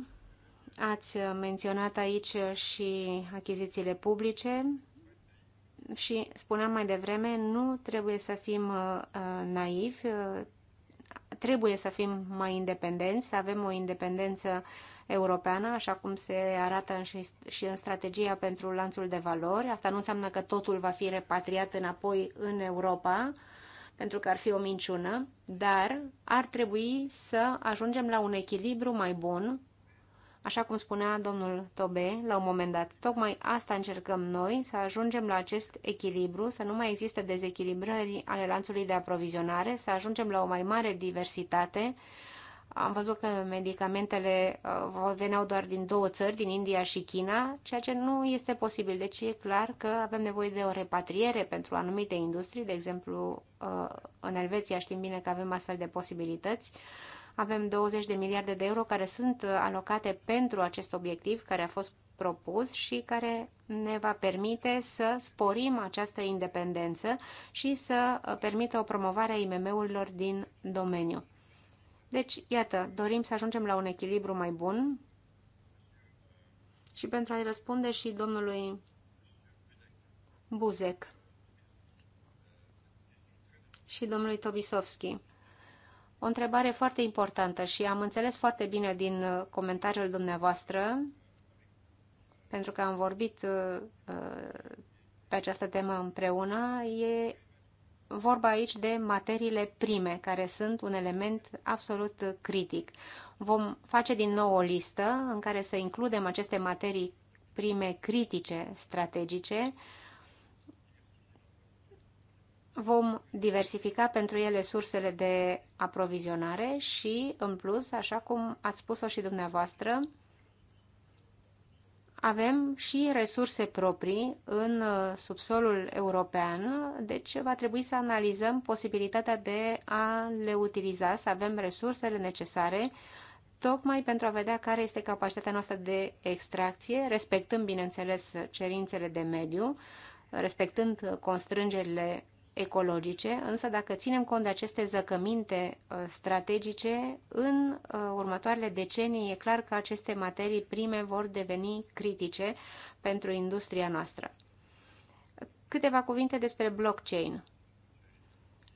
Ați menționat aici și achizițiile publice și spuneam mai devreme, nu trebuie să fim uh, uh, naivi, uh, trebuie să fim mai independenți, să avem o independență europeană, așa cum se arată și, în strategia pentru lanțul de valori. Asta nu înseamnă că totul va fi repatriat înapoi în Europa, pentru că ar fi o minciună, dar ar trebui să ajungem la un echilibru mai bun, așa cum spunea domnul Tobe la un moment dat. Tocmai asta încercăm noi, să ajungem la acest echilibru, să nu mai există dezechilibrări ale lanțului de aprovizionare, să ajungem la o mai mare diversitate, am văzut că medicamentele uh, veneau doar din două țări, din India și China, ceea ce nu este posibil. Deci e clar că avem nevoie de o repatriere pentru anumite industrii, de exemplu uh, în Elveția știm bine că avem astfel de posibilități. Avem 20 de miliarde de euro care sunt uh, alocate pentru acest obiectiv care a fost propus și care ne va permite să sporim această independență și să permită o promovare a IMM-urilor din domeniu. Deci, iată, dorim să ajungem la un echilibru mai bun și pentru a-i răspunde și domnului Buzek și domnului Tobisovski. O întrebare foarte importantă și am înțeles foarte bine din uh, comentariul dumneavoastră, pentru că am vorbit uh, uh, pe această temă împreună, e vorba aici de materiile prime, care sunt un element absolut critic. Vom face din nou o listă în care să includem aceste materii prime critice, strategice. Vom diversifica pentru ele sursele de aprovizionare și, în plus, așa cum ați spus-o și dumneavoastră, avem și resurse proprii în uh, subsolul european, deci va trebui să analizăm posibilitatea de a le utiliza, să avem resursele necesare, tocmai pentru a vedea care este capacitatea noastră de extracție, respectând, bineînțeles, cerințele de mediu, respectând constrângerile ecologice, însă dacă ținem cont de aceste zăcăminte uh, strategice, în uh, următoarele decenii e clar că aceste materii prime vor deveni critice pentru industria noastră. Câteva cuvinte despre blockchain.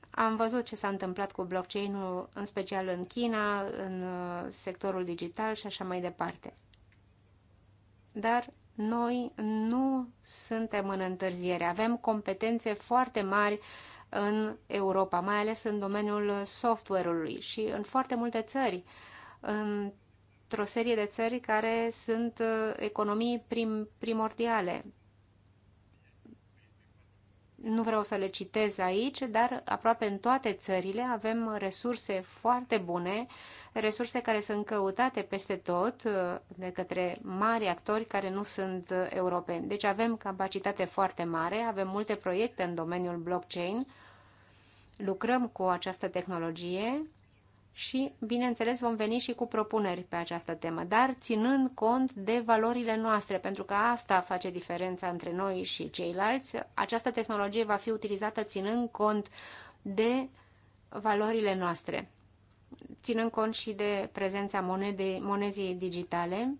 Am văzut ce s-a întâmplat cu blockchain-ul, în special în China, în uh, sectorul digital și așa mai departe. Dar noi nu suntem în întârziere, avem competențe foarte mari în Europa, mai ales în domeniul software-ului și în foarte multe țări, într-o serie de țări care sunt uh, economii prim, primordiale nu vreau să le citez aici, dar aproape în toate țările avem resurse foarte bune, resurse care sunt căutate peste tot uh, de către mari actori care nu sunt europeni. Deci avem capacitate foarte mare, avem multe proiecte în domeniul blockchain, lucrăm cu această tehnologie și, bineînțeles, vom veni și cu propuneri pe această temă, dar ținând cont de valorile noastre, pentru că asta face diferența între noi și ceilalți. Această tehnologie va fi utilizată ținând cont de valorile noastre, ținând cont și de prezența monedei, monezii digitale.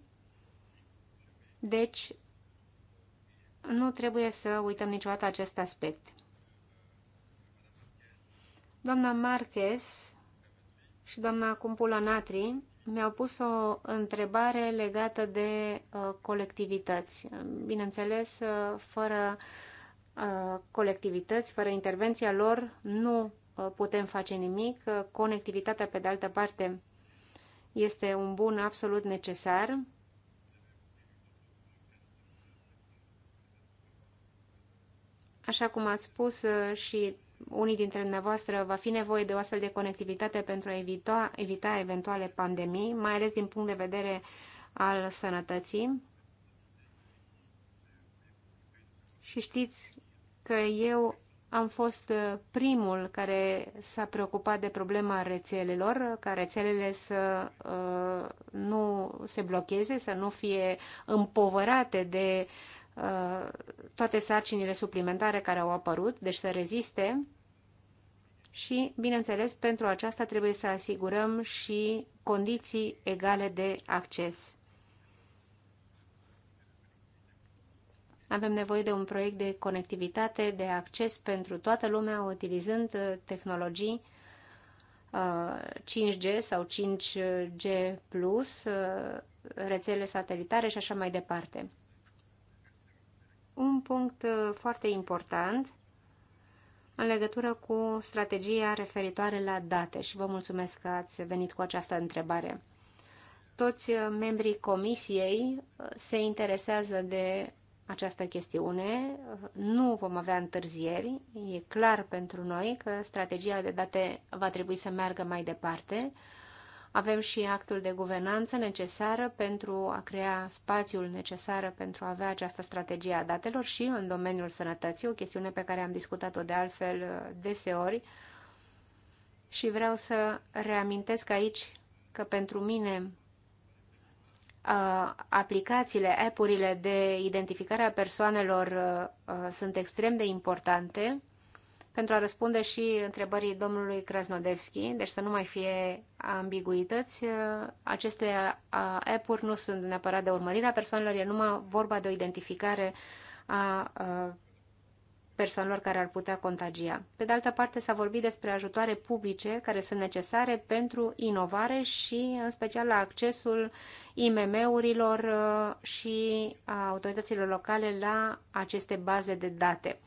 Deci, nu trebuie să uităm niciodată acest aspect. Doamna Marquez și doamna Cumpula Natri mi-au pus o întrebare legată de uh, colectivități. Bineînțeles, uh, fără uh, colectivități, fără intervenția lor, nu uh, putem face nimic. Uh, conectivitatea, pe de altă parte, este un bun absolut necesar. Așa cum ați spus uh, și unii dintre dumneavoastră, va fi nevoie de o astfel de conectivitate pentru a evita, evita eventuale pandemii, mai ales din punct de vedere al sănătății. Și știți că eu am fost uh, primul care s-a preocupat de problema rețelelor, ca rețelele să uh, nu se blocheze, să nu fie împovărate de uh, Uh, toate sarcinile suplimentare care au apărut, deci să reziste și, bineînțeles, pentru aceasta trebuie să asigurăm și condiții egale de acces. Avem nevoie de un proiect de conectivitate, de acces pentru toată lumea, utilizând uh, tehnologii 5G uh, sau 5G+, rețele satelitare și așa mai departe un punct uh, foarte important în legătură cu strategia referitoare la date și vă mulțumesc că ați venit cu această întrebare. Toți uh, membrii comisiei uh, se interesează de această chestiune. Nu vom avea întârzieri. E clar pentru noi că strategia de date va trebui să meargă mai departe avem și actul de guvernanță necesară pentru a crea spațiul necesar pentru a avea această strategie a datelor și în domeniul sănătății, o chestiune pe care am discutat-o de altfel uh, deseori. Și vreau să reamintesc aici că pentru mine uh, aplicațiile, app-urile de identificare a persoanelor uh, sunt extrem de importante pentru a răspunde și întrebării domnului Krasnodevski, deci să nu mai fie ambiguități. Aceste app-uri nu sunt neapărat de urmărirea persoanelor, e numai vorba de o identificare a persoanelor care ar putea contagia. Pe de altă parte, s-a vorbit despre ajutoare publice care sunt necesare pentru inovare și, în special, la accesul IMM-urilor și a autorităților locale la aceste baze de date.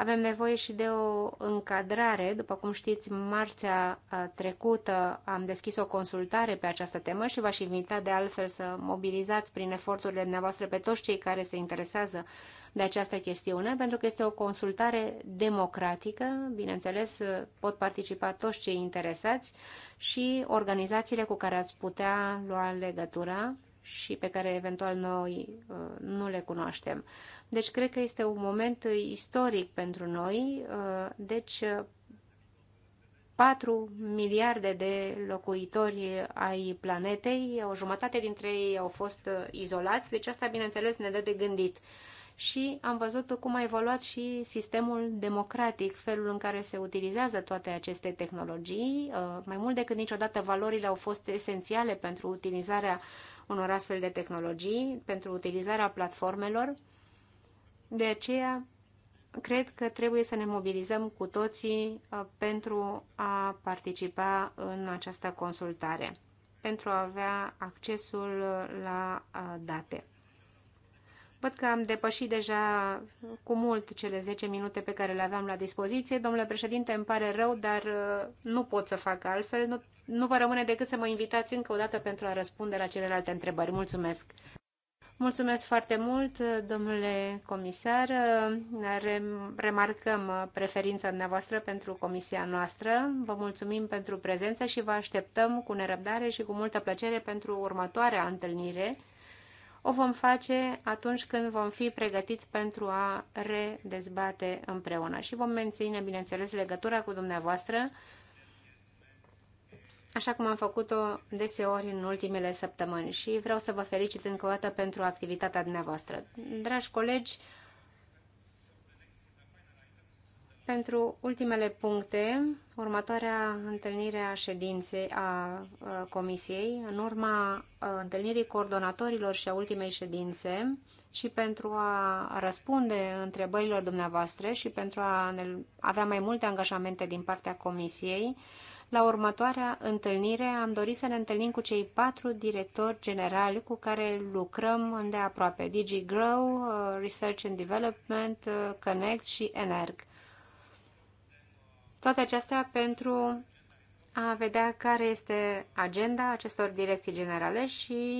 Avem nevoie și de o încadrare. După cum știți, marțea trecută am deschis o consultare pe această temă și v-aș invita de altfel să mobilizați prin eforturile dumneavoastră pe toți cei care se interesează de această chestiune, pentru că este o consultare democratică, bineînțeles, pot participa toți cei interesați și organizațiile cu care ați putea lua legătura și pe care eventual noi uh, nu le cunoaștem. Deci cred că este un moment istoric pentru noi. Deci 4 miliarde de locuitori ai planetei, o jumătate dintre ei au fost izolați, deci asta, bineînțeles, ne dă de gândit. Și am văzut cum a evoluat și sistemul democratic, felul în care se utilizează toate aceste tehnologii. Mai mult decât niciodată, valorile au fost esențiale pentru utilizarea unor astfel de tehnologii, pentru utilizarea platformelor de aceea, cred că trebuie să ne mobilizăm cu toții uh, pentru a participa în această consultare, pentru a avea accesul uh, la uh, date. Văd că am depășit deja cu mult cele 10 minute pe care le aveam la dispoziție. Domnule președinte, îmi pare rău, dar nu pot să fac altfel. Nu, nu vă rămâne decât să mă invitați încă o dată pentru a răspunde la celelalte întrebări. Mulțumesc! Mulțumesc foarte mult, domnule comisar. Remarcăm preferința dumneavoastră pentru comisia noastră. Vă mulțumim pentru prezență și vă așteptăm cu nerăbdare și cu multă plăcere pentru următoarea întâlnire. O vom face atunci când vom fi pregătiți pentru a redezbate împreună și vom menține, bineînțeles, legătura cu dumneavoastră așa cum am făcut-o deseori în ultimele săptămâni și vreau să vă felicit încă o dată pentru activitatea dumneavoastră. Dragi colegi, pentru ultimele puncte, următoarea întâlnire a ședinței a comisiei, în urma întâlnirii coordonatorilor și a ultimei ședințe și pentru a răspunde întrebărilor dumneavoastră și pentru a avea mai multe angajamente din partea comisiei, la următoarea întâlnire am dorit să ne întâlnim cu cei patru directori generali cu care lucrăm îndeaproape, DigiGrow, uh, Research and Development, uh, Connect și Energ. Toate acestea pentru a vedea care este agenda acestor direcții generale și